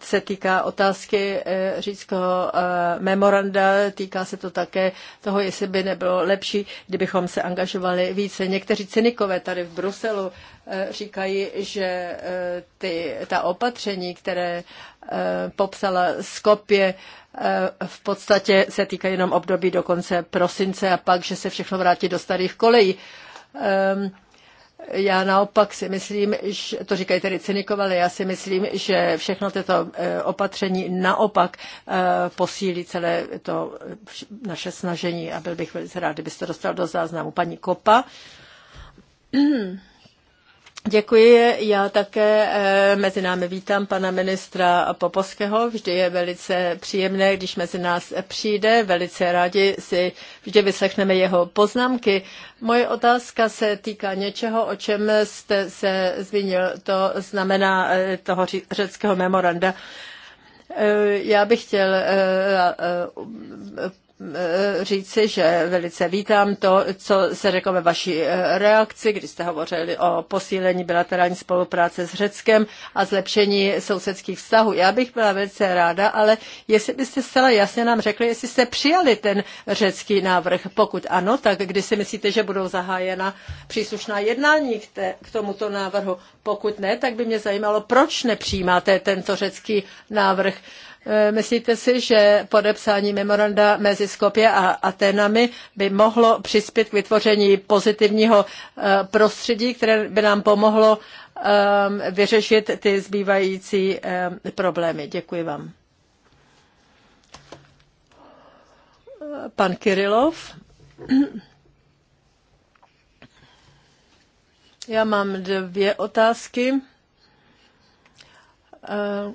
se týká otázky eh, říckého eh, memoranda, týká se to také toho, jestli by nebylo lepší, kdybychom se angažovali více. Někteří cynikové tady v Bruselu eh, říkají, že ty, ta opatření, které popsala Skopje, v podstatě se týká jenom období do konce prosince a pak, že se všechno vrátí do starých kolejí. Ehm, já naopak si myslím, že, to říkají tedy cynikov, ale já si myslím, že všechno tyto e, opatření naopak e, posílí celé to naše snažení a byl bych velice rád, kdybyste dostal do záznamu paní Kopa. Děkuji. Já také eh, mezi námi vítám pana ministra Popovského. Vždy je velice příjemné, když mezi nás přijde. Velice rádi si vždy vyslechneme jeho poznámky. Moje otázka se týká něčeho, o čem jste se zmínil. To znamená eh, toho řeckého memoranda. Eh, já bych chtěl Eh, říci, že velice vítám to, co se řeklo ve vaší eh, reakci, kdy jste hovořili o posílení bilaterální spolupráce s Řeckem a zlepšení sousedských vztahů. Já bych byla velice ráda, ale jestli byste zcela jasně nám řekli, jestli jste přijali ten řecký návrh. Pokud ano, tak kdy si myslíte, že budou zahájena příslušná jednání k, te, k tomuto návrhu? Pokud ne, tak by mě zajímalo, proč nepřijímáte tento řecký návrh. Uh, Eh, myslíte si, že podepsání memoranda mezi Skopje a Atenami by mohlo přispět k vytvoření pozitivního eh, prostředí, které by nám pomohlo ehm, vyřešit ty zbývající ehm, problémy? Děkuji vám. Pan Kirilov. Já mám dvě otázky. Eh,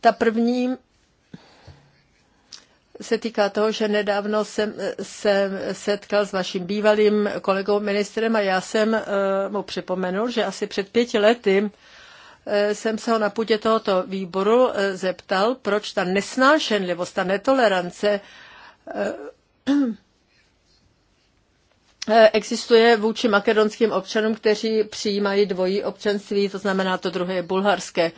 ta první se týká toho, že nedávno jsem se setkal s vaším bývalým kolegou ministrem a já jsem eh, mu připomenul, že asi před pěti lety eh, jsem se ho na půdě tohoto výboru eh, zeptal, proč ta nesnášenlivost, ta netolerance existuje vůči makedonským občanům, kteří přijímají dvojí občanství, to znamená to druhé bulharské.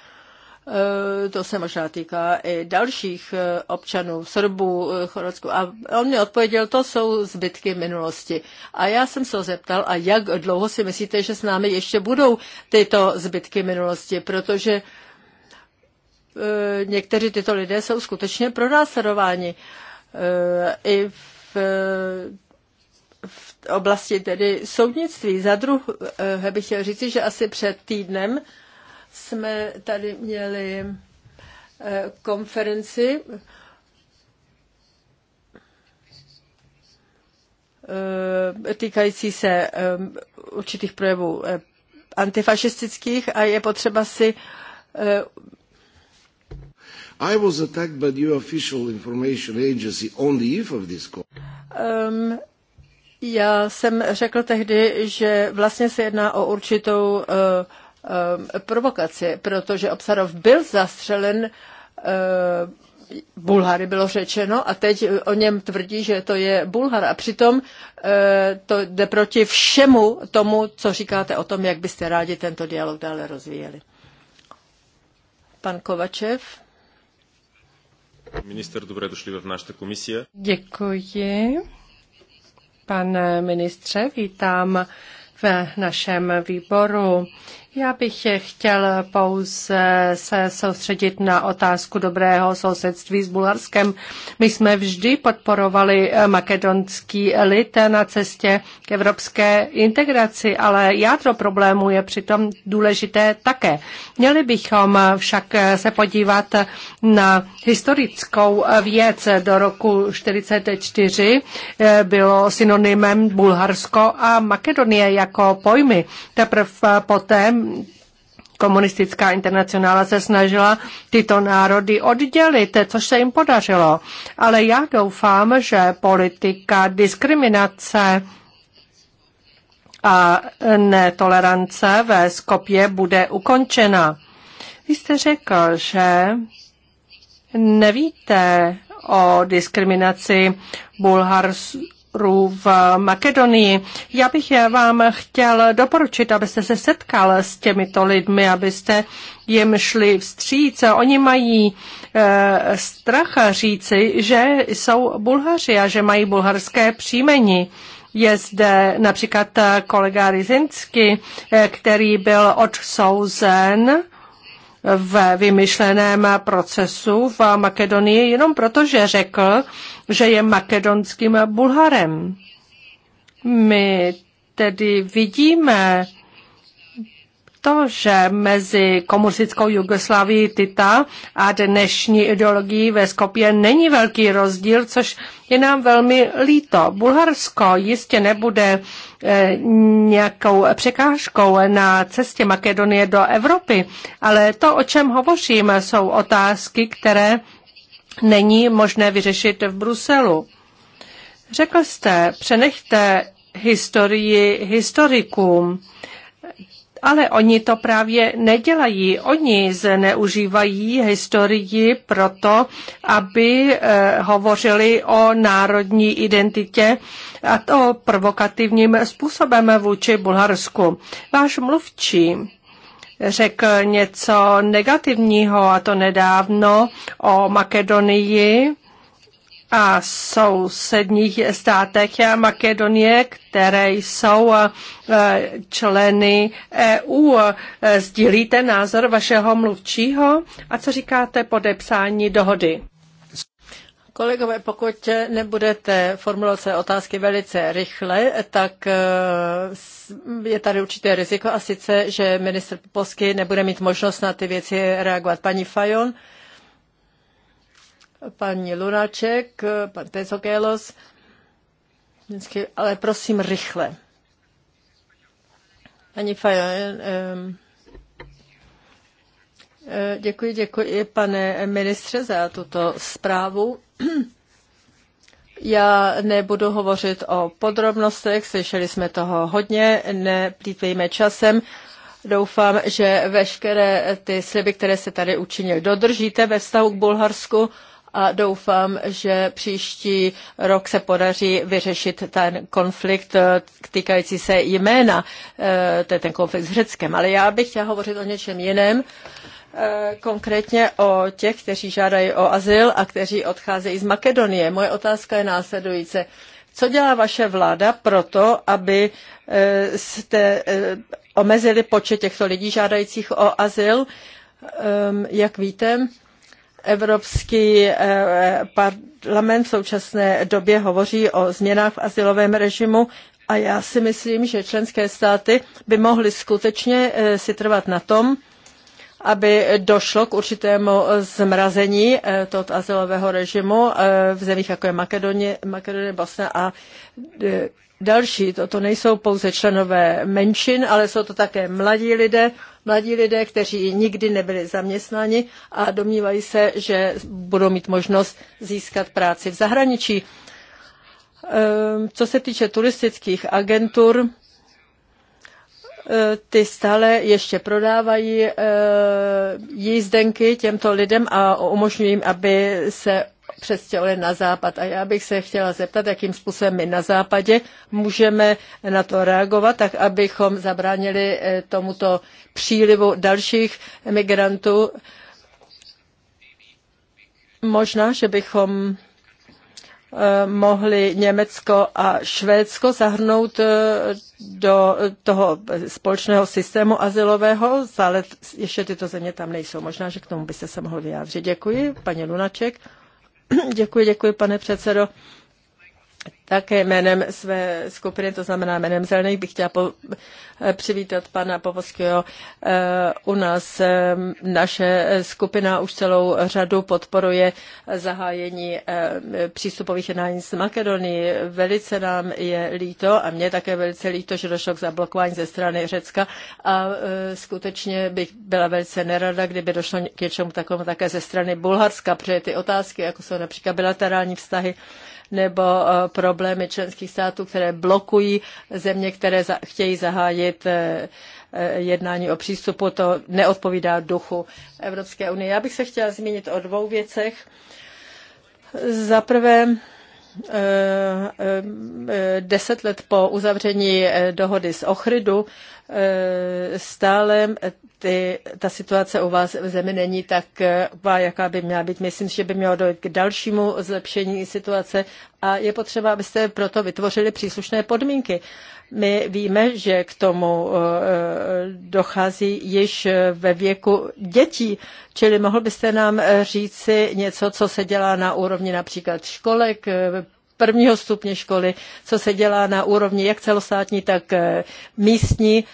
Eh, to se možná týká i dalších eh, občanů, Srbů, eh, Chorvatsku. A on mi odpověděl, to jsou zbytky minulosti. A já jsem se ho zeptal, a jak dlouho si myslíte, že s námi ještě budou tyto zbytky minulosti, protože někteří tyto lidé jsou skutečně pronásledováni. I v v oblasti tedy soudnictví. Za druhé bych chtěl říci, že asi před týdnem jsme tady měli eh, konferenci eh, týkající se eh, určitých projevů antifašistických a je potřeba si I was attacked by the official information agency on the eve of this call. Um, já jsem řekl tehdy, že vlastně se jedná o určitou uh, Eh, provokaci, protože Obsarov byl zastřelen eh, Bulhary bylo řečeno a teď o něm tvrdí, že to je Bulhar. A přitom eh, to jde proti všemu tomu, co říkáte o tom, jak byste rádi tento dialog dále rozvíjeli. Pan Kovačev. Minister, dobré došli v naší komisie. Děkuji. Pane ministře, vítám v našem výboru. Já bych chtěl pouze se soustředit na otázku dobrého sousedství s Bulharskem. My jsme vždy podporovali eh, makedonský lid na cestě k evropské integraci, ale jádro problému je přitom důležité také. Měli bychom však eh, se podívat na historickou eh, věc do roku 1944. Bylo synonymem Bulharsko a Makedonie jako pojmy. Teprve poté Komunistická internacionála se snažila tyto národy oddělit, což se jim podařilo. Ale já doufám, že politika diskriminace a netolerance ve Skopě bude ukončena. Vy jste řekl, že nevíte o diskriminaci Bulharů Kypru v Makedonii. Já bych vám chtěl doporučit, abyste se setkal s těmito lidmi, abyste jim šli vstříc. Oni mají e, strach říci, že jsou Bulhaři a že mají bulharské příjmení. Je zde například kolega Rizinsky, eh, který byl odsouzen v vymyšleném procesu v Makedonii jenom proto, že řekl, že je makedonským Bulharem. My tedy vidíme to, že mezi komunistickou Jugoslávií Tita a dnešní ideologií ve Skopě není velký rozdíl, což je nám velmi líto. Bulharsko jistě nebude eh, nějakou překážkou na cestě Makedonie do Evropy, ale to, o čem hovořím, jsou otázky, které není možné vyřešit v Bruselu. Řekl jste, přenechte historii historikům. Ale oni to právě nedělají. Oni zneužívají historii proto, aby eh, hovořili o národní identitě a to provokativním způsobem vůči Bulharsku. Váš mluvčí řekl něco negativního, a to nedávno, o Makedonii a sousedních státech Makedonie, které jsou eh, členy EU. Sdílíte názor vašeho mluvčího a co říkáte podepsání dohody? Kolegové, pokud nebudete formulovat své otázky velice rychle, tak eh, je tady určité riziko a sice, že minister Polsky nebude mít možnost na ty věci reagovat. Paní Fajon, paní Lunaček, pan Tezokélos, vždycky, ale prosím rychle. Paní Fajon, děkuji, děkuji, pane ministře, za tuto zprávu. Já nebudu hovořit o podrobnostech, slyšeli jsme toho hodně, neplýtvejme časem. Doufám, že veškeré ty sliby, které se tady učinili, dodržíte ve vztahu k Bulharsku a doufám, že příští rok se podaří vyřešit ten konflikt eh, týkající se jména, eh, to je ten konflikt s Řeckem. Ale já bych chtěla hovořit o něčem jiném eh, konkrétně o těch, kteří žádají o azyl a kteří odcházejí z Makedonie. Moje otázka je následující. Co dělá vaše vláda proto, aby jste omezili počet těchto lidí žádajících o azyl? Ehm, jak víte, Evropský eh, parlament v současné době hovoří o změnách v asilovém režimu a já si myslím, že členské státy by mohly skutečně eh, si trvat na tom, aby došlo k určitému zmrazení eh, tohoto azylového režimu v zemích jako je Makedonie, Makedonie Bosna a další. Toto nejsou pouze členové menšin, ale jsou to také mladí lidé, mladí lidé, kteří nikdy nebyli zaměstnáni a domnívají se, že budou mít možnost získat práci v zahraničí. Ehm, co se týče turistických agentur, e, ty stále ještě prodávají e, jízdenky těmto lidem a umožňují jim, aby se přestěhovali na západ. A já bych se chtěla zeptat, jakým způsobem my na západě můžeme na to reagovat, tak abychom zabránili eh, tomuto přílivu dalších migrantů. Možná, že bychom eh, mohli Německo a Švédsko zahrnout eh, do toho společného systému azylového, ale ještě tyto země tam nejsou. Možná, že k tomu byste se mohl vyjádřit. Děkuji, paní Lunaček. Děkuji, děkuji, pane předsedo. Také jménem své skupiny, to znamená jménem Zelených, bych chtěla po, eh, přivítat pana Povoského. Eh, u nás eh, naše skupina už celou řadu podporuje zahájení přístupových jednání s Makedonii. Velice nám je líto a mě také velice líto, že došlo k zablokování ze strany Řecka a skutečně bych byla velice nerada, kdyby došlo k něčemu takovému také ze strany Bulharska, protože ty otázky, jako jsou například bilaterální vztahy, nebo eh, problémy členských států, které blokují země, které chtějí zahájit eh, eh, jednání o přístupu, to neodpovídá duchu Evropské unie. Já bych se chtěla zmínit o dvou věcech. Za prvé, deset let po uzavření dohody z Ochrydu stále ty, ta situace u vás v zemi není tak, eh, jaká by měla být. Myslím, že by mělo dojít k dalšímu zlepšení situace a je potřeba, abyste proto vytvořili příslušné podmínky. My víme, že k tomu eh, eh, dochází již ve věku dětí, čili mohl byste nám říci něco, co se dělá na úrovni například školek, prvního stupně školy, co se dělá na úrovni jak celostátní, tak místní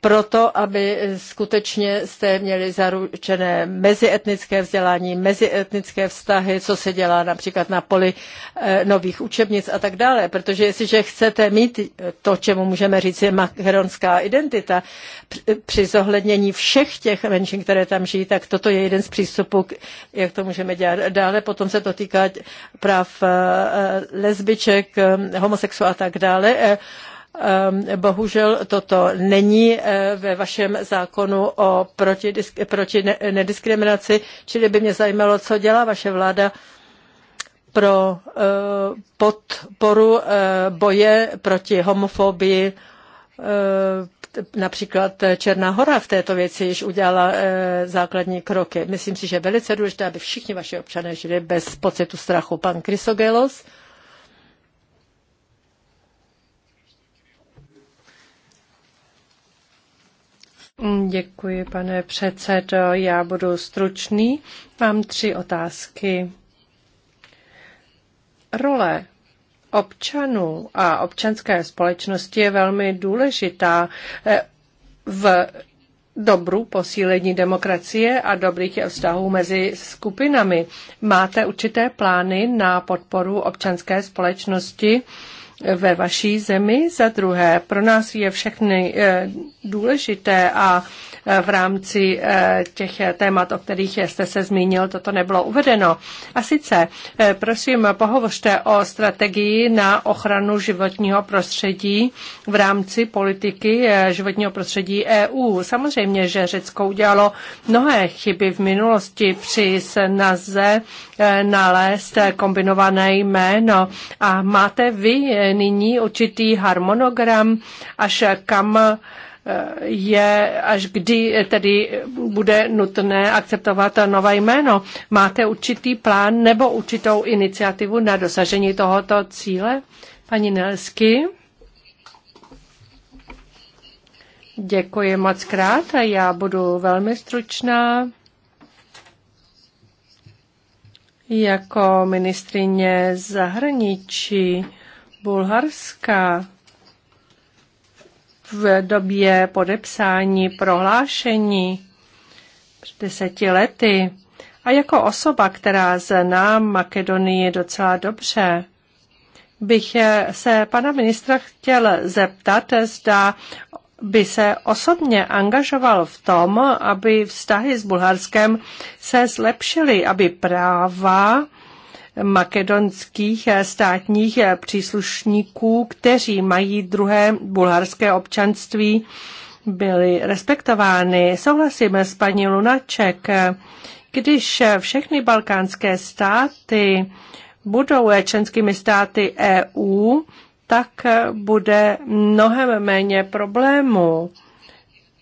proto, aby skutečně jste měli zaručené mezietnické vzdělání, mezietnické vztahy, co se dělá například na poli eh, nových učebnic a tak dále. Protože jestliže chcete mít to, čemu můžeme říct je makedonská identita, při zohlednění všech těch menšin, které tam žijí, tak toto je jeden z přístupů, jak to můžeme dělat. Dále potom se to týká práv eh, lesbiček, eh, homosexuálů a tak dále Ehm, bohužel toto není eh, ve vašem zákonu o proti, proti nediskriminaci, čili by mě zajímalo, co dělá vaše vláda pro eh, podporu eh, boje proti homofobii. Například Černá hora v této věci již udělala základní kroky. Myslím si, že je velice důležité, aby všichni vaši občané žili bez pocitu strachu. Pan Krysogelos. Mm, děkuji, pane předsedo. Já budu stručný. Mám tři otázky. Role občanů a občanské společnosti je velmi důležitá eh, v dobru posílení demokracie a dobrých vztahů mezi skupinami. Máte určité plány na podporu občanské společnosti? ve vaší zemi. Za druhé, pro nás je všechny eh, důležité a v rámci eh, těch eh, témat, o kterých jste se zmínil, toto nebylo uvedeno. A sice, eh, prosím, pohovořte o strategii na ochranu životního prostředí v rámci politiky životního prostředí EU. Samozřejmě, že Řecko udělalo mnohé chyby v minulosti při snaze nalézt kombinované jméno. A máte vy nyní určitý harmonogram, až kam je, až kdy tedy bude nutné akceptovat nové jméno. Máte určitý plán nebo určitou iniciativu na dosažení tohoto cíle? Paní Nelsky? Děkuji moc krát a já budu velmi stručná. Jako ministrině zahraničí Bulharska v době podepsání prohlášení před deseti lety a jako osoba, která zná Makedonii docela dobře, bych se pana ministra chtěl zeptat, zda by se osobně angažoval v tom, aby vztahy s Bulharskem se zlepšily, aby práva makedonských eh, státních eh, příslušníků, kteří mají druhé bulharské občanství, byly respektovány. Souhlasíme s paní Lunaček, když eh, všechny balkánské státy budou členskými státy EU, tak bude mnohem méně problémů.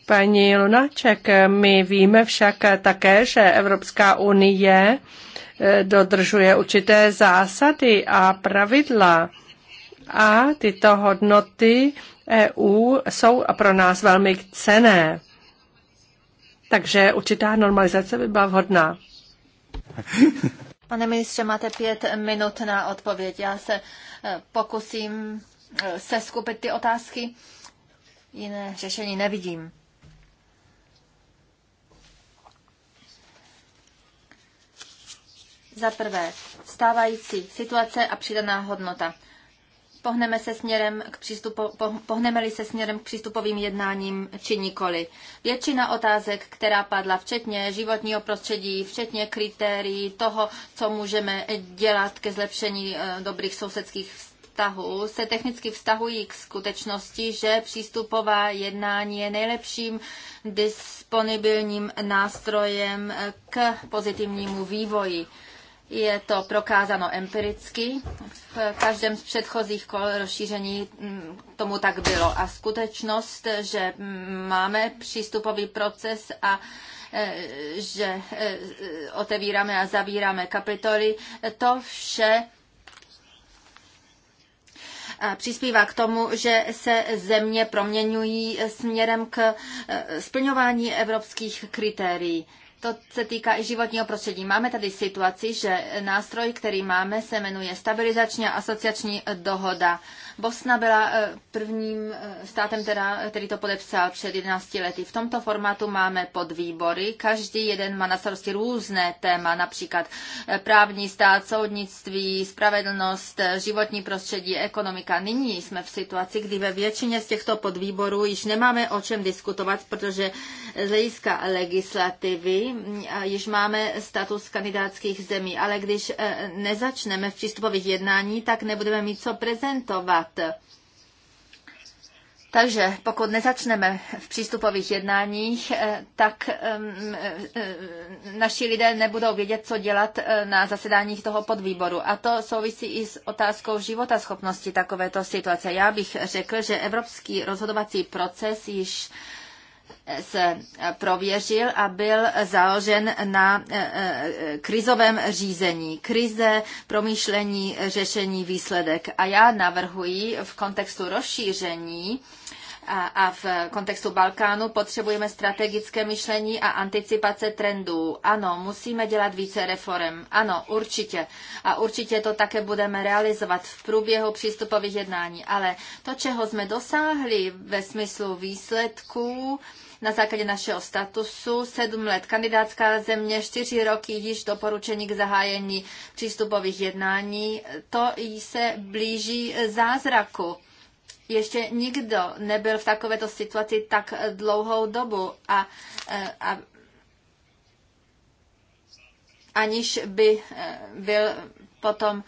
Paní Lunaček, my víme však také, že Evropská unie dodržuje určité zásady a pravidla. A tyto hodnoty EU jsou pro nás velmi cené. Takže určitá normalizace by byla vhodná. Pane ministře, máte pět minut na odpověď. Já se eh, pokusím eh, seskupit ty otázky. Jiné řešení nevidím. Za prvé, stávající situace a přidaná hodnota. Pohneme se směrem k přístupo, pohneme-li se směrem k přístupovým jednáním či nikoli. Většina otázek, která padla, včetně životního prostředí, včetně kritérií toho, co můžeme dělat ke zlepšení eh, dobrých sousedských vztahů, se technicky vztahují k skutečnosti, že přístupová jednání je nejlepším disponibilním nástrojem eh, k pozitivnímu vývoji. Je to prokázáno empiricky. V každém z předchozích kol rozšíření mm, tomu tak bylo. A skutečnost, že máme přístupový proces a e, že e, otevíráme a zavíráme kapitoly, to vše e, přispívá k tomu, že se země proměňují směrem k splňování evropských kritérií. To se týká i životního prostředí. Máme tady situaci, že nástroj, který máme, se jmenuje stabilizační a asociační dohoda. Bosna byla eh, prvním eh, státem, teda, eh, který to podepsal před 11 lety. V tomto formátu máme podvýbory. Každý jeden má na starosti různé téma, například právní stát, soudnictví, spravedlnost, životní prostředí, ekonomika. Nyní jsme v situaci, kdy ve většině z těchto podvýborů již nemáme o čem diskutovat, protože z hlediska legislativy mm, již máme status kandidátských zemí, ale když nezačneme v přístupových jednání, tak nebudeme mít co prezentovat dělat. Takže pokud nezačneme v přístupových jednáních, eh, tak eh, naši lidé nebudou vědět, co dělat eh, na zasedáních toho podvýboru. A to souvisí i s otázkou života schopnosti takovéto situace. Já bych řekl, že evropský rozhodovací proces již se prověřil a byl založen na e, e, krizovém řízení. Krize, promýšlení, řešení, výsledek. A já navrhuji v kontextu rozšíření a v kontextu Balkánu potřebujeme strategické myšlení a anticipace trendů. Ano, musíme dělat více reform. Ano, určitě. A určitě to také budeme realizovat v průběhu přístupových jednání. Ale to, čeho jsme dosáhli ve smyslu výsledků, na základě našeho statusu, sedm let kandidátská země, čtyři roky již doporučení k zahájení přístupových jednání, to se blíží zázraku ještě nikdo nebyl v takovéto situaci tak dlouhou dobu a, eh, a aniž by eh, byl potom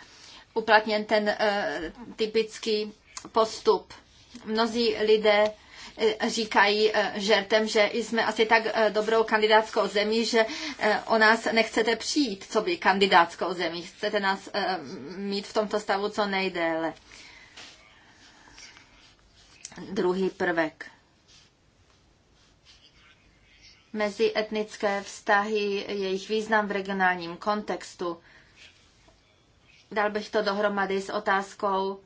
uplatněn ten eh, typický postup. Mnozí lidé říkají žertem, že jsme asi tak dobrou kandidátskou zemí, že o nás nechcete přijít, co by kandidátskou zemí. Chcete nás mít v tomto stavu co nejdéle. Druhý prvek. mezi etnické vztahy, jejich význam v regionálním kontextu. Dal bych to dohromady s otázkou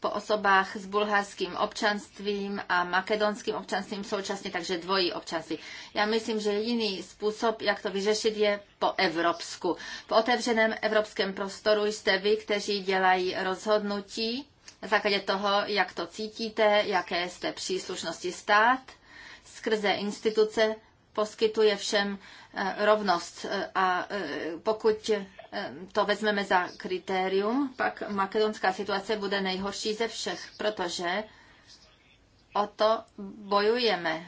po osobách s bulharským občanstvím a makedonským občanstvím současně, takže dvojí občanství. Já myslím, že jediný způsob, jak to vyřešit, je po evropsku. V otevřeném evropském prostoru jste vy, kteří dělají rozhodnutí na základě toho, jak to cítíte, jaké jste příslušnosti stát, skrze instituce poskytuje všem eh, rovnost. Eh, a eh, pokud to vezmeme za kritérium, pak makedonská situace bude nejhorší ze všech, protože o to bojujeme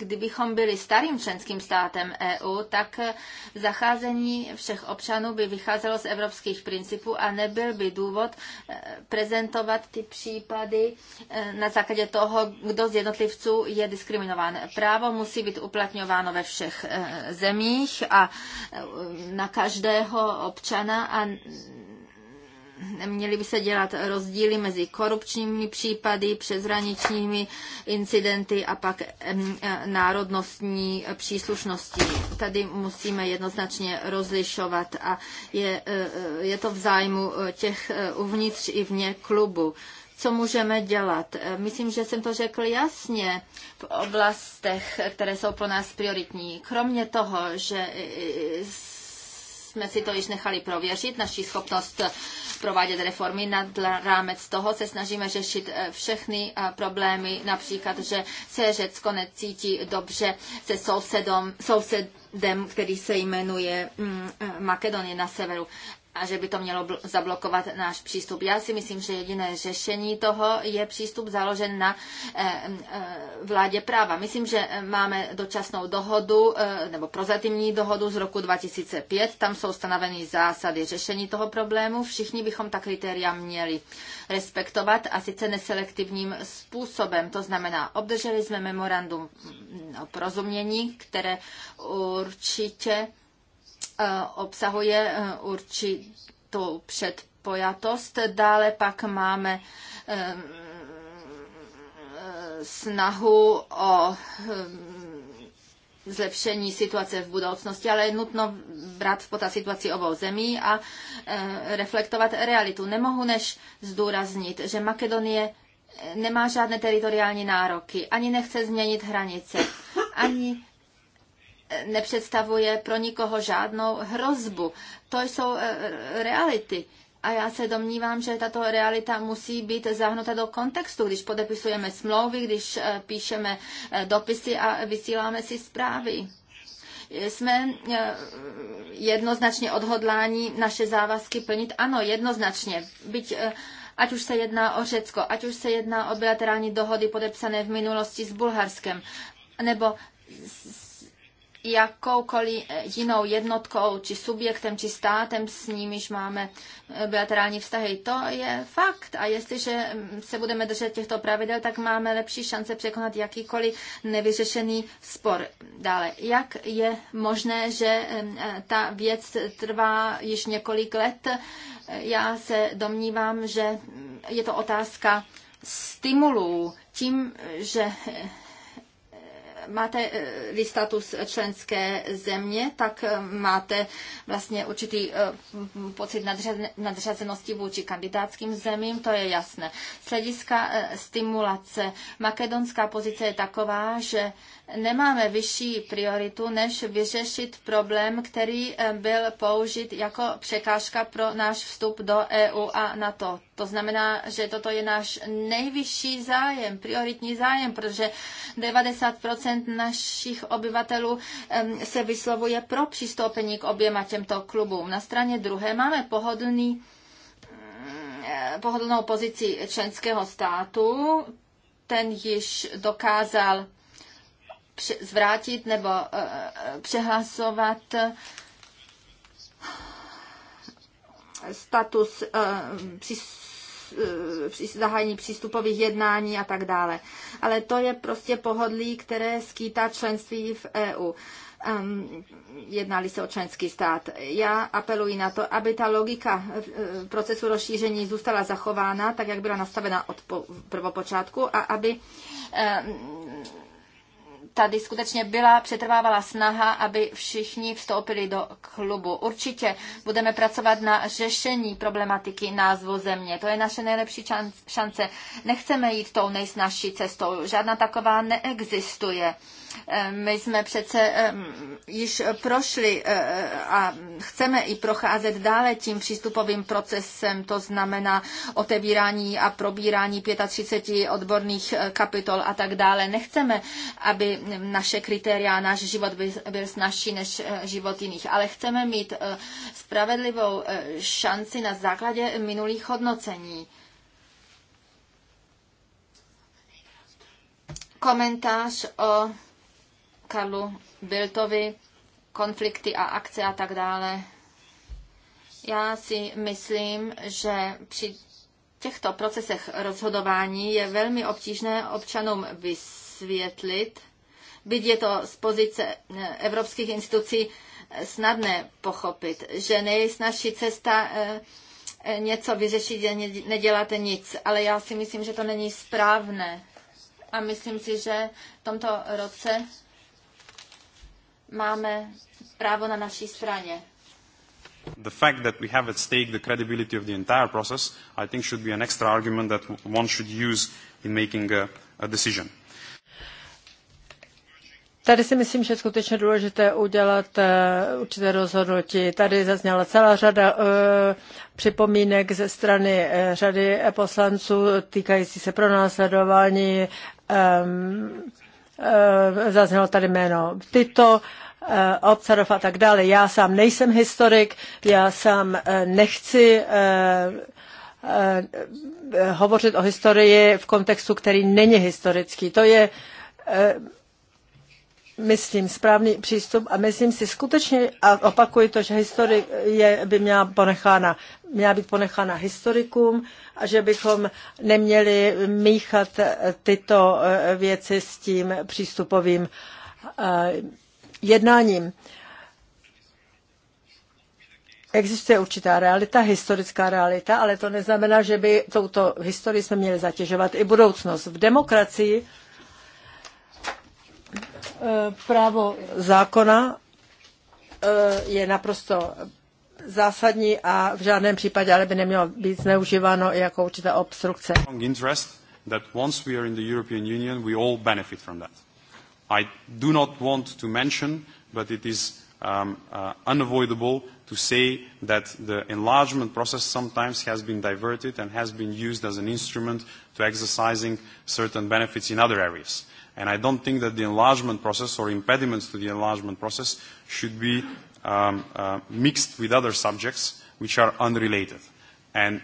kdybychom byli starým členským státem EU, tak zacházení všech občanů by vycházelo z evropských principů a nebyl by důvod eh, prezentovat ty případy eh, na základě toho, kdo z jednotlivců je diskriminován. Právo musí být uplatňováno ve všech eh, zemích a na každého občana a Měly by se dělat rozdíly mezi korupčními případy, přezraničními incidenty a pak e, národnostní příslušností. Tady musíme jednoznačně rozlišovat a je, e, e, je to v zájmu těch uvnitř i vně klubu co můžeme dělat. Myslím, že jsem to řekl jasně v oblastech, které jsou pro nás prioritní. Kromě toho, že jsme si to již nechali prověřit, naši schopnost provádět reformy nad rámec toho se snažíme řešit eh, všechny eh, problémy, například, že se Řecko necítí dobře se sousedom, sousedem, který se jmenuje mm, eh, Makedonie na severu a že by to mělo zablokovat náš přístup. Já si myslím, že jediné řešení toho je přístup založen na eh, eh, vládě práva. Myslím, že eh, máme dočasnou dohodu nebo prozatímní dohodu z roku 2005. Tam jsou stanoveny zásady řešení toho problému. Všichni bychom ta kritéria měli respektovat a sice neselektivním způsobem. To znamená, obdrželi jsme memorandum mm, o porozumění, které určitě E, obsahuje e, určitou předpojatost. Dále pak máme e, snahu o zlepšení situace v budoucnosti, ale je nutno brát v potaz situaci obou zemí a reflektovat realitu. Nemohu než zdůraznit, že Makedonie nemá žádné teritoriální nároky, ani nechce změnit hranice, ani nepředstavuje pro nikoho žádnou hrozbu. To jsou eh, reality. A já se domnívám, že tato realita musí být zahnuta do kontextu, když podepisujeme smlouvy, když eh, píšeme eh, dopisy a vysíláme si zprávy. Jsme jednoznačně odhodláni naše závazky plnit? Ano, jednoznačně. Byť ať už se jedná o Řecko, ať už se jedná o bilaterální dohody podepsané v minulosti s Bulharskem, nebo s jakoukoliv eh, jinou jednotkou, či subjektem, či státem, s nimiž máme eh, bilaterální vztahy. To je fakt a jestliže mm, se budeme držet těchto pravidel, tak máme lepší šance překonat jakýkoliv nevyřešený spor. Dále, jak je možné, že mm, eh, ta věc trvá již několik let? Já se domnívám, že mm, je to otázka stimulů tím, že máte eh, vy status členské země, tak eh, máte vlastně určitý eh, pocit nadřazenosti vůči kandidátským zemím, to je jasné. Z hlediska stimulace makedonská pozice je taková, že nemáme vyšší prioritu, než vyřešit problém, který byl použit jako překážka pro náš vstup do EU a NATO. To znamená, že toto je náš nejvyšší zájem, prioritní zájem, protože 90 našich obyvatelů se vyslovuje pro přistoupení k oběma těmto klubům. Na straně druhé máme pohodlný pohodlnou pozici členského státu. Ten již dokázal zvrátit nebo eh, eh, přehlasovat eh, status Eh, zahájení přístupových jednání a tak dále. Ale to je prostě pohodlí, které skýtá členství v EU um, jednali se o členský stát. Já apeluji na to, aby ta logika eh, procesu rozšíření zůstala zachována, tak jak byla nastavena od prvopočátku a aby um, tady skutečně byla, přetrvávala snaha, aby všichni vstoupili do klubu. Určitě budeme pracovat na řešení problematiky názvu země. To je naše nejlepší šance. Nechceme jít tou nejsnažší cestou. Žádná taková neexistuje. Eh, my jsme přece eh, již prošli eh, a chceme i procházet dále tím přístupovým procesem, to znamená otevírání a probírání 35 odborných kapitol a tak dále. Nechceme, aby naše kritéria, náš život by byl snažší než eh, život jiných. Ale chceme mít eh, spravedlivou eh, šanci na základě minulých hodnocení. Komentář o Karlu Biltovi, konflikty a akce a tak dále. Já si myslím, že při těchto procesech rozhodování je velmi obtížné občanům vysvětlit, byť je to z pozice eh, evropských institucí eh, snadné pochopit, že nejsnažší cesta eh, něco vyřešit je neděláte nic, ale já si myslím, že to není správné. A myslím si, že v tomto roce máme právo na naší straně. The fact that we have at stake the credibility of the entire process, I think should be an extra argument that one should use in making a, a decision. Tady si myslím, že je skutečně důležité udělat eh, určité rozhodnutí. Tady zazněla celá řada eh, připomínek ze strany eh, řady poslanců týkající se pronásledování. Ehm, zaznělo tady jméno tyto Obcarov a tak dále. Já sám nejsem historik, já sám nechci hovořit o historii v kontextu, který není historický. To je myslím, správný přístup a myslím si skutečně, a opakuji to, že historie by měla, ponechána, měla být ponechána historikům a že bychom neměli míchat tyto eh, věci s tím přístupovým eh, jednáním. Existuje určitá realita, historická realita, ale to neznamená, že by touto historii jsme měli zatěžovat i budoucnost. V demokracii Právo zákona eh, je naprosto zásadní a v žádném případě ale by nemělo být zneužíváno jako určitá obstrukce. interest that once we are in the European Union, we all benefit from that. I do not want to mention, but it is um, uh, unavoidable to say that the enlargement process sometimes has been diverted and has been used as an instrument to exercising certain benefits in other areas. And I don't think that the enlargement process or impediments to the enlargement process should be um, uh, mixed with other subjects which are unrelated. And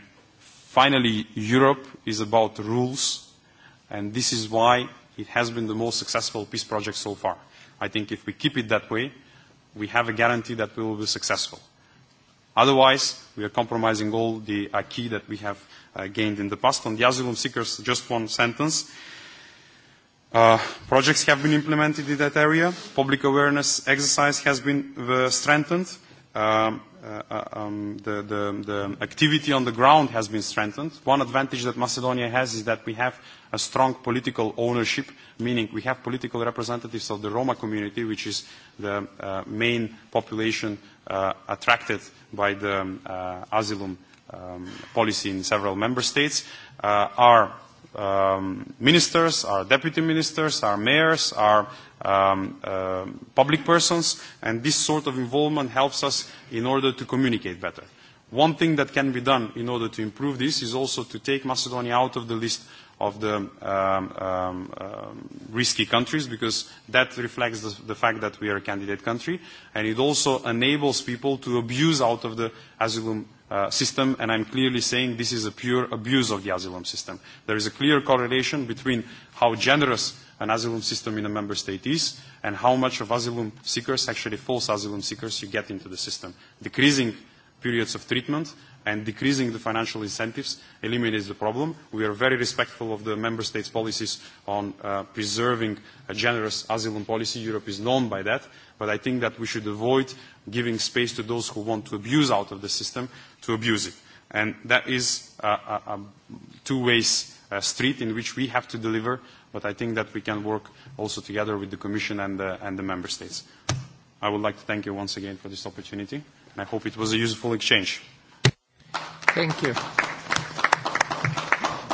finally, Europe is about rules, and this is why it has been the most successful peace project so far. I think if we keep it that way, we have a guarantee that we will be successful. Otherwise, we are compromising all the acquis that we have uh, gained in the past. On the asylum seekers, just one sentence. Uh, Uh, projects have been implemented in that area. Public awareness exercise has been uh, strengthened. Um, uh, um, the, the, the activity on the ground has been strengthened. One advantage that Macedonia has is that we have a strong political ownership, meaning we have political representatives of the Roma community, which is the uh, main population uh, attracted by the um, uh, asylum um, policy in several member states. Uh, our um, ministers, our deputy ministers, our mayors, our um, uh, public persons, and this sort of involvement helps us in order to communicate better. One thing that can be done in order to improve this is also to take Macedonia out of the list of the um, um, um, risky countries because that reflects the, the fact that we are a candidate country and it also enables people to abuse out of the asylum Uh, system, and I'm clearly saying this is a pure abuse of the asylum system. There is a clear correlation between how generous an asylum system in a member state is and how much of asylum seekers, actually false asylum seekers, you get into the system. Decreasing periods of treatment and decreasing the financial incentives eliminates the problem. We are very respectful of the member states' policies on uh, preserving a generous asylum policy. Europe is known by that, but I think that we should avoid giving space to those who want to abuse out of the system to abuse it. And that is a, a, a two-way uh, street in which we have to deliver, but I think that we can work also together with the Commission and the, and the Member States. I would like to thank you once again for this opportunity, and I hope it was a useful exchange. Thank you.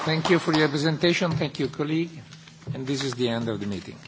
Thank you for your presentation. Thank you, colleague. And this is the end of the meeting.